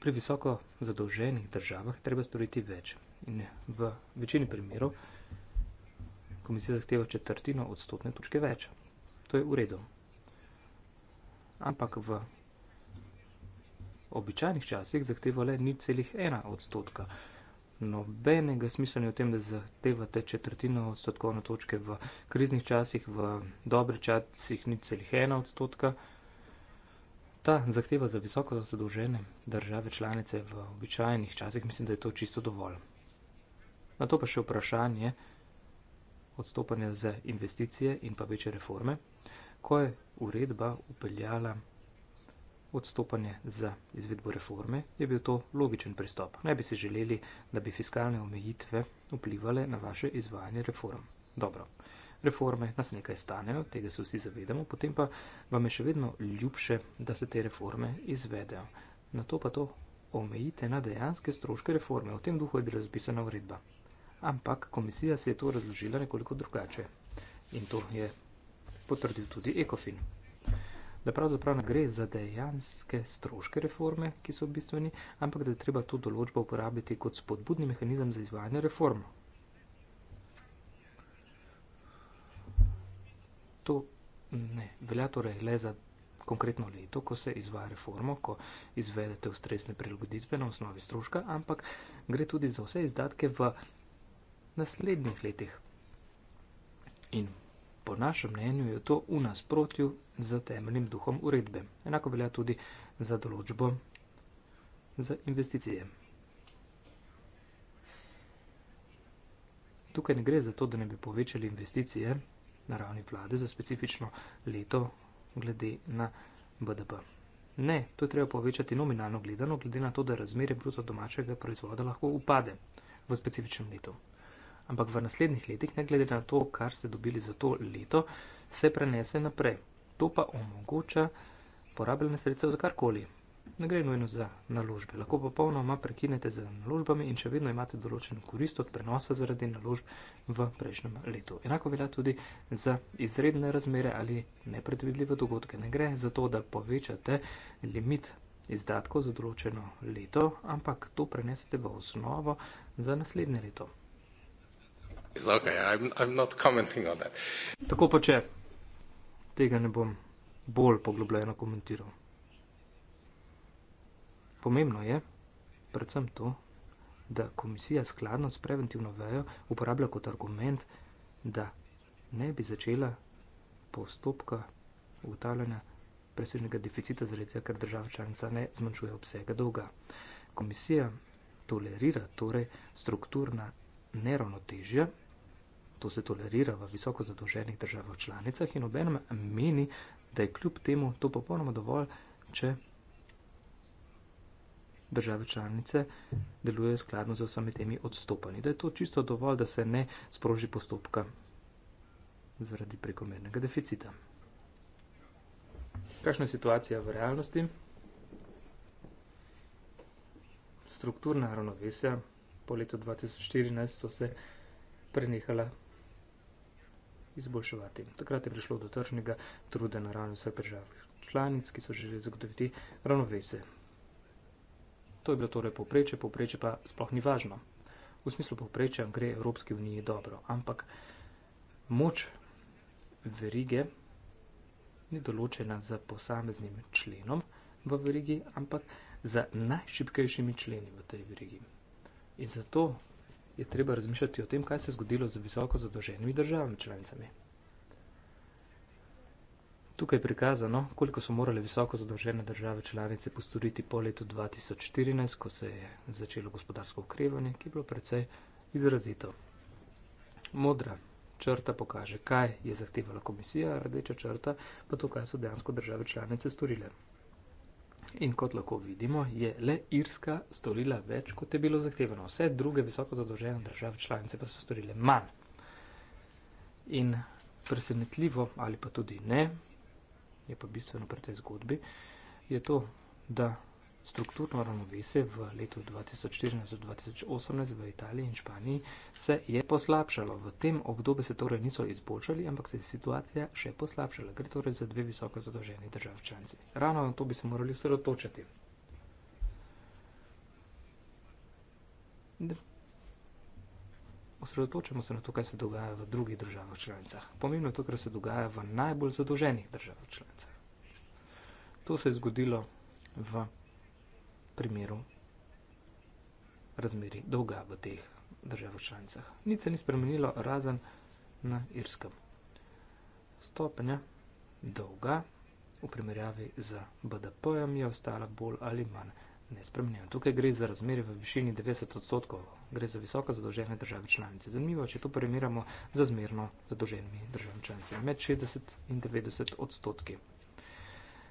pri visoko zadolženih državah treba storiti več. In v večini primerov komisija zahteva četrtino odstotne točke več. To je v redu. Ampak v običajnih časih zahteva le ni celih ena odstotka. Nobenega smisla ni v tem, da zahtevate četrtino odstotkovne točke v kriznih časih, v dobrih časih ni celih ena odstotka. Ta zahteva za visoko zadolžene države članice v običajnih časih mislim, da je to čisto dovolj. Na to pa še vprašanje odstopanja za investicije in pa večje reforme, ko je uredba upeljala odstopanje za izvedbo reforme, je bil to logičen pristop. Ne bi si želeli, da bi fiskalne omejitve vplivale na vaše izvajanje reform. Dobro. Reforme nas nekaj stanejo, tega se vsi zavedamo, potem pa vam je še vedno ljubše, da se te reforme izvedejo. Na to pa to omejite na dejanske stroške reforme. V tem duhu je bila zapisana uredba. Ampak komisija se je to razložila nekoliko drugače. In to je potrdil tudi Ekofin. Da pravzaprav ne gre za dejanske stroške reforme, ki so bistveni, ampak da je treba to določbo uporabiti kot spodbudni mehanizem za izvajanje reform, to ne velja torej le za konkretno leto, ko se izvaja reformo, ko izvedete ustrezne prilagoditve na osnovi stroška, ampak gre tudi za vse izdatke v naslednjih letih. In po našem mnenju je to v nasprotju z temeljnim duhom uredbe. Enako velja tudi za določbo za investicije. Tukaj ne gre za to, da ne bi povečali investicije, na ravni vlade za specifično leto glede na BDP. Ne, to je treba povečati nominalno gledano, glede na to, da razmere bruto domačega proizvoda lahko upade v specifičnem letu. Ampak v naslednjih letih, ne glede na to, kar ste dobili za to leto, se prenese naprej. To pa omogoča porabljene sredstva za karkoli, ne gre nujno za naložbe. Lahko popolnoma prekinete z naložbami in še vedno imate določeno korist od prenosa zaradi naložb v prejšnjem letu. Enako velja tudi za izredne razmere ali nepredvidljive dogodke. Ne gre za to, da povečate limit izdatkov za določeno leto, ampak to prenesete v osnovo za naslednje leto. Okay, I'm, I'm Tako pa če tega ne bom bolj poglobljeno komentiral. Pomembno je, predvsem to, da komisija skladno s preventivno vejo uporablja kot argument, da ne bi začela postopka ugotavljanja presežnega deficita, zaradi tega, ker država članica ne zmanjšuje obsega dolga. Komisija tolerira torej strukturna neravnotežja, to se tolerira v visoko zadolženih državah članicah in obenem meni, da je kljub temu to popolnoma dovolj, če države članice delujejo skladno z vsemi temi odstopanji. Da je to čisto dovolj, da se ne sproži postopka zaradi prekomernega deficita. Kakšna je situacija v realnosti? Strukturna ravnovesja po letu 2014 so se prenehala izboljševati. Takrat je prišlo do tržnega truda na ravni vseh držav članic, ki so želeli zagotoviti ravnovesje To je bilo torej povpreče, povpreče pa sploh ni važno. V smislu povpreče gre Evropski uniji dobro, ampak moč verige ni določena za posameznim členom v verigi, ampak za najšipkejšimi členi v tej verigi. In zato je treba razmišljati o tem, kaj se je zgodilo z visoko zadolženimi državami članicami tukaj prikazano, koliko so morale visoko zadolžene države članice postoriti po letu 2014, ko se je začelo gospodarsko ukrevanje, ki je bilo precej izrazito. Modra črta pokaže, kaj je zahtevala komisija, rdeča črta pa to, kaj so dejansko države članice storile. In kot lahko vidimo, je le Irska storila več, kot je bilo zahtevano. Vse druge visoko zadolžene države članice pa so storile manj. In presenetljivo ali pa tudi ne, je pa bistveno pri tej zgodbi, je to, da strukturno ravnovesje v letu 2014-2018 v Italiji in Španiji se je poslabšalo. V tem obdobju se torej niso izboljšali, ampak se je situacija še poslabšala. Gre torej za dve visoko zadoženi državi članci. Ravno na to bi se morali osredotočiti osredotočamo se na to, kaj se dogaja v drugih državah članicah. Pomembno je to, kar se dogaja v najbolj zadoženih državah članicah. To se je zgodilo v primeru razmeri dolga v teh državah članicah. Nič se ni spremenilo, razen na irskem. Stopenja dolga v primerjavi z BDP-jem je ostala bolj ali manj nespremenjena. Tukaj gre za razmeri v višini 90 odstotkov gre za visoko zadolžene države članice. Zanimivo, če to primerjamo z zmerno zadolženimi državami članicami, med 60 in 90 odstotki.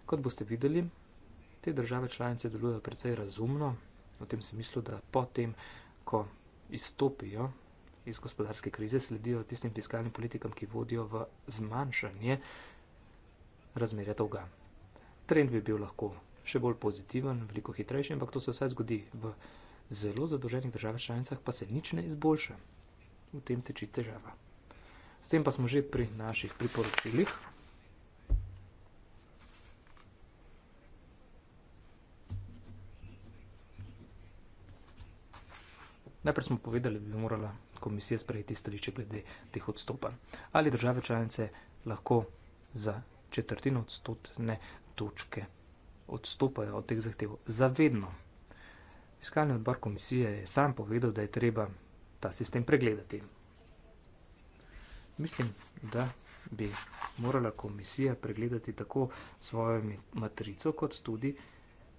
Kot boste videli, te države članice delujejo precej razumno, v tem smislu, da potem, ko izstopijo iz gospodarske krize, sledijo tistim fiskalnim politikam, ki vodijo v zmanjšanje razmerja dolga. Trend bi bil lahko še bolj pozitiven, veliko hitrejši, ampak to se vse zgodi v zelo zadolženih državah članicah pa se nič ne izboljša. V tem teči težava. S tem pa smo že pri naših priporočilih. Najprej smo povedali, da bi morala komisija sprejeti stališče glede teh odstopanj. Ali države članice lahko za četrtino odstotne točke odstopajo od teh zahtev za vedno? Fiskalni odbor komisije je sam povedal, da je treba ta sistem pregledati. Mislim, da bi morala komisija pregledati tako svojo matrico, kot tudi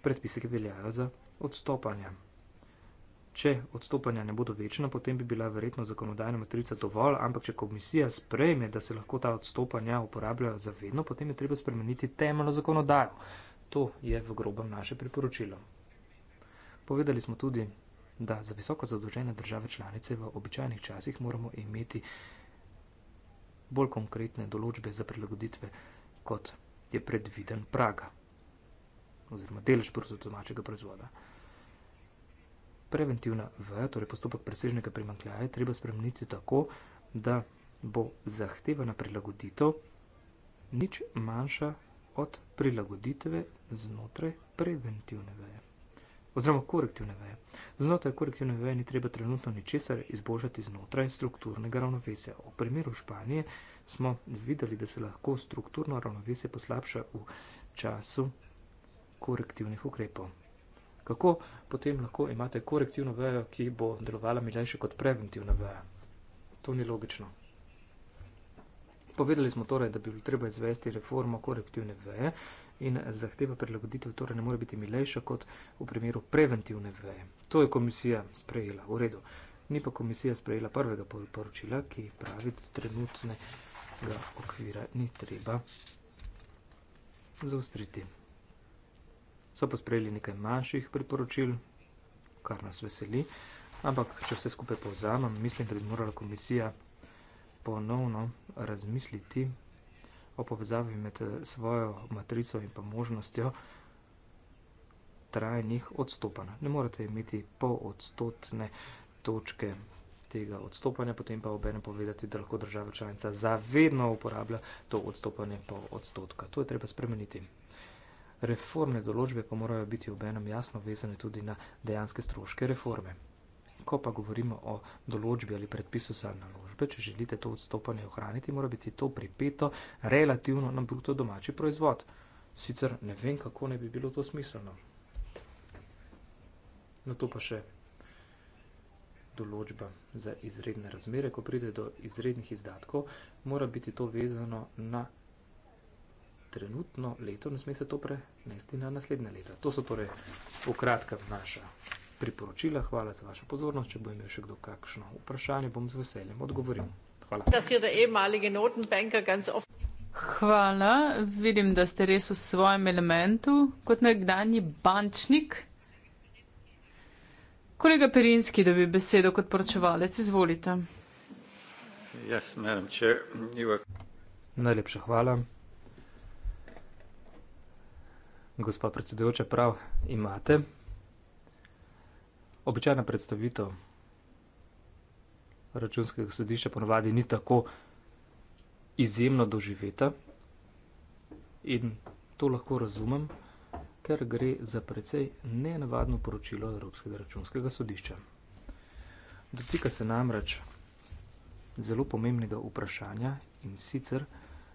predpise, ki veljajo za odstopanja. Če odstopanja ne bodo večna, potem bi bila verjetno zakonodajna matrica dovolj, ampak če komisija sprejme, da se lahko ta odstopanja uporabljajo za vedno, potem je treba spremeniti temeljno zakonodajo. To je v grobem naše priporočilo. Povedali smo tudi, da za visoko zadolžene države članice v običajnih časih moramo imeti bolj konkretne določbe za prilagoditve, kot je predviden praga oziroma delež bruto domačega proizvoda. Preventivna V, torej postopek presežnega primankljaja, treba spremeniti tako, da bo zahtevana prilagoditev nič manjša od prilagoditve znotraj preventivne veje oziroma korektivne veje. Znotraj korektivne veje ni treba trenutno ničesar izboljšati znotraj strukturnega ravnovesja. V primeru Španije smo videli, da se lahko strukturno ravnovesje poslabša v času korektivnih ukrepov. Kako potem lahko imate korektivno vejo, ki bo delovala milejše kot preventivna veja? To ni logično. Povedali smo torej, da bi bilo treba izvesti reformo korektivne veje in zahteva prilagoditev torej ne more biti milejša kot v primeru preventivne veje. To je komisija sprejela, v redu. Ni pa komisija sprejela prvega poročila, ki pravi, da trenutnega okvira ni treba zaustriti. So pa sprejeli nekaj manjših priporočil, kar nas veseli, ampak če vse skupaj povzamem, mislim, da bi morala komisija ponovno razmisliti o povezavi med eh, svojo matrico in pa možnostjo trajnih odstopanj. Ne morete imeti pol odstotne točke tega odstopanja, potem pa obene povedati, da lahko država članica zavedno uporablja to odstopanje po odstotka. To je treba spremeniti. Reformne določbe pa morajo biti obenem jasno vezane tudi na dejanske stroške reforme. Ko pa govorimo o določbi ali predpisu za naložbe, če želite to odstopanje ohraniti, mora biti to pripeto relativno na bruto domači proizvod. Sicer ne vem, kako ne bi bilo to smiselno. Na to pa še določba za izredne razmere. Ko pride do izrednih izdatkov, mora biti to vezano na trenutno leto, ne sme se to prenesti na naslednje leto. To so torej pokratka naša priporočila. Hvala za vašo pozornost. Če bo imel še kdo kakšno vprašanje, bom z veseljem odgovoril. Hvala. Hvala. Vidim, da ste res v svojem elementu kot nekdani bančnik. Kolega Perinski, da bi besedo kot poročevalec, izvolite. Yes, Najlepša hvala. Gospa predsedujoča, prav imate. Običajna predstavitev računskega sodišča ponovadi ni tako izjemno doživeta in to lahko razumem, ker gre za precej nenavadno poročilo Evropskega računskega sodišča. Dotika se namreč zelo pomembnega vprašanja in sicer,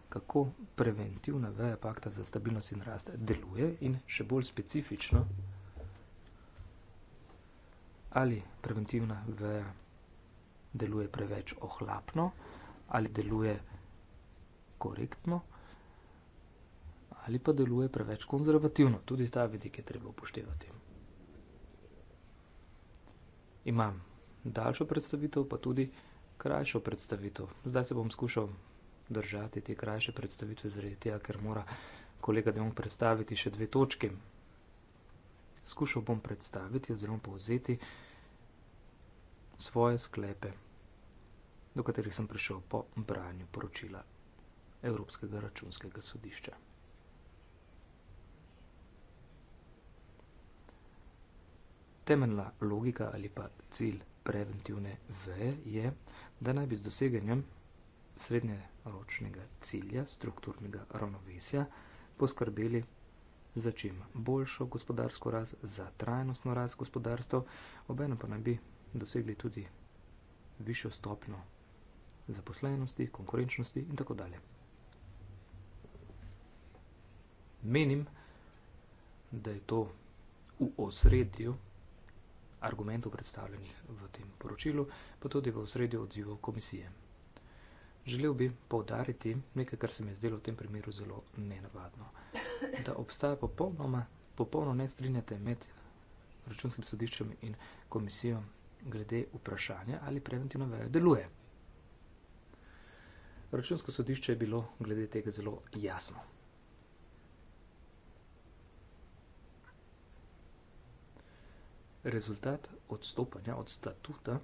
kako preventivna veja pakta za stabilnost in rast deluje in še bolj specifično, ali preventivna veja deluje preveč ohlapno, ali deluje korektno, ali pa deluje preveč konzervativno. Tudi ta vidik je treba upoštevati. Imam daljšo predstavitev, pa tudi krajšo predstavitev. Zdaj se bom skušal držati te krajše predstavitve, zaradi tega, ker mora kolega Dejong predstaviti še dve točke skušal bom predstaviti oziroma povzeti svoje sklepe, do katerih sem prišel po branju poročila Evropskega računskega sodišča. Temeljna logika ali pa cilj preventivne V je, da naj bi z doseganjem srednjeročnega cilja strukturnega ravnovesja poskrbeli za čim boljšo gospodarsko rast, za trajnostno rast gospodarstva, obenem pa naj bi dosegli tudi višjo stopno zaposlenosti, konkurenčnosti in tako dalje. Menim, da je to v osredju argumentov predstavljenih v tem poročilu, pa tudi v osredju odzivov komisije. Želel bi povdariti nekaj, kar se mi je zdelo v tem primeru zelo nenavadno. Da obstaja popolnoma, popolno nestrinjate med računskim sodiščem in komisijo glede vprašanja, ali preventivna veja deluje. Računsko sodišče je bilo glede tega zelo jasno. Rezultat odstopanja od statuta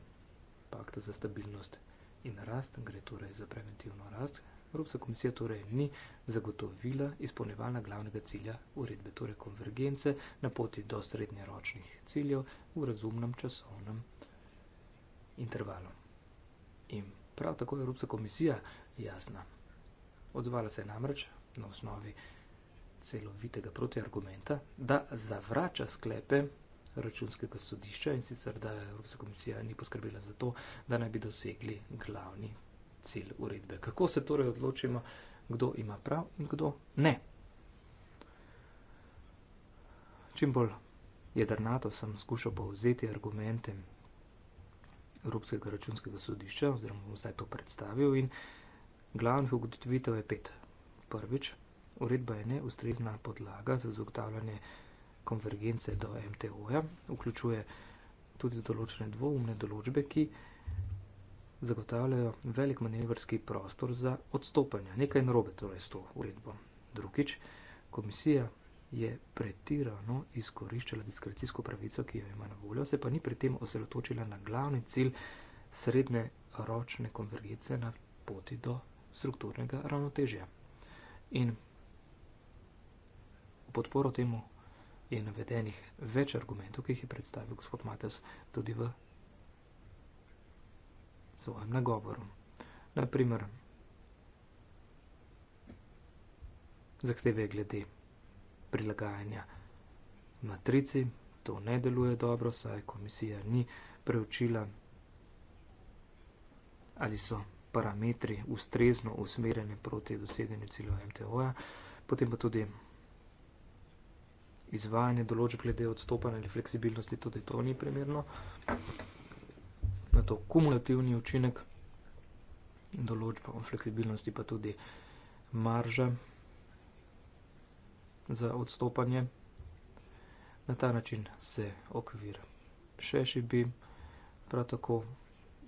pakta za stabilnost in rast, gre torej za preventivno rast. Evropska komisija torej ni zagotovila izpolnevalna glavnega cilja uredbe, torej konvergence na poti do srednjeročnih ciljev v razumnem časovnem intervalu. In prav tako je Evropska komisija jasna. Odzvala se je namreč na osnovi celovitega protiargumenta, da zavrača sklepe računskega sodišča in sicer, da Evropska komisija ni poskrbela za to, da naj bi dosegli glavni cilj uredbe. Kako se torej odločimo, kdo ima prav in kdo ne? Čim bolj jedrnato sem skušal povzeti argumente Evropskega računskega sodišča, oziroma bom zdaj to predstavil, in glavnih ugotovitev je pet. Prvič, uredba je neustrezna podlaga za zagotavljanje konvergence do MTO-ja, vključuje tudi določene dvoumne določbe, ki zagotavljajo velik manevrski prostor za odstopanje. Nekaj narobe torej s to uredbo. Drugič, komisija je pretirano izkoriščala diskrecijsko pravico, ki jo ima na voljo, se pa ni pri tem osredotočila na glavni cilj srednje ročne konvergence na poti do strukturnega ravnotežja. In v podporo temu je navedenih več argumentov, ki jih je predstavil gospod Mates tudi v svojem nagovoru. Naprimer, zahteve glede prilagajanja matrici, to ne deluje dobro, saj komisija ni preučila, ali so parametri ustrezno usmerjeni proti dosedeni cilju MTO-ja, potem pa tudi izvajanje določb glede odstopanja ali fleksibilnosti, tudi to ni primerno. Na to kumulativni učinek določb o fleksibilnosti, pa tudi marža za odstopanje. Na ta način se okvir še šibi. Prav tako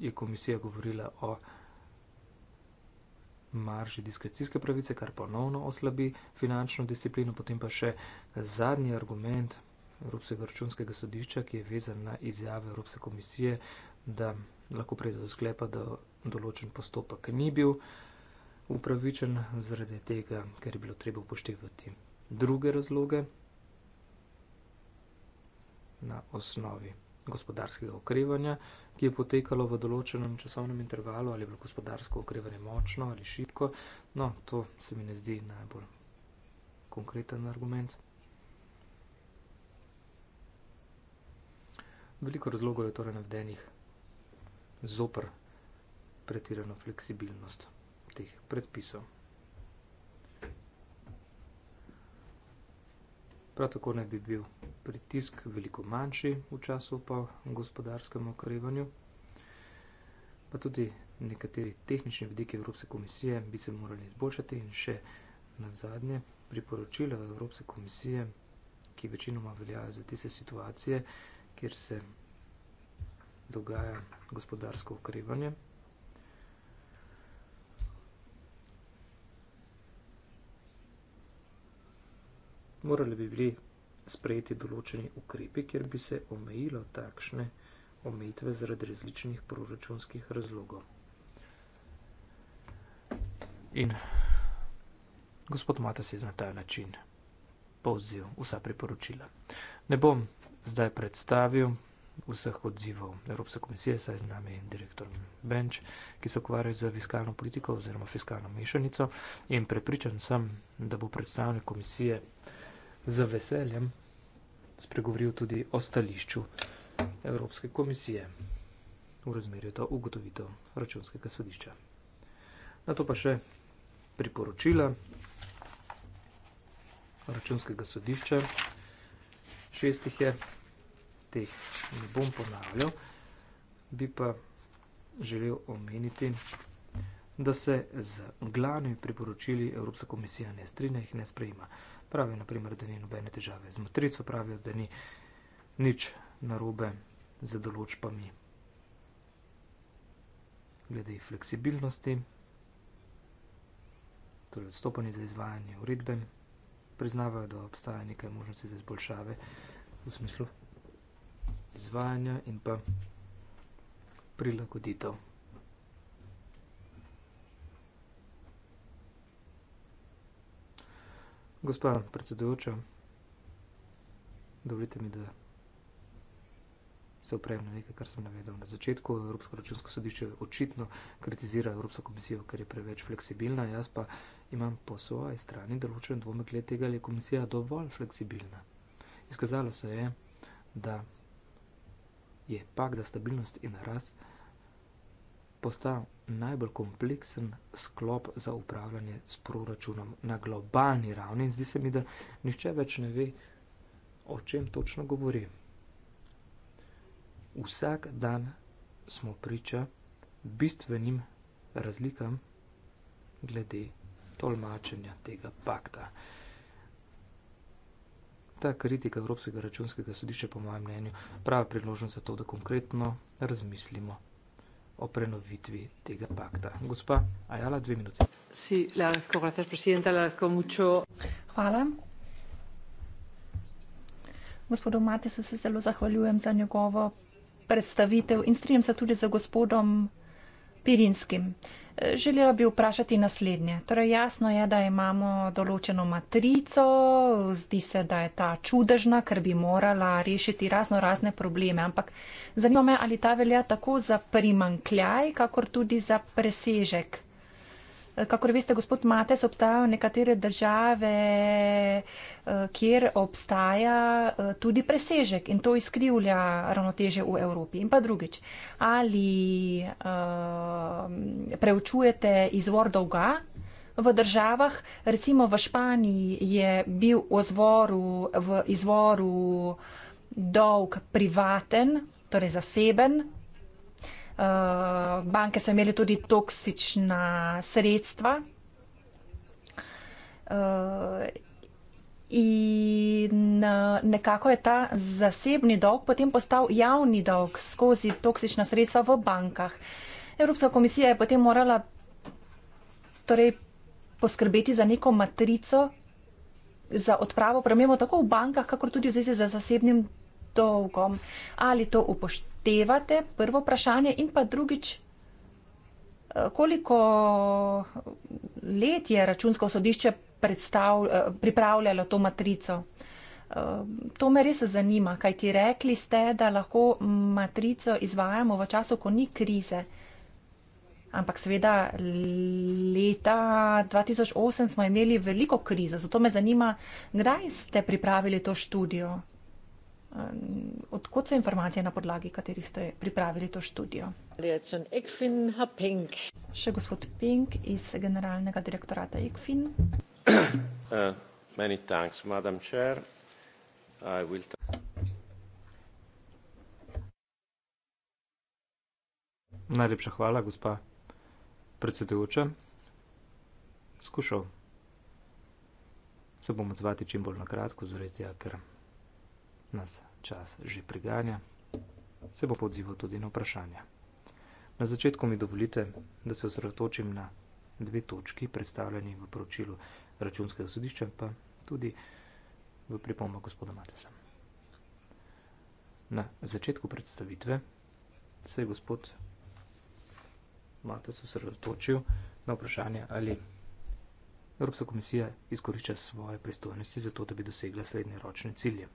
je komisija govorila o marži diskrecijske pravice, kar ponovno oslabi finančno disciplino. Potem pa še zadnji argument Evropskega računskega sodišča, ki je vezan na izjave Evropske komisije, da lahko pride do sklepa, da določen postopek ni bil upravičen zaradi tega, ker je bilo treba upoštevati druge razloge na osnovi gospodarskega okrevanja, ki je potekalo v določenem časovnem intervalu, ali je bilo gospodarsko okrevanje močno ali šibko. No, to se mi ne zdi najbolj konkreten argument. Veliko razlogov je torej navedenih zopr pretirano fleksibilnost teh predpisov. Prav tako naj bi bil pritisk veliko manjši v času po gospodarskem okrevanju, pa tudi nekateri tehnični vidiki Evropske komisije bi se morali izboljšati in še na zadnje priporočilo Evropske komisije, ki večinoma veljajo za tiste situacije, kjer se dogaja gospodarsko okrevanje. morali bi bili sprejeti določeni ukrepi, kjer bi se omejilo takšne omejitve zaradi različnih proračunskih razlogov. In gospod Mata se je na ta način povzel vsa priporočila. Ne bom zdaj predstavil vseh odzivov Evropske komisije, saj z nami je direktor Benč, ki se ukvarja z fiskalno politiko oziroma fiskalno mešanico in prepričan sem, da bo predstavnik komisije z veseljem spregovoril tudi o stališču Evropske komisije v razmerju do ugotovitev računskega sodišča. Na to pa še priporočila računskega sodišča. Šestih je, teh ne bom ponavljal, bi pa želel omeniti da se z glavnimi priporočili Evropska komisija ne strinja in jih ne sprejima. Pravijo, naprimer, da ni nobene težave z matrico, pravijo, da ni nič narobe z določbami glede fleksibilnosti, torej odstopanje za izvajanje uredbe, priznavajo, da obstaja nekaj možnosti za izboljšave v smislu izvajanja in pa prilagoditev. Gospa predsedujoča, dovolite mi, da se upremem na nekaj, kar sem navedel na začetku. Evropsko računsko sodišče očitno kritizira Evropsko komisijo, ker je preveč fleksibilna. Jaz pa imam po svoji strani določen dvomek glede tega, ali je komisija dovolj fleksibilna. Izkazalo se je, da je pak za stabilnost in rast postal najbolj kompleksen sklop za upravljanje s proračunom na globalni ravni. In zdi se mi, da nišče več ne ve, o čem točno govori. Vsak dan smo priča bistvenim razlikam glede tolmačenja tega pakta. Ta kritika Evropskega računskega sodišča, po mojem mnenju, prava priložnost za to, da konkretno razmislimo o prenovitvi tega pakta. Gospa Ajala, dve minuti. Si, lahko, lahko mucho... Hvala. Gospodu Matisu se zelo zahvaljujem za njegovo predstavitev in strinjam se tudi za gospodom Pirinskim. Uh, Želela bi vprašati naslednje. Torej, jasno je, da imamo določeno matrico, zdi se, da je ta čudežna, ker bi morala rešiti razno razne probleme, ampak zanima me, ali ta velja tako za primankljaj, kakor tudi za presežek. Kakor veste, gospod Mates, obstajajo nekatere države, eh, kjer obstaja eh, tudi presežek in to izkrivlja ravnoteže v Evropi. In pa drugič, ali uh, preučujete izvor dolga v državah, recimo v Španiji je bil v, zvoru, v izvoru dolg privaten, torej zaseben, Eh, banke so imeli tudi toksična sredstva. Uh, in eh, nekako je ta zasebni dolg potem postal javni dolg skozi toksična sredstva v bankah. Evropska komisija je potem morala torej, poskrbeti za neko matrico za odpravo problemov tako v bankah, kakor tudi v zvezi z zasebnim dolgom. Ali to upoštevate, prvo vprašanje, in pa drugič, eh, koliko eh, let je računsko sodišče eh, pripravljalo to matrico? To me res zanima, kaj ti rekli ste, da lahko matrico izvajamo v času, ko ni krize. Ampak seveda leta 2008 smo imeli veliko krizo, zato me zanima, kdaj ste pripravili to študijo, Odkud so informacije, na podlagi katerih ste pripravili to študijo? Še gospod Pink iz generalnega direktorata ICFIN. *coughs* Uh, Najlepša hvala, gospa predsedujoča. Skušal se bom odzvati čim bolj na kratko, zaradi tega, ja, ker nas čas že priganja, se bo podzival tudi na vprašanja. Na začetku mi dovolite, da se osredotočim na dve točki, predstavljeni v poročilu računskega sodišča, pa tudi v pripomba gospoda Matesa. Na začetku predstavitve se je gospod Mates osredotočil na vprašanje, ali Evropska komisija izkorišča svoje pristojnosti za to, da bi dosegla srednjeročne cilje.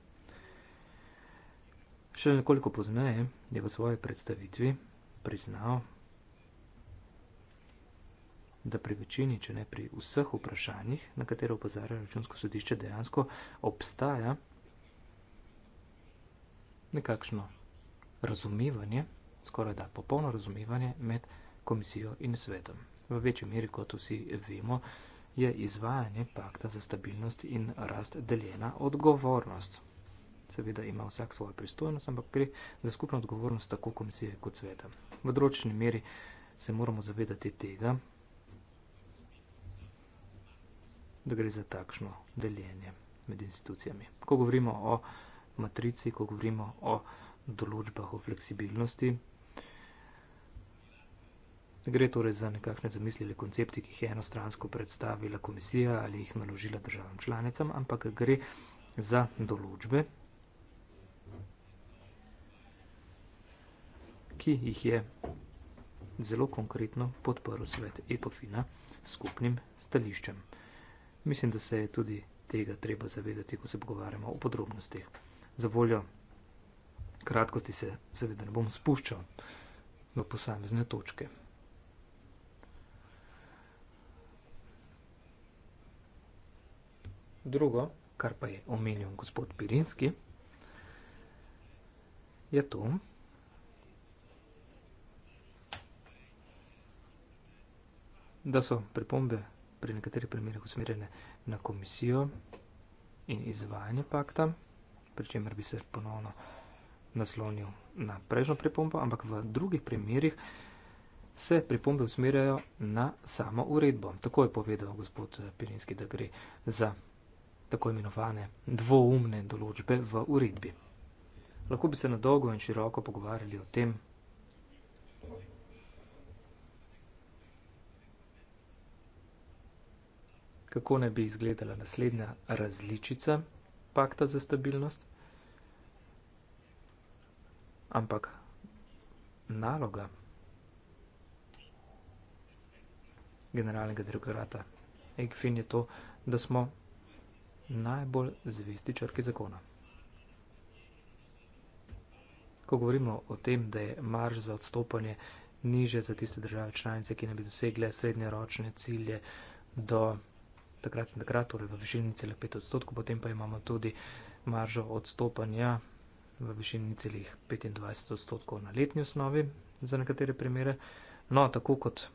Še nekoliko pozneje je v svoji predstavitvi priznal, da pri večini, če ne pri vseh vprašanjih, na katero opozarja računsko sodišče, dejansko obstaja nekakšno razumevanje, skoraj da popolno razumevanje med komisijo in svetom. V večji meri, kot vsi vemo, je izvajanje pakta za stabilnost in rast deljena odgovornost seveda ima vsak svojo pristojnost, ampak gre za skupno odgovornost tako komisije kot sveta. V odročni meri se moramo zavedati tega, da gre za takšno deljenje med institucijami. Ko govorimo o matrici, ko govorimo o določbah o fleksibilnosti, gre torej za nekakšne zamislile koncepti, ki jih je enostransko predstavila komisija ali jih naložila državam članicam, ampak gre za določbe, ki jih je zelo konkretno podporil svet Ekofina s skupnim stališčem. Mislim, da se je tudi tega treba zavedati, ko se pogovarjamo o podrobnostih. Za voljo kratkosti se seveda ne bom spuščal v posamezne točke. Drugo, kar pa je omenil gospod Pirinski, je to, da so pripombe pri nekaterih primerih usmerjene na komisijo in izvajanje pakta, pri čemer bi se ponovno naslonil na prejšnjo pripombo, ampak v drugih primerih se pripombe usmerjajo na samo uredbo. Tako je povedal gospod Pirinski, da gre za tako imenovane dvoumne določbe v uredbi. Lahko bi se na dolgo in široko pogovarjali o tem, kako naj bi izgledala naslednja različica pakta za stabilnost, ampak naloga generalnega direktorata ECFIN je to, da smo najbolj zvesti črki zakona. Ko govorimo o tem, da je marž za odstopanje niže za tiste države članice, ki ne bi dosegle srednjeročne cilje do takrat in takrat, torej v višini 5 odstotkov, potem pa imamo tudi maržo odstopanja v višini 25 odstotkov na letni osnovi za nekatere primere. No, tako kot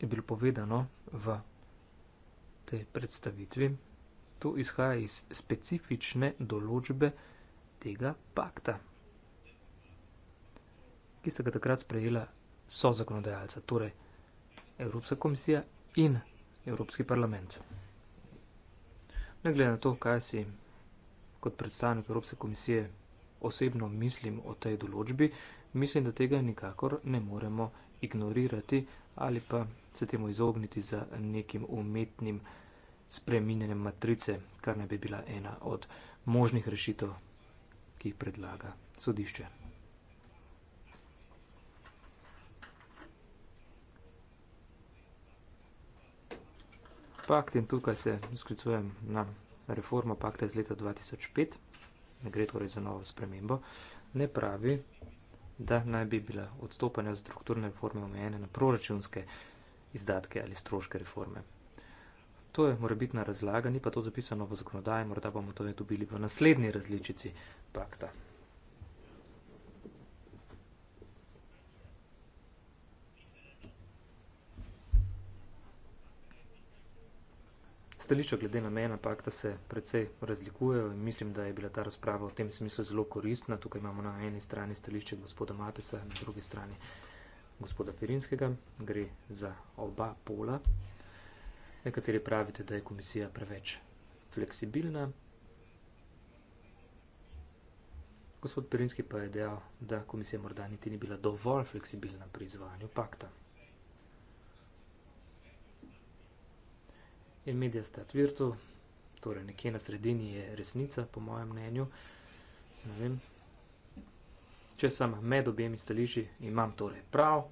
je bilo povedano v tej predstavitvi, to izhaja iz specifične določbe tega pakta, ki sta ga takrat sprejela so zakonodajalca, torej Evropska komisija in Evropski parlament. Ne glede na to, kaj si kot predstavnik Evropske komisije osebno mislim o tej določbi, mislim, da tega nikakor ne moremo ignorirati ali pa se temu izogniti za nekim umetnim spreminjanjem matrice, kar ne bi bila ena od možnih rešitev, ki jih predlaga sodišče. pakt in tukaj se sklicujem na reformo pakta iz leta 2005, ne gre torej za novo spremembo, ne pravi, da naj bi bila odstopanja strukturne reforme omejene na proračunske izdatke ali stroške reforme. To je morebitna razlaga, ni pa to zapisano v zakonodaji, morda bomo to dobili v naslednji različici pakta. stališča glede namena pakta se precej razlikujejo in mislim, da je bila ta razprava v tem smislu zelo koristna. Tukaj imamo na eni strani stališče gospoda Matesa, na drugi strani gospoda Pirinskega. Gre za oba pola. Nekateri pravite, da je komisija preveč fleksibilna. Gospod Pirinski pa je dejal, da komisija morda niti ni bila dovolj fleksibilna pri izvajanju pakta. in medija sta tvitu, torej nekje na sredini je resnica, po mojem mnenju. Če sem med objemi stališči, imam torej prav,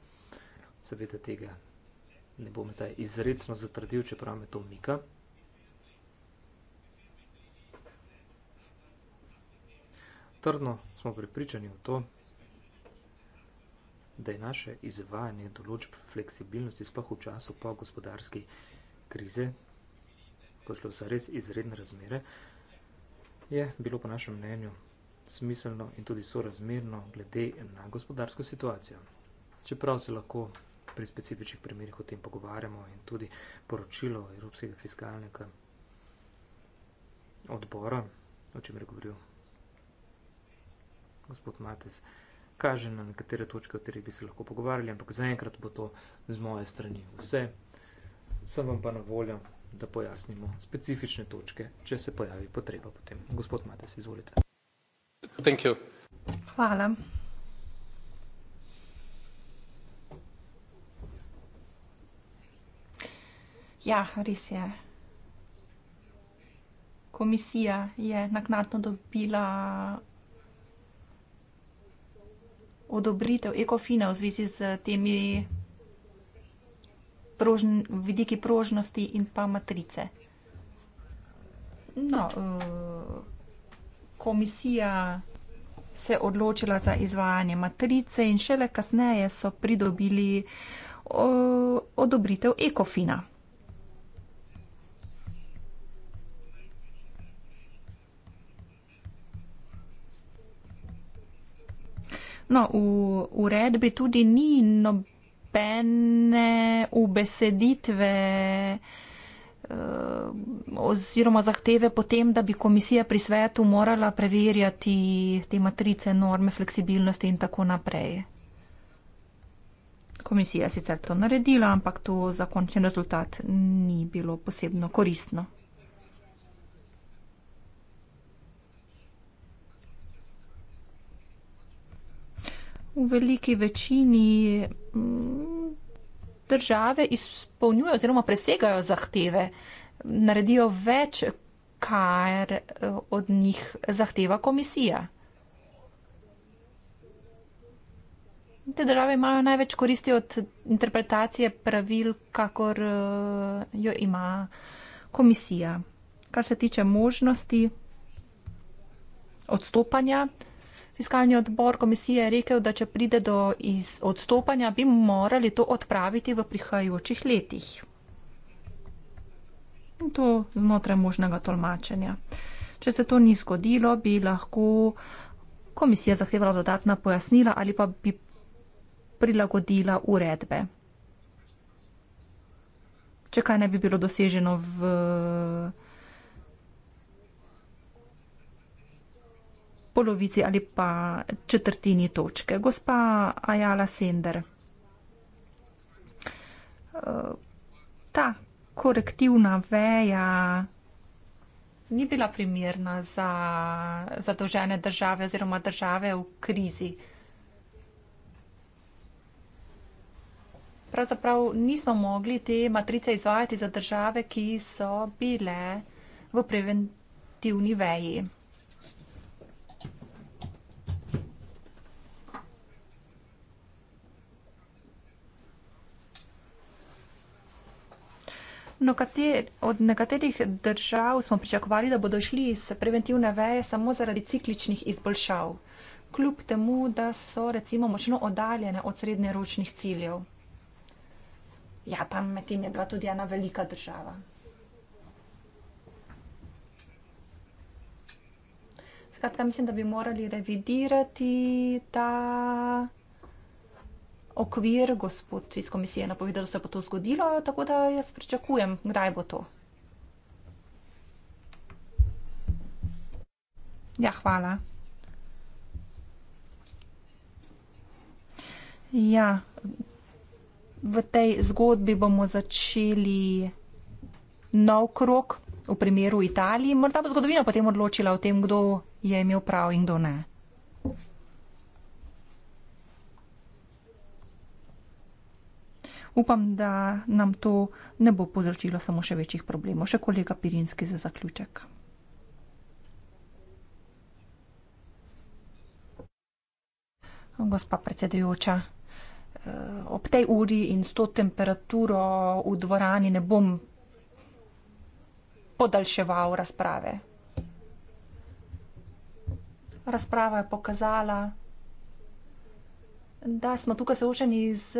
seveda tega ne bom zdaj izredno zatrdil, čeprav me to mika. Trdno smo pripričani v to, da je naše izvajanje določb fleksibilnosti sploh v času po gospodarski krize ko je šlo za res izredne razmere, je bilo po našem mnenju smiselno in tudi sorazmerno glede na gospodarsko situacijo. Čeprav se lahko pri specifičnih primerjih o tem pogovarjamo in tudi poročilo Evropskega fiskalnega odbora, o čem je govoril gospod Mates, kaže na nekatere točke, o katerih bi se lahko pogovarjali, ampak zaenkrat bo to z moje strani vse. Sem vam pa na voljo da pojasnimo specifične točke, če se pojavi potreba potem. Gospod Mates, izvolite. Hvala. Ja, res je. Komisija je naknadno dobila odobritev ekofina v zvezi z temi prožen, vidiki prožnosti in pa matrice. No, eh, komisija se odločila za izvajanje matrice in šele kasneje so pridobili eh, odobritev ekofina. No, v uredbi tudi ni nobenega nobene ubeseditve eh, oziroma zahteve potem, da bi komisija pri svetu morala preverjati te matrice, norme, fleksibilnosti in tako naprej. Komisija sicer to naredila, ampak to za končen rezultat ni bilo posebno koristno. v veliki večini mm, države izpolnjujejo oziroma presegajo zahteve, naredijo več, kar eh, od njih zahteva komisija. Te države imajo največ koristi od interpretacije pravil, kakor eh, jo ima komisija. Kar se tiče možnosti odstopanja, Fiskalni odbor komisije je rekel, da če pride do odstopanja, bi morali to odpraviti v prihajajočih letih. In to znotraj možnega tolmačenja. Če se to ni zgodilo, bi lahko komisija zahtevala dodatna pojasnila ali pa bi prilagodila uredbe. Če kaj ne bi bilo doseženo v. polovici ali pa četrtini točke. Gospa Ajala Sender, eh, ta korektivna veja ni bila primerna za zadožene države oziroma države v krizi. Pravzaprav nismo mogli te matrice izvajati za države, ki so bile v preventivni veji. No, kater, od nekaterih držav smo pričakovali, da bodo šli iz preventivne veje samo zaradi cikličnih izboljšav, kljub temu, da so recimo močno oddaljene od srednjeročnih ciljev. Ja, tam med tem je bila tudi ena velika država. Skratka, mislim, da bi morali revidirati ta okvir, gospod iz komisije napovedal, da se bo to zgodilo, tako da jaz pričakujem, kdaj bo to. Ja, hvala. Ja, v tej zgodbi bomo začeli nov krok v primeru Italije. Morda bo zgodovina potem odločila o tem, kdo je imel prav in kdo ne. Upam, da nam to ne bo povzročilo samo še večjih problemov. Še kolega Pirinski za zaključek. Gospa predsedujoča, eh, ob tej uri in s to temperaturo v dvorani ne bom podaljševal razprave. Razprava je pokazala, da smo tukaj soočeni z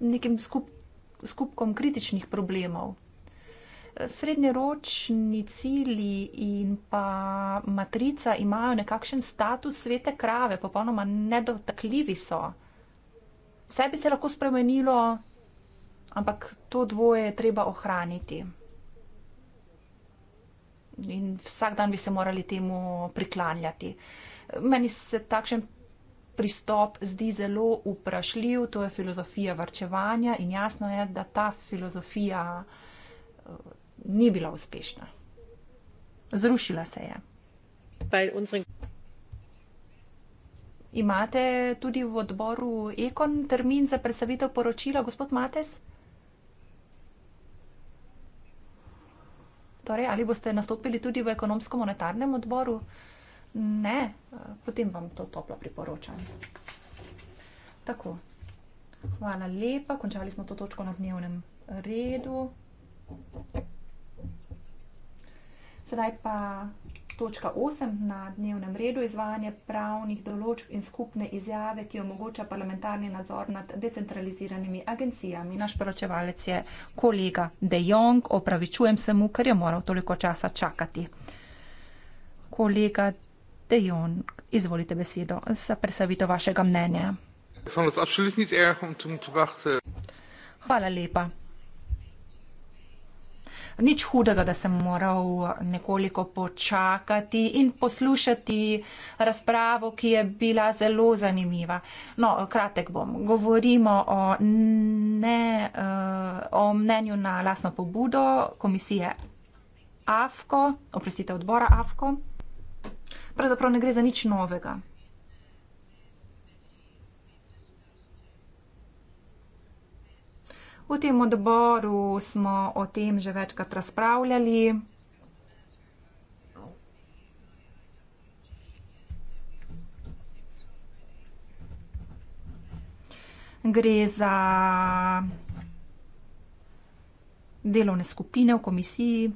nekim skup, skupkom kritičnih problemov. Srednjeročni cilji in pa matrica imajo nekakšen status svete krave, popolnoma nedotakljivi so. Vse bi se lahko spremenilo, ampak to dvoje je treba ohraniti. In vsak dan bi se morali temu priklanjati. Meni se takšen pristop zdi zelo vprašljiv, to je filozofija vrčevanja in jasno je, da ta filozofija eh, ni bila uspešna. Zrušila se je. Imate tudi v odboru Ekon termin za predstavitev poročila, gospod Mates? Torej, ali boste nastopili tudi v ekonomsko-monetarnem odboru? ne, eh, potem vam to toplo priporočam. Tako. Hvala lepa, končali smo to točko na dnevnem redu. Sedaj pa točka 8 na dnevnem redu, izvajanje pravnih določb in skupne izjave, ki omogoča parlamentarni nadzor nad decentraliziranimi agencijami. Naš poročevalec je kolega De Jong, opravičujem se mu, ker je moral toliko časa čakati. Kolega Dejon, izvolite besedo za predstavitev vašega mnenja. Hvala lepa. Nič hudega, da sem moral nekoliko počakati in poslušati razpravo, ki je bila zelo zanimiva. No, kratek bom. Govorimo o, ne, eh, o mnenju na lasno pobudo komisije AFKO, oprostite, odbora AFKO pravzaprav ne gre za nič novega. V tem odboru smo o tem že večkrat razpravljali. Gre za delovne skupine v komisiji.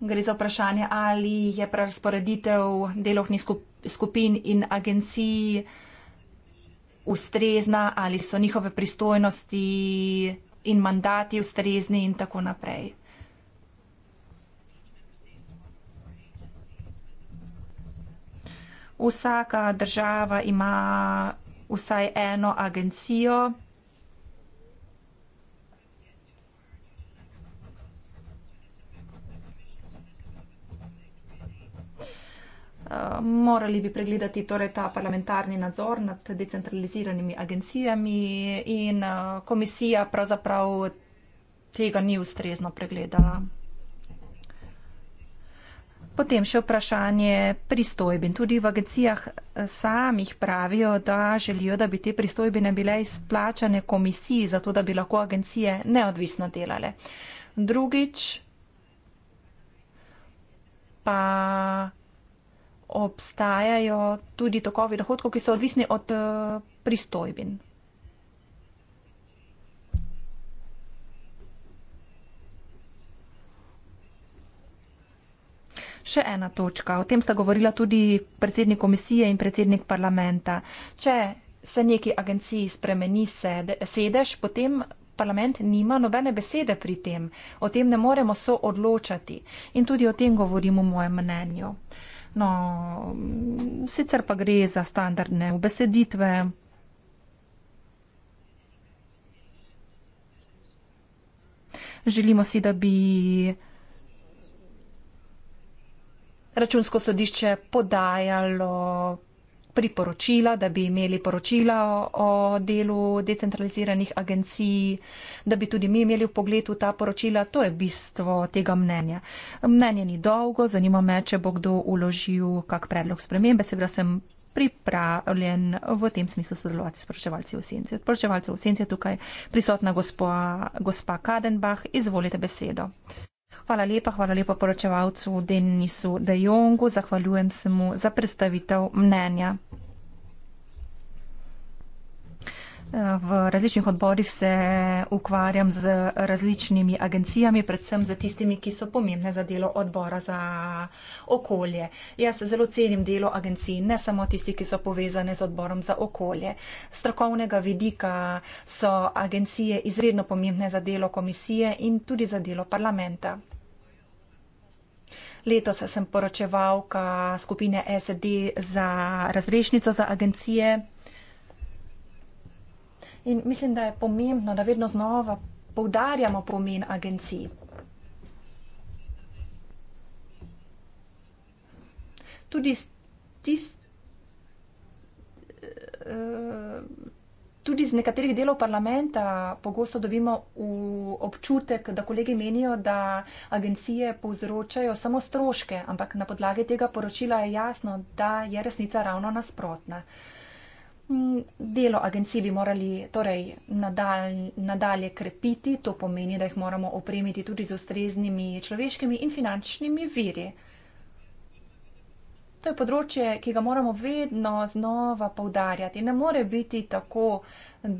gre za vprašanje, ali je prerasporeditev delovnih skupin in agencij ustrezna, ali so njihove pristojnosti in mandati ustrezni in tako naprej. Vsaka država ima vsaj eno agencijo. morali bi pregledati torej ta parlamentarni nadzor nad decentraliziranimi agencijami in eh, komisija pravzaprav tega ni ustrezno pregledala. Potem še vprašanje pristojbin. Tudi v agencijah eh, samih pravijo, da želijo, da bi te pristojbine bile izplačane komisiji, zato da bi lahko agencije neodvisno delale. Drugič pa obstajajo tudi tokovi dohodkov, ki so odvisni od eh, pristojbin. Še ena točka, o tem sta govorila tudi predsednik komisije in predsednik parlamenta. Če se neki agenciji spremeni sedež, potem parlament nima nobene besede pri tem. O tem ne moremo soodločati. In tudi o tem govorim v mojem mnenju. No, sicer pa gre za standardne obeseditve. Želimo si, da bi računsko sodišče podajalo priporočila, da bi imeli poročila o, o delu decentraliziranih agencij, da bi tudi mi imeli v pogledu ta poročila. To je bistvo tega mnenja. Mnenje ni dolgo, zanima me, če bo kdo uložil kak predlog spremembe. Seveda sem pripravljen v tem smislu sodelovati s poročevalci v senci. Od poročevalcev v senci je tukaj prisotna gospa, gospa Kadenbach. Izvolite besedo hvala lepa, hvala lepa poročevalcu Denisu De Jongu, zahvaljujem se mu za predstavitev mnenja. V različnih odborih se ukvarjam z različnimi agencijami, predvsem z tistimi, ki so pomembne za delo odbora za okolje. Jaz zelo cenim delo agencij, ne samo tisti, ki so povezane z odborom za okolje. Strokovnega vidika so agencije izredno pomembne za delo komisije in tudi za delo parlamenta. Letos sem poročevalka skupine SED za razrešnico za agencije. In mislim, da je pomembno, da vedno znova poudarjamo pomen agencij. Tudi tisti, eh, tudi z nekaterih delov parlamenta pogosto dobimo občutek, da kolegi menijo, da agencije povzročajo samo stroške, ampak na podlagi tega poročila je jasno, da je resnica ravno nasprotna. Mm, delo agencij bi morali torej nadal, nadalje krepiti, to pomeni, da jih moramo opremiti tudi z ustreznimi človeškimi in finančnimi viri. To je področje, ki ga moramo vedno znova povdarjati. Ne more biti tako,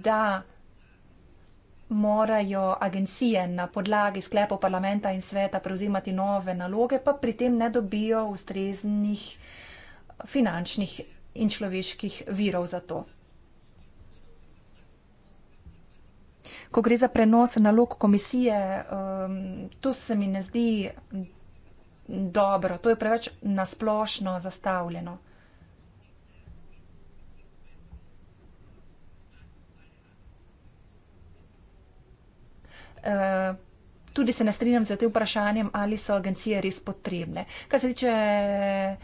da morajo agencije na podlagi sklepov parlamenta in sveta prevzemati nove naloge, pa pri tem ne dobijo ustreznih finančnih in človeških virov za to. Ko gre za prenos nalog komisije, ehm, to se mi ne zdi dobro, to je preveč nasplošno zastavljeno. Eh, tudi se ne strinjam z tem vprašanjem, ali so agencije res potrebne. Kar se tiče eh,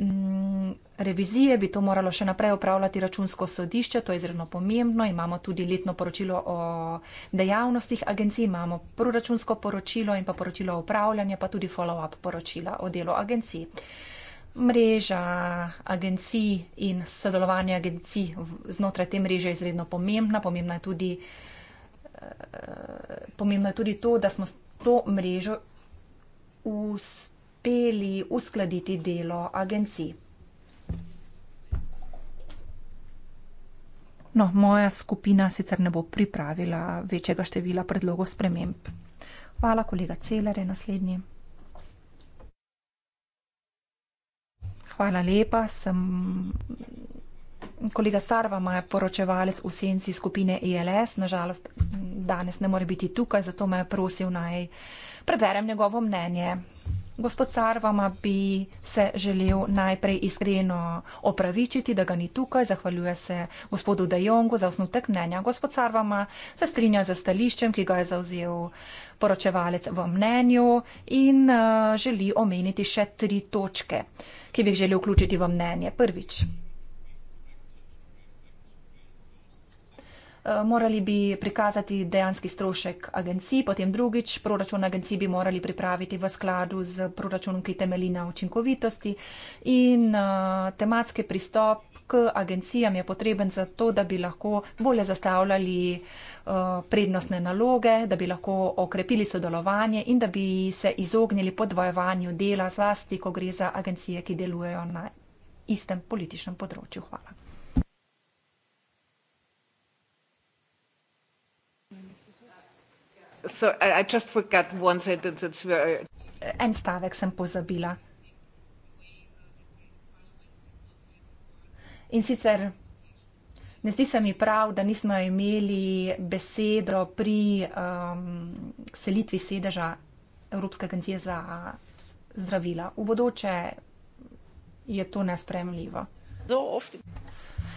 Mm, revizije bi to moralo še naprej upravljati računsko sodišče, to je izredno pomembno. Imamo tudi letno poročilo o dejavnostih agencij, imamo proračunsko poročilo in pa poročilo o upravljanju, pa tudi follow-up poročila o delu agencij. Mreža agencij in sodelovanje agencij znotraj te mreže je izredno pomembna. Pomembno je tudi, eh, pomembno je tudi to, da smo to mrežo uspeli uspeli uskladiti delo agencij? No, moja skupina sicer ne bo pripravila večjega števila predlogov sprememb. Hvala, kolega Celer je naslednji. Hvala lepa, sem kolega Sarvama, poročevalec v senci skupine ELS. Nažalost, danes ne more biti tukaj, zato me je prosil naj preberem njegovo mnenje. Gospod Sarvama bi se želel najprej iskreno opravičiti, da ga ni tukaj. Zahvaljuje se gospodu Dejongu za osnutek mnenja. Gospod Sarvama se strinja z stališčem, ki ga je zauzel poročevalec v mnenju in eh, želi omeniti še tri točke, ki bi jih želel vključiti v mnenje. Prvič. Eh, morali bi prikazati dejanski strošek agencij, potem drugič, proračun agencij bi morali pripraviti v skladu z proračunom, ki temelji na učinkovitosti in uh, tematski pristop k agencijam je potreben za to, da bi lahko bolje zastavljali uh, prednostne naloge, da bi lahko okrepili sodelovanje in da bi se izognili podvojevanju dela zlasti, ko gre za agencije, ki delujejo na istem političnem področju. Hvala. So I, I just forgot one sentence. It's very... En stavek sem pozabila. In sicer ne zdi se mi prav, da nismo imeli besedo pri um, selitvi sedeža Evropske agencije za zdravila. V bodoče je to nespremljivo.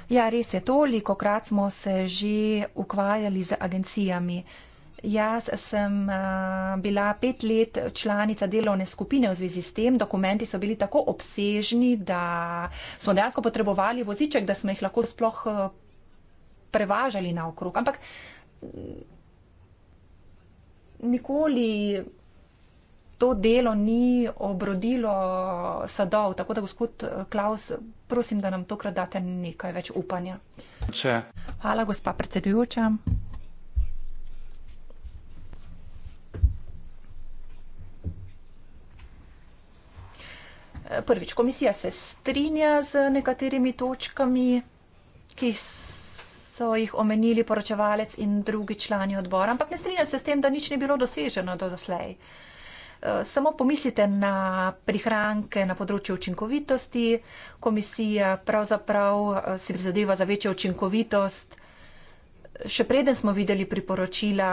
Ja, res je, toliko krat smo se že ukvarjali z agencijami. Uh, Jaz sem eh, bila pet let članica delovne skupine v zvezi s tem. Dokumenti so bili tako obsežni, da smo dejansko potrebovali voziček, da smo jih lahko sploh eh, prevažali naokrog. Ampak mm, nikoli to delo ni obrodilo sadov. Tako da, gospod eh, Klaus, prosim, da nam tokrat date nekaj več upanja. Če. Hvala, gospa predsedujoča. Prvič, komisija se strinja z nekaterimi točkami, ki so jih omenili poročevalec in drugi člani odbora, ampak ne strinjam se s tem, da nič ni bilo doseženo do zaslej. Eh, samo pomislite na prihranke na področju učinkovitosti. Komisija pravzaprav eh, si prizadeva za večjo učinkovitost. Še preden smo videli priporočila.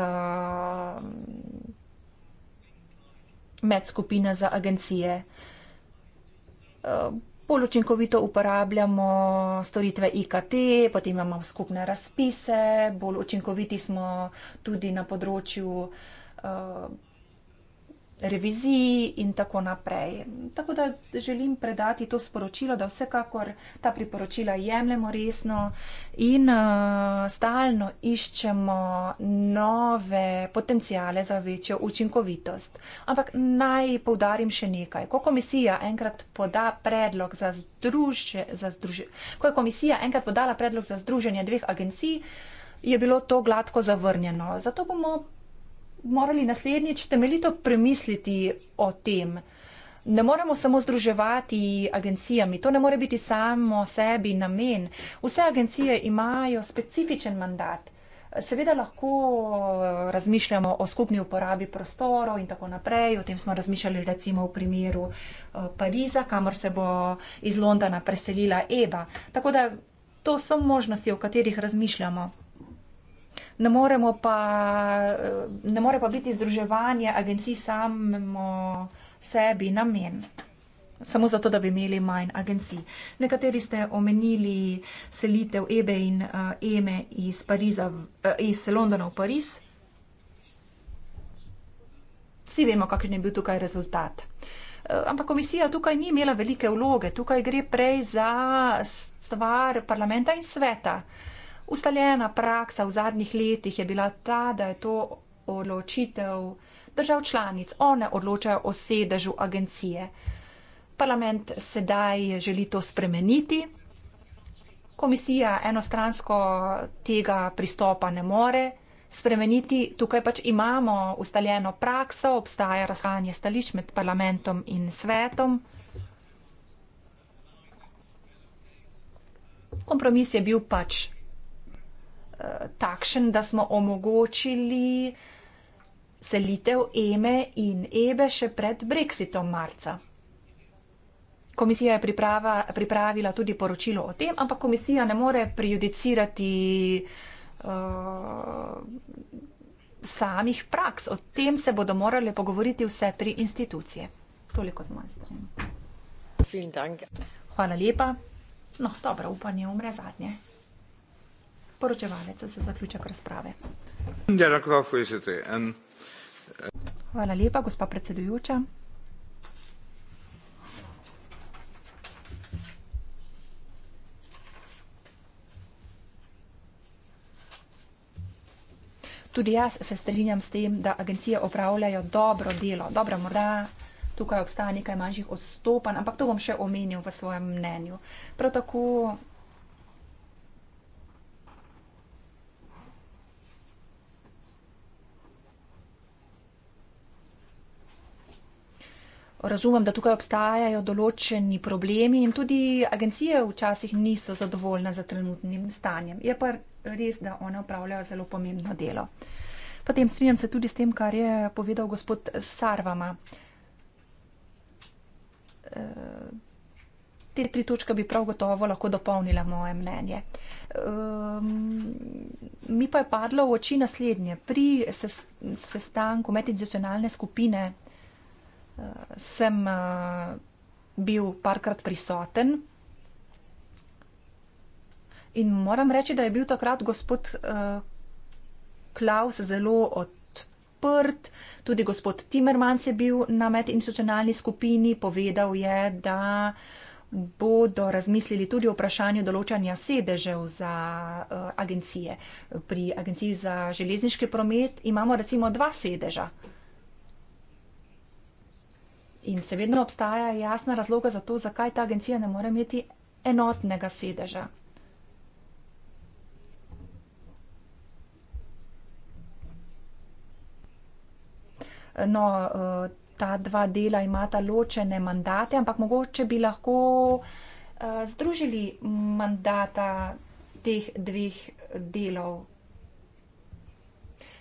Uh, medskupina za agencije. Eh, bolj učinkovito uporabljamo storitve IKT, potem imamo skupne razpise, bolj učinkoviti smo tudi na področju uh, reviziji in tako naprej. Tako da želim predati to sporočilo, da vsekakor ta priporočila jemljemo resno in uh, stalno iščemo nove potencijale za večjo učinkovitost. Ampak naj povdarim še nekaj. Ko komisija enkrat poda predlog za združenje, za združenje, ko je komisija enkrat podala predlog za združenje dveh agencij, je bilo to gladko zavrnjeno. Zato bomo morali naslednjič temeljito premisliti o tem. Ne moremo samo združevati agencijami, to ne more biti samo sebi namen. Vse agencije imajo specifičen mandat. Seveda lahko eh, razmišljamo o skupni uporabi prostorov in tako naprej. O tem smo razmišljali recimo v primeru eh, Pariza, kamor se bo iz Londona preselila Eba. Tako da to so možnosti, o katerih razmišljamo. Ne, pa, eh, ne more pa biti združevanje agencij samo sebi namen. Samo zato, da bi imeli manj agencij. Nekateri ste omenili selitev Ebe in uh, Eme iz, Pariza, uh, iz Londona v Pariz. Vsi vemo, kakšen je bil tukaj rezultat. Uh, ampak komisija tukaj ni imela velike vloge. Tukaj gre prej za stvar parlamenta in sveta. Uh, Ustaljena praksa v zadnjih letih je bila ta, da je to odločitev držav članic. One odločajo o sedežu agencije. Parlament sedaj želi to spremeniti. Komisija enostransko tega pristopa ne more spremeniti. Tukaj pač imamo ustaljeno prakso, obstaja razhajanje stališč med parlamentom in svetom. Kompromis je bil pač takšen, da smo omogočili selitev Eme in Ebe še pred Brexitom marca. Komisija je priprava, pripravila tudi poročilo o tem, ampak komisija ne more prejudicirati uh, samih praks. O tem se bodo morale pogovoriti vse tri institucije. Toliko z moje strani. Hvala lepa. No, dobro, upanje umre zadnje poročevalec za zaključek razprave. Hvala lepa, gospa predsedujoča. Tudi jaz se strinjam s tem, da agencije opravljajo dobro delo. Dobro, morda tukaj obstaja nekaj manjših odstopanj, ampak to bom še omenil v svojem mnenju. Prav tako razumem, da tukaj obstajajo določeni problemi in tudi agencije včasih niso zadovoljne za trenutnim stanjem. Je pa res, da one upravljajo zelo pomembno delo. Potem strinjam se tudi s tem, kar je povedal gospod Sarvama. Eh, te tri točke bi prav gotovo lahko dopolnila moje mnenje. Um, mi pa je padlo v oči naslednje. Pri sestanku medinstitucionalne skupine sem eh, bil parkrat prisoten. In moram reči, da je bil takrat gospod eh, Klaus zelo odprt, tudi gospod Timmermans je bil na medinstitucionalni skupini, povedal je, da bodo razmislili tudi o vprašanju določanja sedežev za eh, agencije. Pri agenciji za železniški promet imamo recimo dva sedeža. In seveda obstaja jasna razloga za to, zakaj ta agencija ne more imeti enotnega sedeža. No, eh, ta dva dela imata ločene mandate, ampak mogoče bi lahko eh, združili mandata teh dveh delov.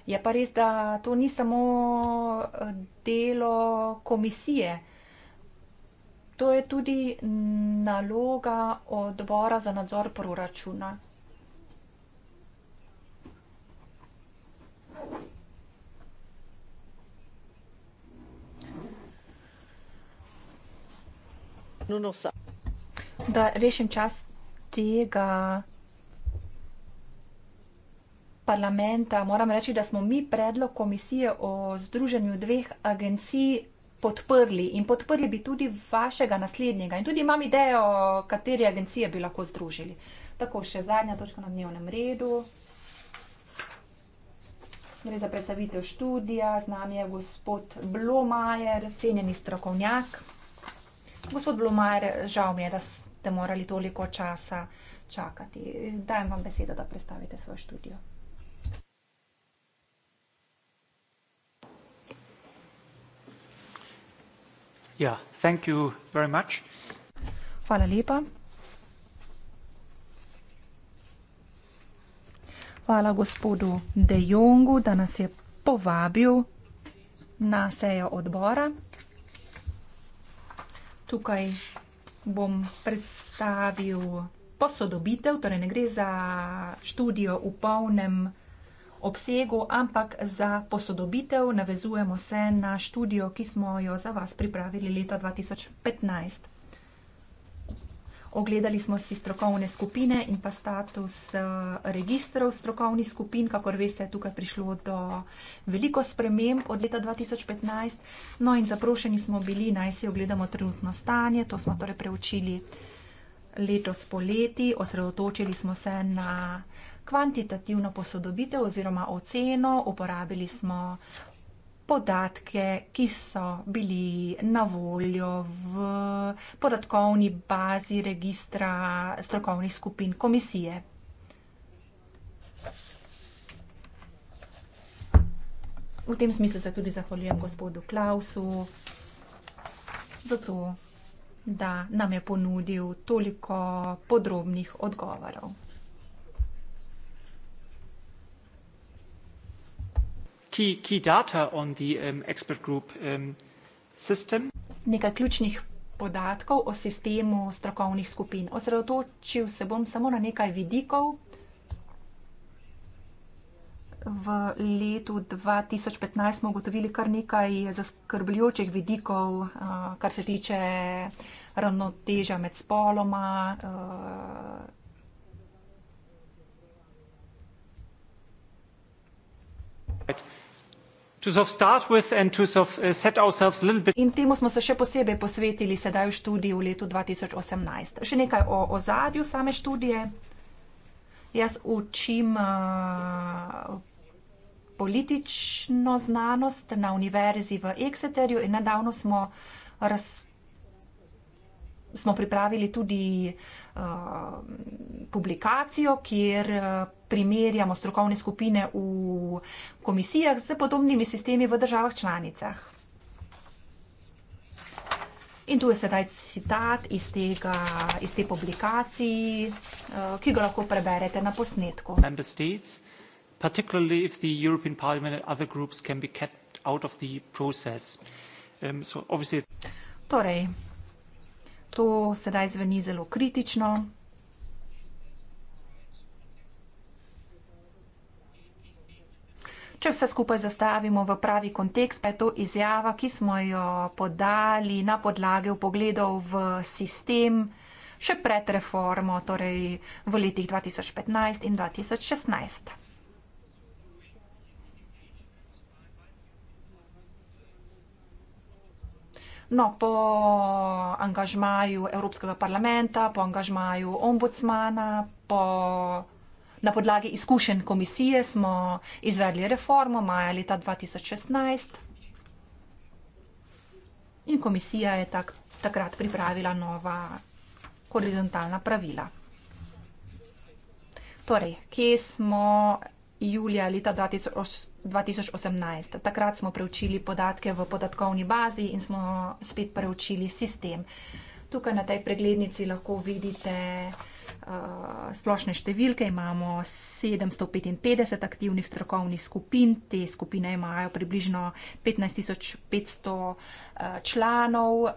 Je pa res, da to ni samo eh, delo komisije. To je tudi naloga odbora za nadzor proračuna. Da rešim čas tega parlamenta, moram reči, da smo mi predlog komisije o združenju dveh agencij podprli in podprli bi tudi vašega naslednjega. In tudi imam idejo, katere agencije bi lahko združili. Tako, še zadnja točka na dnevnem redu. Gre za predstavitev študija, z nami je gospod Blomajer, cenjeni strokovnjak. Gospod Blomajer, žal mi je, da ste morali toliko časa čakati. Dajem vam besedo, da predstavite svojo študijo. Yeah, thank you very much. Hvala lepa. Hvala gospodu De Jongu, da nas je povabil na sejo odbora. Tukaj bom predstavil posodobitev, torej ne gre za študijo v polnem obsegu, obsegu, ampak za posodobitev navezujemo se na študijo, ki smo jo za vas pripravili leta 2015. Ogledali smo si strokovne skupine in pa status eh, registrov strokovnih skupin. Kakor veste, je tukaj prišlo do veliko sprememb od leta 2015. No in zaprošeni smo bili, naj si ogledamo trenutno stanje. To smo torej preučili letos poleti. Osredotočili smo se na kvantitativno posodobitev oziroma oceno, uporabili smo podatke, ki so bili na voljo v podatkovni bazi registra strokovnih skupin komisije. V tem smislu se tudi zahvaljujem gospodu Klausu za to, da nam je ponudil toliko podrobnih odgovorov. key, key data on the um, expert group um, system. Nekaj ključnih podatkov o sistemu strokovnih skupin. Osredotočil se bom samo na nekaj vidikov. V letu 2015 smo ugotovili kar nekaj zaskrbljujočih vidikov, uh, kar se tiče ravnoteža med spoloma, uh, Uh, in temu smo se še posebej posvetili sedaj v študiji v letu 2018. Še nekaj o ozadju same študije. Jaz učim uh, politično znanost na univerzi v Exeterju in nedavno smo razpravljali smo pripravili tudi uh, publikacijo, kjer eh, primerjamo strokovne skupine v komisijah z podobnimi sistemi v državah članicah. In tu je sedaj citat iz, tega, iz te publikacije, uh, ki ga lahko preberete na posnetku. Particularly if the European Parliament and other groups can be kept out of the process. Um, so obviously. Torej. To sedaj zveni zelo kritično. Če vse skupaj zastavimo v pravi kontekst, pa je to izjava, ki smo jo podali na podlagi upogledov v sistem še pred reformo, torej v letih 2015 in 2016. No, po angažmaju Evropskega parlamenta, po angažmaju ombudsmana, po, na podlagi izkušenj komisije smo izvedli reformo maja leta 2016 in komisija je tak, takrat pripravila nova horizontalna pravila. Torej, kje smo julija leta 2018. Takrat smo preučili podatke v podatkovni bazi in smo spet preučili sistem. Tukaj na tej preglednici lahko vidite uh, splošne številke. Imamo 755 aktivnih strokovnih skupin. Te skupine imajo približno 15.500 uh, eh, članov. Uh,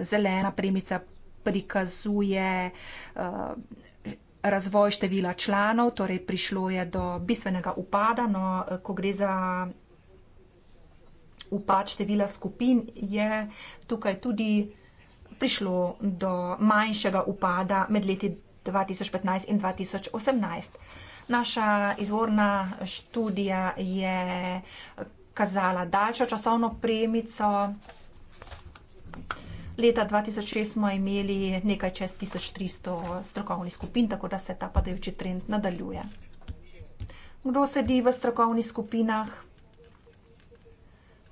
zelena premica prikazuje. Uh, razvoj števila članov, torej prišlo je do bistvenega upada, no ko gre za upad števila skupin, je tukaj tudi prišlo do manjšega upada med leti 2015 in 2018. Naša izvorna študija je kazala daljšo časovno premico, Leta 2006 smo imeli nekaj čez 1300 strokovnih skupin, tako da se ta padajoči trend nadaljuje. Kdo sedi v strokovnih skupinah?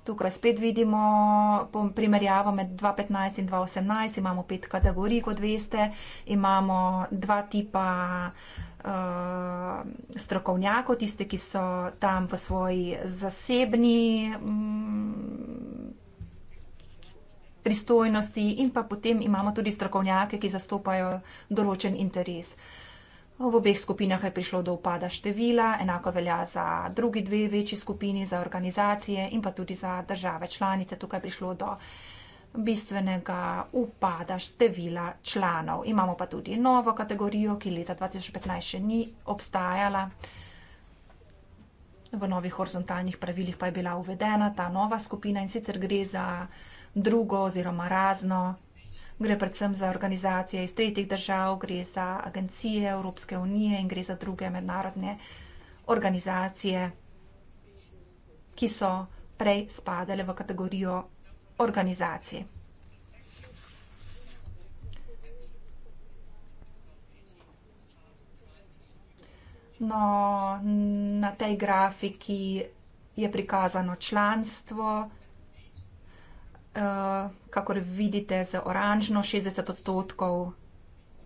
Tukaj spet vidimo primerjavo med 2015 in 2018. Imamo pet kategorij, kot veste. Imamo dva tipa uh, strokovnjakov, tiste, ki so tam v svoji zasebni. Um, pristojnosti, in pa potem imamo tudi strokovnjake, ki zastopajo določen interes. V obeh skupinah je prišlo do upada števila, enako velja za drugi dve večji skupini, za organizacije in pa tudi za države članice. Tukaj je prišlo do bistvenega upada števila članov. Imamo pa tudi novo kategorijo, ki leta 2015 še ni obstajala. V novih horizontalnih pravilih pa je bila uvedena ta nova skupina in sicer gre za drugo oziroma razno. Gre predvsem za organizacije iz tretjih držav, gre za agencije Evropske unije in gre za druge mednarodne organizacije, ki so prej spadale v kategorijo organizacij. No, na tej grafiki je prikazano članstvo. Eh, kakor vidite, z oranžno 60 odstotkov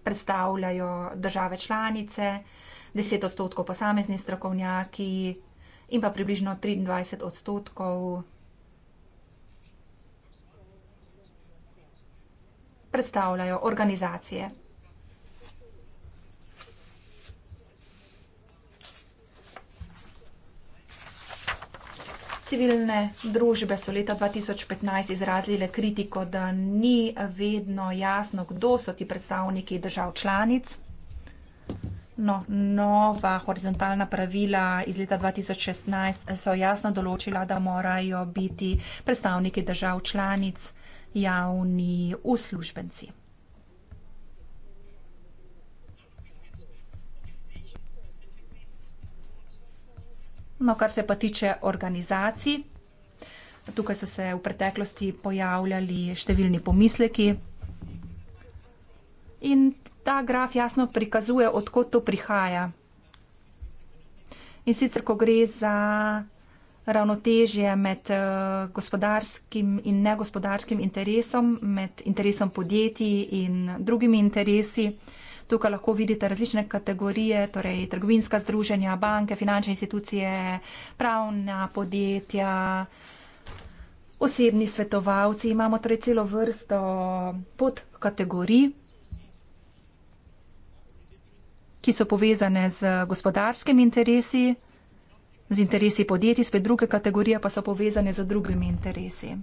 predstavljajo države članice, 10 odstotkov posamezni strokovnjaki in pa približno 23 odstotkov predstavljajo organizacije. civilne družbe so leta 2015 izrazile kritiko, da ni vedno jasno, kdo so ti predstavniki držav članic. No, nova horizontalna pravila iz leta 2016 so jasno določila, da morajo biti predstavniki držav članic javni uslužbenci. No, kar se pa tiče organizacij, tukaj so se v preteklosti pojavljali številni pomisleki. In ta graf jasno prikazuje, odkot to prihaja. In sicer, ko gre za ravnotežje med eh, gospodarskim in negospodarskim interesom, med interesom podjetij in drugimi interesi, Tukaj lahko vidite različne kategorije, torej trgovinska združenja, banke, finančne institucije, pravna podjetja, osebni svetovalci. Imamo torej celo vrsto podkategorij, ki so povezane z gospodarskimi interesi, z interesi podjetij, spet druge kategorije pa so povezane z drugimi interesi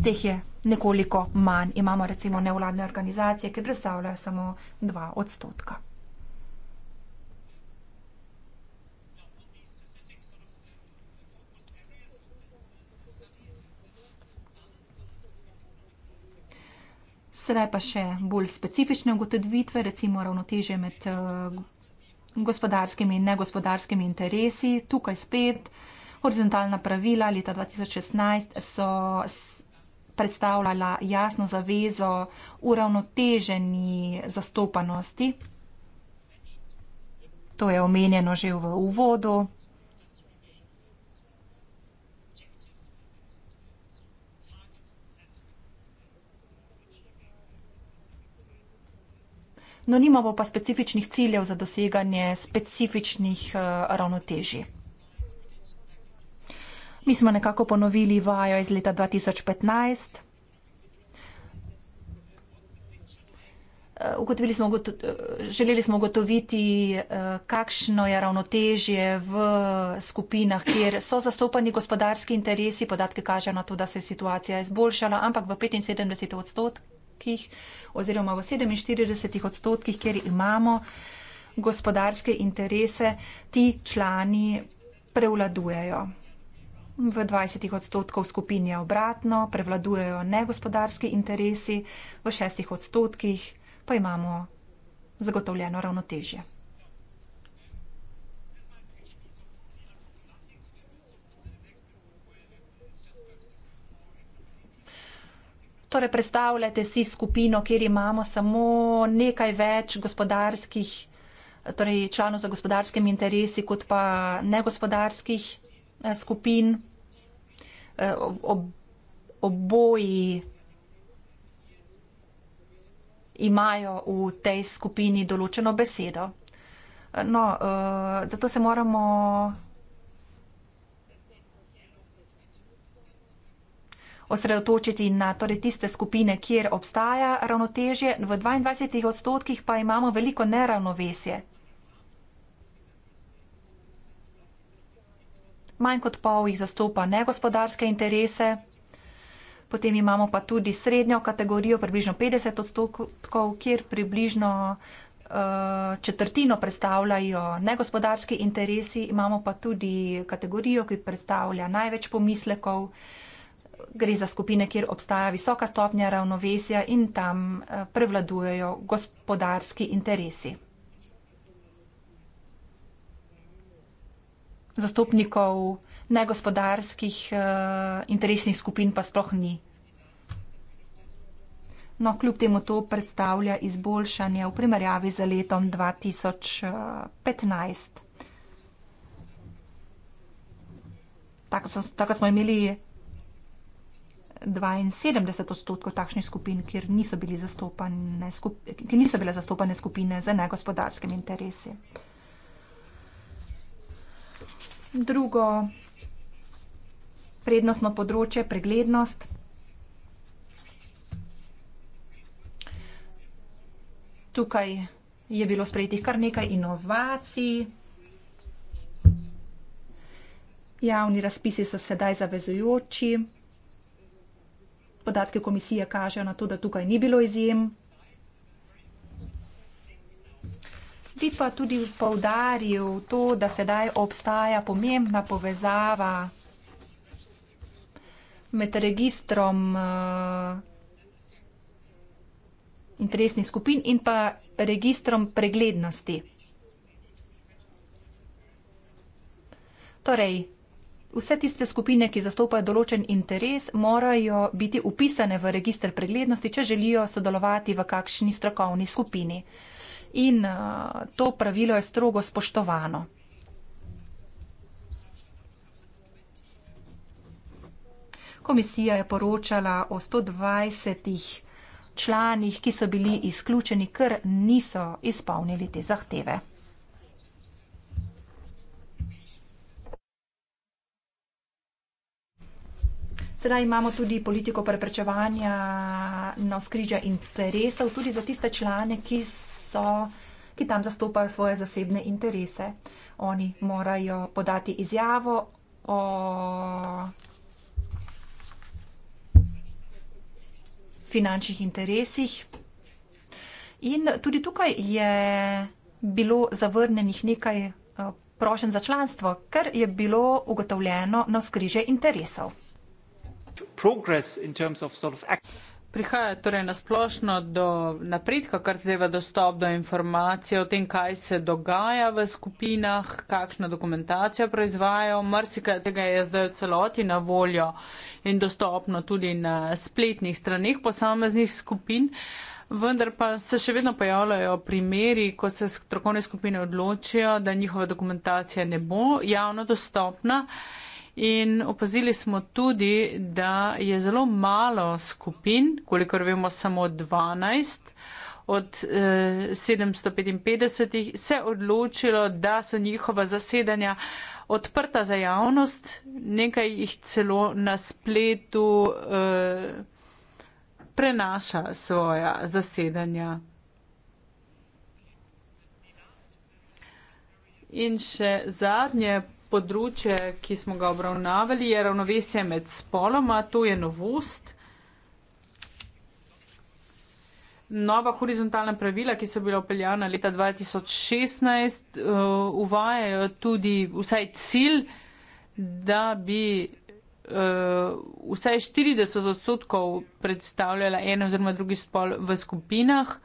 teh je nekoliko manj. Imamo recimo nevladne organizacije, ki predstavljajo samo dva odstotka. Sedaj pa še bolj specifične ugotovitve, recimo ravnotežje med eh, gospodarskimi in negospodarskimi interesi. Tukaj spet horizontalna pravila leta 2016 so predstavljala jasno zavezo uravnoteženi zastopanosti. To je omenjeno že v uvodu. No, nimamo pa specifičnih ciljev za doseganje specifičnih eh, ravnotežij. Mi smo nekako ponovili vajo iz leta 2015. Eh, ugotovili smo, eh, želeli smo ugotoviti, eh, kakšno je ravnotežje v skupinah, kjer so zastopani gospodarski interesi. Podatke kaže na to, da se je situacija izboljšala, ampak v 75 odstotkih oziroma v 47 odstotkih, kjer imamo gospodarske interese, ti člani prevladujejo v 20 odstotkov skupin je obratno, prevladujejo negospodarski interesi, v 6 odstotkih pa imamo zagotovljeno ravnotežje. Torej, predstavljate si skupino, kjer imamo samo nekaj več gospodarskih, torej članov za gospodarskimi interesi, kot pa negospodarskih eh, skupin. Eh, ob, oboji imajo v tej skupini določeno besedo. Eh, no, uh, zato se moramo osredotočiti na torej, tiste skupine, kjer obstaja ravnotežje, v 22 odstotkih pa imamo veliko neravnovesje. manj kot pol jih zastopa negospodarske interese. Potem imamo pa tudi srednjo kategorijo, približno 50 odstotkov, kjer približno uh, četrtino predstavljajo negospodarski interesi. Imamo pa tudi kategorijo, ki predstavlja največ pomislekov. Gre za skupine, kjer obstaja visoka stopnja ravnovesja in tam eh, prevladujejo gospodarski interesi. zastopnikov negospodarskih uh, interesnih skupin pa sploh ni. No, kljub temu to predstavlja izboljšanje v primerjavi z letom 2015. Tako, so, tako smo imeli 72 odstotkov takšnih skupin, kjer niso, skup, kjer niso bile zastopane skupine za negospodarskim interesi drugo prednostno področje, preglednost. Tukaj je bilo sprejetih kar nekaj inovacij. Javni razpisi so sedaj zavezujoči. Podatki komisije kažejo na to, da tukaj ni bilo izjem. bi pa tudi poudaril to, da sedaj obstaja pomembna povezava med registrom eh, interesnih skupin in pa registrom preglednosti. Torej, vse tiste skupine, ki zastopajo določen interes, morajo biti upisane v registr preglednosti, če želijo sodelovati v kakšni strokovni skupini in eh, to pravilo je strogo spoštovano. Komisija je poročala o 120 članih, ki so bili izključeni, ker niso izpolnili te zahteve. Sedaj imamo tudi politiko preprečevanja na skrižja interesov, tudi za tiste člane, ki so, ki tam zastopajo svoje zasebne interese. Oni morajo podati izjavo o. finančnih interesih. In tudi tukaj je bilo zavrnenih nekaj eh, prošen za članstvo, ker je bilo ugotovljeno na skriže interesov. Progress in terms of sort of action. Prihaja torej nasplošno do napredka, kar zadeva dostop do informacije o tem, kaj se dogaja v skupinah, kakšna dokumentacija proizvajajo. Mrsika tega je zdaj v celoti na voljo in dostopno tudi na spletnih stranih posameznih skupin. Vendar pa se še vedno pojavljajo primeri, ko se strokovne skupine odločijo, da njihova dokumentacija ne bo javno dostopna. In opazili smo tudi, da je zelo malo skupin, kolikor vemo samo 12 od eh, 755, se odločilo, da so njihova zasedanja odprta za javnost, nekaj jih celo na spletu eh, prenaša svoja zasedanja. In še zadnje področje, ki smo ga obravnavali, je ravnovesje med spoloma, to je novost. Nova horizontalna pravila, ki so bila upeljana leta 2016, uh, eh, uvajajo tudi vsaj cilj, da bi uh, vsaj 40 odstotkov predstavljala eno oziroma drugi spol v skupinah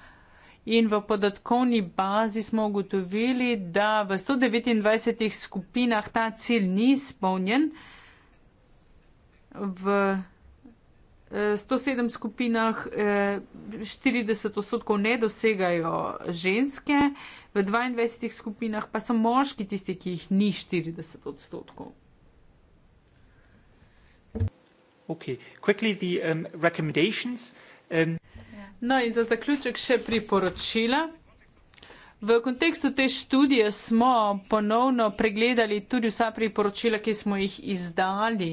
in v podatkovni bazi smo ugotovili, da v 129 skupinah ta cilj ni spolnjen. V 107 eh, skupinah 40 eh, odstotkov ne dosegajo ženske, v 22 skupinah pa so moški tisti, ki jih ni 40 odstotkov. Okay. Quickly, the, um, No in za zaključek še priporočila. V kontekstu te študije smo ponovno pregledali tudi vsa priporočila, ki smo jih izdali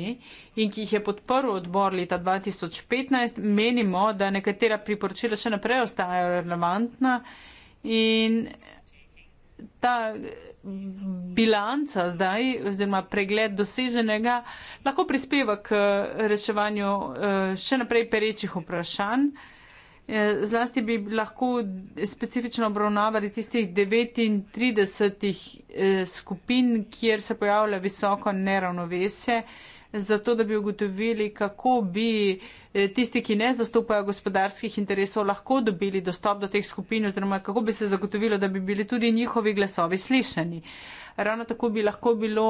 in ki jih je podprl odbor leta 2015. Menimo, da nekatera priporočila še naprej ostajajo relevantna in ta bilanca zdaj oziroma pregled doseženega lahko prispeva k reševanju eh, še naprej perečih vprašanj. Eh, zlasti bi lahko specifično obravnavali tistih 39 eh, skupin, kjer se pojavlja visoko neravnovesje, zato da bi ugotovili, kako bi eh, tisti, ki ne zastopajo gospodarskih interesov, lahko dobili dostop do teh skupin oziroma kako bi se zagotovilo, da bi bili tudi njihovi glasovi slišani ravno tako bi lahko bilo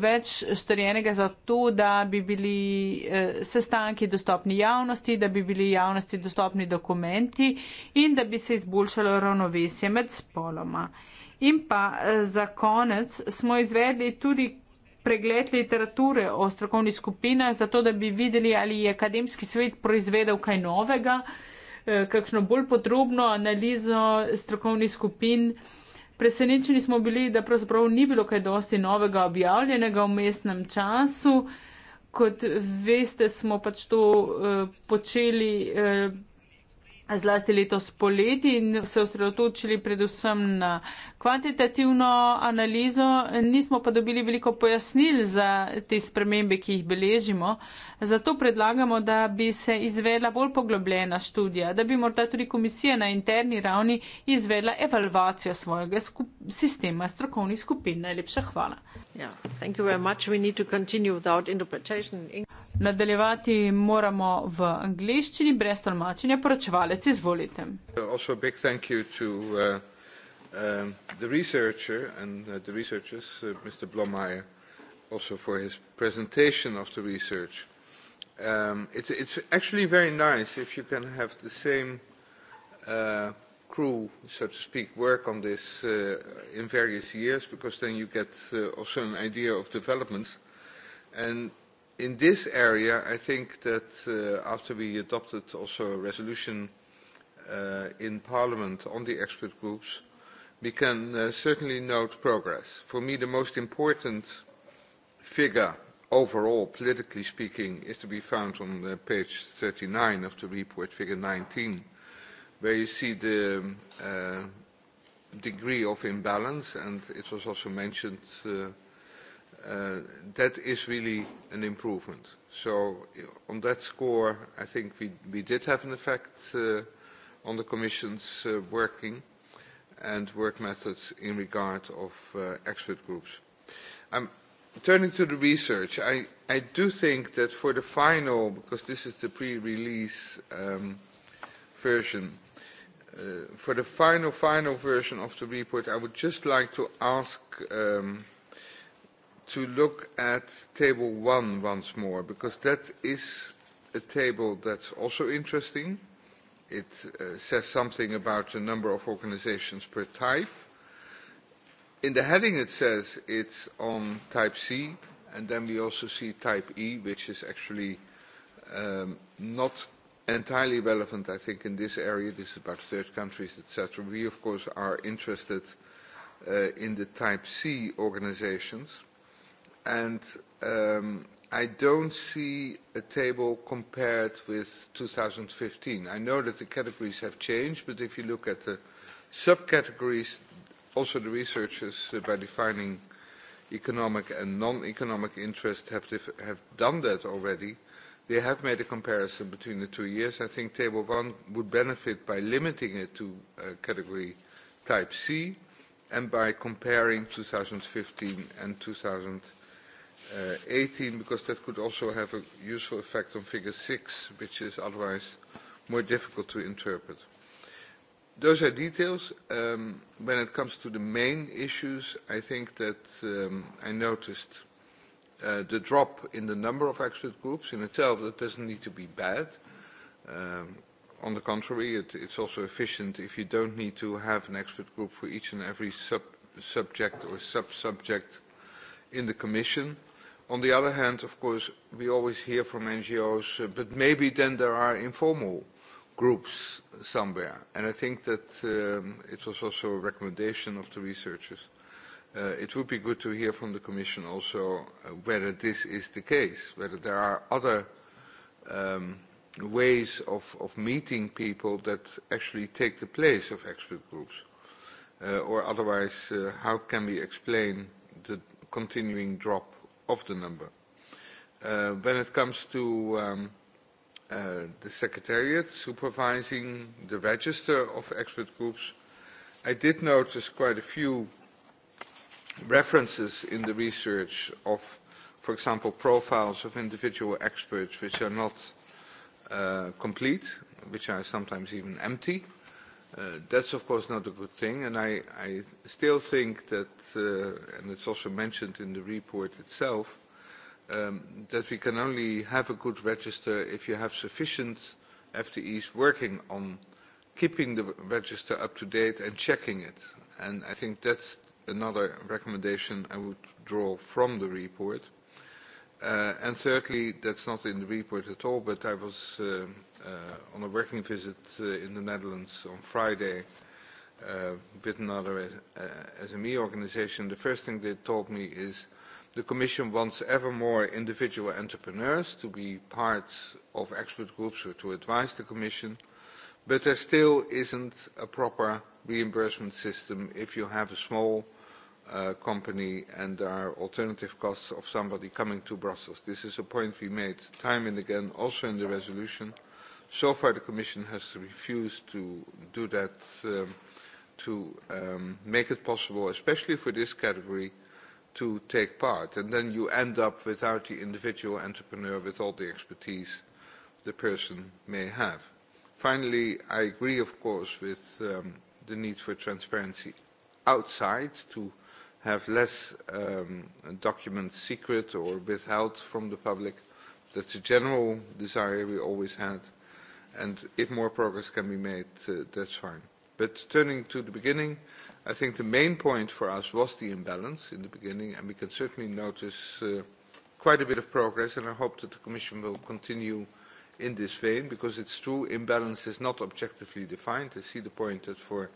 več storjenega za to, da bi bili eh, sestanki dostopni javnosti, da bi bili javnosti dostopni dokumenti in da bi se izboljšalo ravnovesje med spoloma. In pa eh, za konec smo izvedli tudi pregled literature o strokovnih skupinah, zato da bi videli, ali je akademski svet proizvedel kaj novega, eh, kakšno bolj podrobno analizo strokovnih skupin presenečeni smo bili, da pravzaprav ni bilo kaj dosti novega objavljenega v mestnem času. Kot veste, smo pač to uh, počeli uh, zlasti letos poleti in se osredotočili predvsem na kvantitativno analizo, nismo pa dobili veliko pojasnil za te spremembe, ki jih beležimo. Zato predlagamo, da bi se izvedla bolj poglobljena študija, da bi morda tudi komisija na interni ravni izvedla evalvacijo svojega sku sistema strokovnih skupin. Najlepša hvala. Ja, yeah, Nadaljevati moramo v angliščini brez tolmačenja. Poročevalec, izvolite. Uh, um, the researcher and uh, the researchers, uh, Mr. Blommeyer, also for his presentation of the research. Um, it's, it's actually very nice if you can have the same uh, crew, so to speak, work on this uh, in various years because then you get uh, also an idea of developments. And in this area, I think that uh, after we adopted also a resolution uh, in Parliament on the expert groups, uh, we can uh, certainly note progress. For me, the most important figure overall, politically speaking, is to be found on uh, page 39 of the report, figure 19, where you see the um, uh, degree of imbalance, and it was also mentioned uh, uh, that is really an improvement. So on that score, I think we, we did have an effect uh, on the Commission's uh, working and work methods in regard of uh, expert groups. I'm turning to the research. I, I do think that for the final, because this is the pre-release um, version, uh, for the final, final version of the report, I would just like to ask um, to look at table one once more, because that is a table that's also interesting it uh, says something about the number of organizations per type. In the heading it says it's on type C, and then we also see type E, which is actually um, not entirely relevant, I think, in this area. This is about third countries, etc. We, of course, are interested uh, in the type C organizations. And um, I don't see a table compared with 2015. I know that the categories have changed, but if you look at the subcategories, also the researchers, uh, by defining economic and non-economic interest, have, dif have done that already. They have made a comparison between the two years. I think table one would benefit by limiting it to uh, category type C and by comparing 2015 and 2015 uh, 18 because that could also have a useful effect on figure 6 which is otherwise more difficult to interpret. Those are details. Um, when it comes to the main issues, I think that um, I noticed uh, the drop in the number of expert groups in itself. That doesn't need to be bad. Um, on the contrary, it, it's also efficient if you don't need to have an expert group for each and every sub subject or sub-subject in the Commission. On the other hand, of course, we always hear from NGOs, uh, but maybe then there are informal groups somewhere. And I think that um, it was also a recommendation of the researchers. Uh, it would be good to hear from the Commission also uh, whether this is the case, whether there are other um, ways of, of meeting people that actually take the place of expert groups. Uh, or otherwise, uh, how can we explain the continuing drop of the number. Uh, when it comes to um, uh, the Secretariat supervising the register of expert groups, I did notice quite a few references in the research of, for example, profiles of individual experts which are not uh, complete, which are sometimes even empty. Uh, Uh, that's of course not a good thing, and I still think that, uh, and it's also mentioned in the report itself, um, that we can only have a good register if you have sufficient FTEs working on keeping the register up to date and checking it. I think that's another recommendation I would draw from the report. Uh, thirdly, that's not in the report at all, but I was uh, on a working visit uh, in the Netherlands on Friday uh, with another uh, SME organization, the first thing they told me is the Commission wants ever more individual entrepreneurs to be part of expert groups or to advise the Commission, but there still isn't a proper reimbursement system if you have a small uh, company and there are alternative costs of somebody coming to Brussels. This is a point we made time and again also in the resolution. Yeah so far the Commission has refused to do that, um, to um, make it possible, especially for this category, to take part. And then you end up without the individual entrepreneur with all the expertise the person may have. Finally, I agree, of course, with um, the need for transparency outside to have less um, documents secret or withheld from the public. That's a general desire we always had. If more progress can be made, uh, that's fine. Turning to the beginning, I think the main point for us was the imbalance in the beginning, and we can certainly notice uh, quite a bit of progress, and I hope that the commission will continue in this vein because it's true, imbalance is not objectively defined. I see the point that for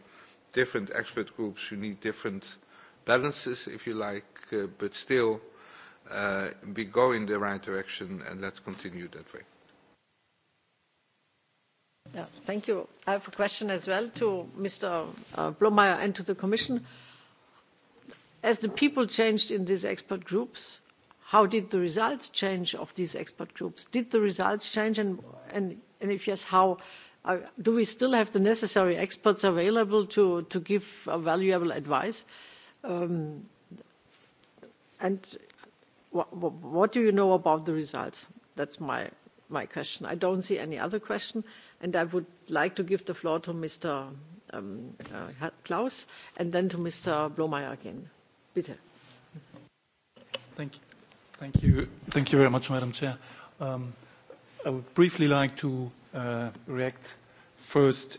different expert groups, you need different balances, if you like. Uh, still, we go in the right direction, and let's continue that way thank you. i have a question as well to mr uh, blohmeyer and to the commission. as the people changed in these expert groups how did the results change of these expert groups? did the results change and, and, and if yes how? Uh, do we still have the necessary experts available to, to give a valuable advice? Um, and wh- wh- what do you know about the results? that's my my question. I don't see any other question, and I would like to give the floor to Mr. Claus, um, uh, and then to Mr. Blomeyer again. Bitte. Thank you. Thank you. Thank you very much, Madam Chair. Um, I would briefly like to uh, react first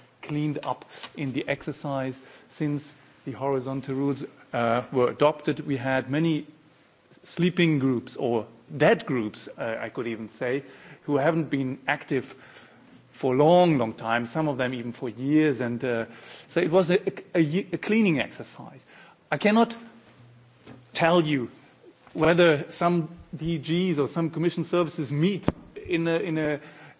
cleaned up in the exercise since the horizontal rules uh, were adopted. We had many sleeping groups or dead groups, uh, I could even say, who haven't been active for a long, long time, some of them even for years. And uh, so it was a, a, a cleaning exercise. I cannot tell you whether some DGs or some commission services meet in a, in a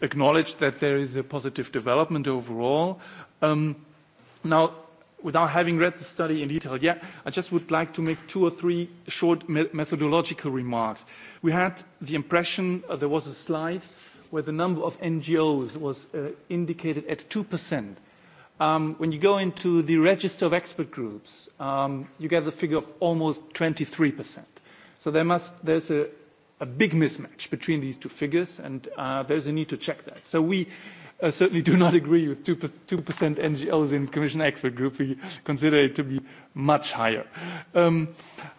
acknowledged that there is a positive development overall. Um, now, without having read the study in detail yet, I just would like to make two or three short methodological remarks. We had the impression uh, there was a slide where the number of NGOs was uh, indicated at 2%. Um, when you go into the register of expert groups, um, you get the figure of almost 23%. There's a a big mismatch between these two figures, and uh, there's a need to check that. So we uh, certainly do not agree with 2% NGLs in Commission Expert Group. We consider it to be much higher. Um,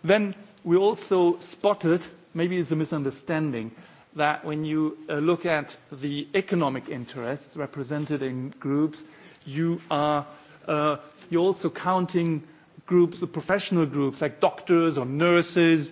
then we also spotted, maybe it's a misunderstanding, that when you uh, look at the economic interests represented in groups, you are, you're also counting groups, the professional groups, like doctors or nurses,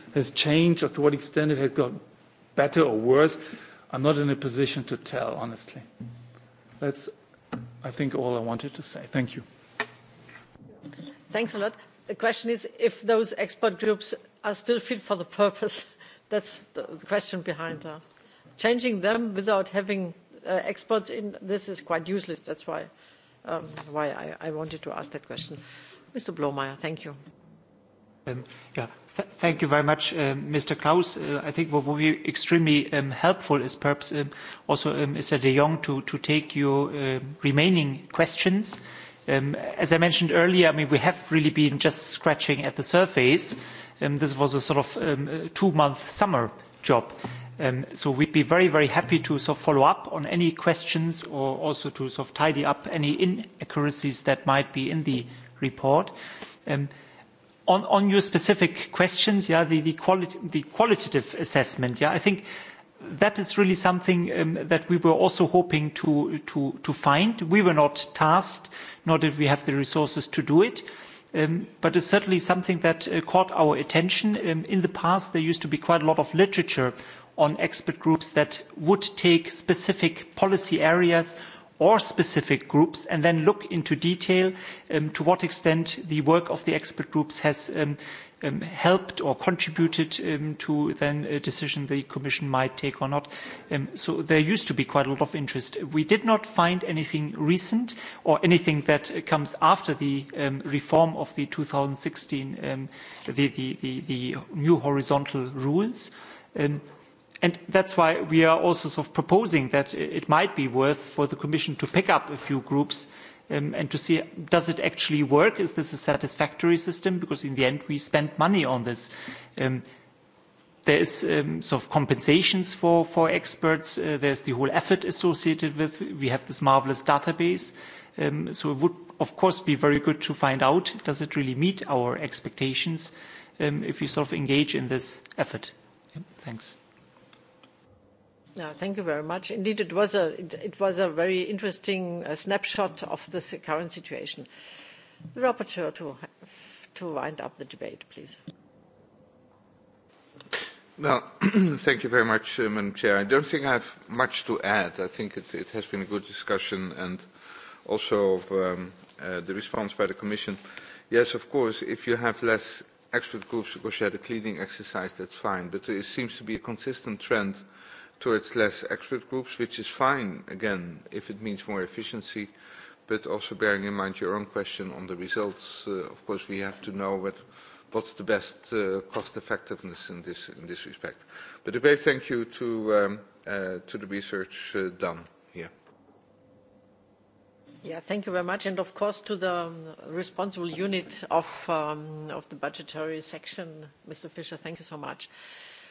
has changed or to what extent it has got better or worse, I'm not in a position to tell, honestly. That's, I think, all I wanted to say. Thank you. Thanks a lot. The question is if those expert groups are still fit for the purpose. *laughs* That's the question behind. Uh, changing them without having uh, experts in this is quite useless. That's why um, I wanted to ask that question. Mr. Blomeyer, thank you. Um, yeah. Thank you very much, um, uh, Mr. Klaus. Uh, I think what will be extremely um, helpful is perhaps um, also um, Mr. De Jong to, to take your uh, remaining questions. Um, as I mentioned earlier, I mean, we have really been just scratching at the surface. Um, this was a sort of um, two-month summer job. Um, so we'd be very, very happy to sort of follow up on any questions or also to sort of tidy up any inaccuracies that might be in the report. Um, On your specific questions, yeah, the qualitative assessment, yeah, I think that is really something um, that we were also hoping to find. We were not tasked, nor did we have the resources to do it. Um, but it's certainly something that uh, caught our attention. Um, in the past, there used to be quite a lot of literature on expert groups that would take specific policy areas or specific groups and then look into detail um, to what extent the work of the expert groups has um, um, helped or contributed um, to then a decision the Commission might take or not. Um, so there used to be quite a lot of interest. We did not find anything recent or anything that comes after the um, reform of the 2016, um, the, the, the, the new horizontal rules. Um, And that's why we are also sort of proposing that it might be worth for the Commission to pick up a few groups um, and to see does it actually work? Is this a satisfactory system? Because in the end, we spend money on this. Um, there is um, sort of compensations for, for experts. Uh, there's the whole effort associated with. We have this marvelous database. Um, so it would, of course, be very good to find out does it really meet our expectations um, if we sort of engage in this effort. Yep, thanks. Thank you very much. Indeed, it was a very interesting uh, snapshot of the current situation. The rapporteur to wind up the debate, please. Well, *clears throat* thank you very much, uh, Madam Chair. I don't think I have much to add. I think it has been a good discussion and also of um, uh, the response by the Commission. Yes, of course, if you have less expert groups who share the cleaning exercise, that's fine. But there seems to be a consistent trend towards less expert groups, which is fine, again, if it means more efficiency, but also bearing in mind your own question on the results, uh, of course, we have to know what's the best uh, cost effectiveness in this respect. But a great thank you to um, uh, the research done here. Yeah, thank you very much. And of course, to the um, responsible unit um, of the budgetary section, Mr. Fischer, thank you so much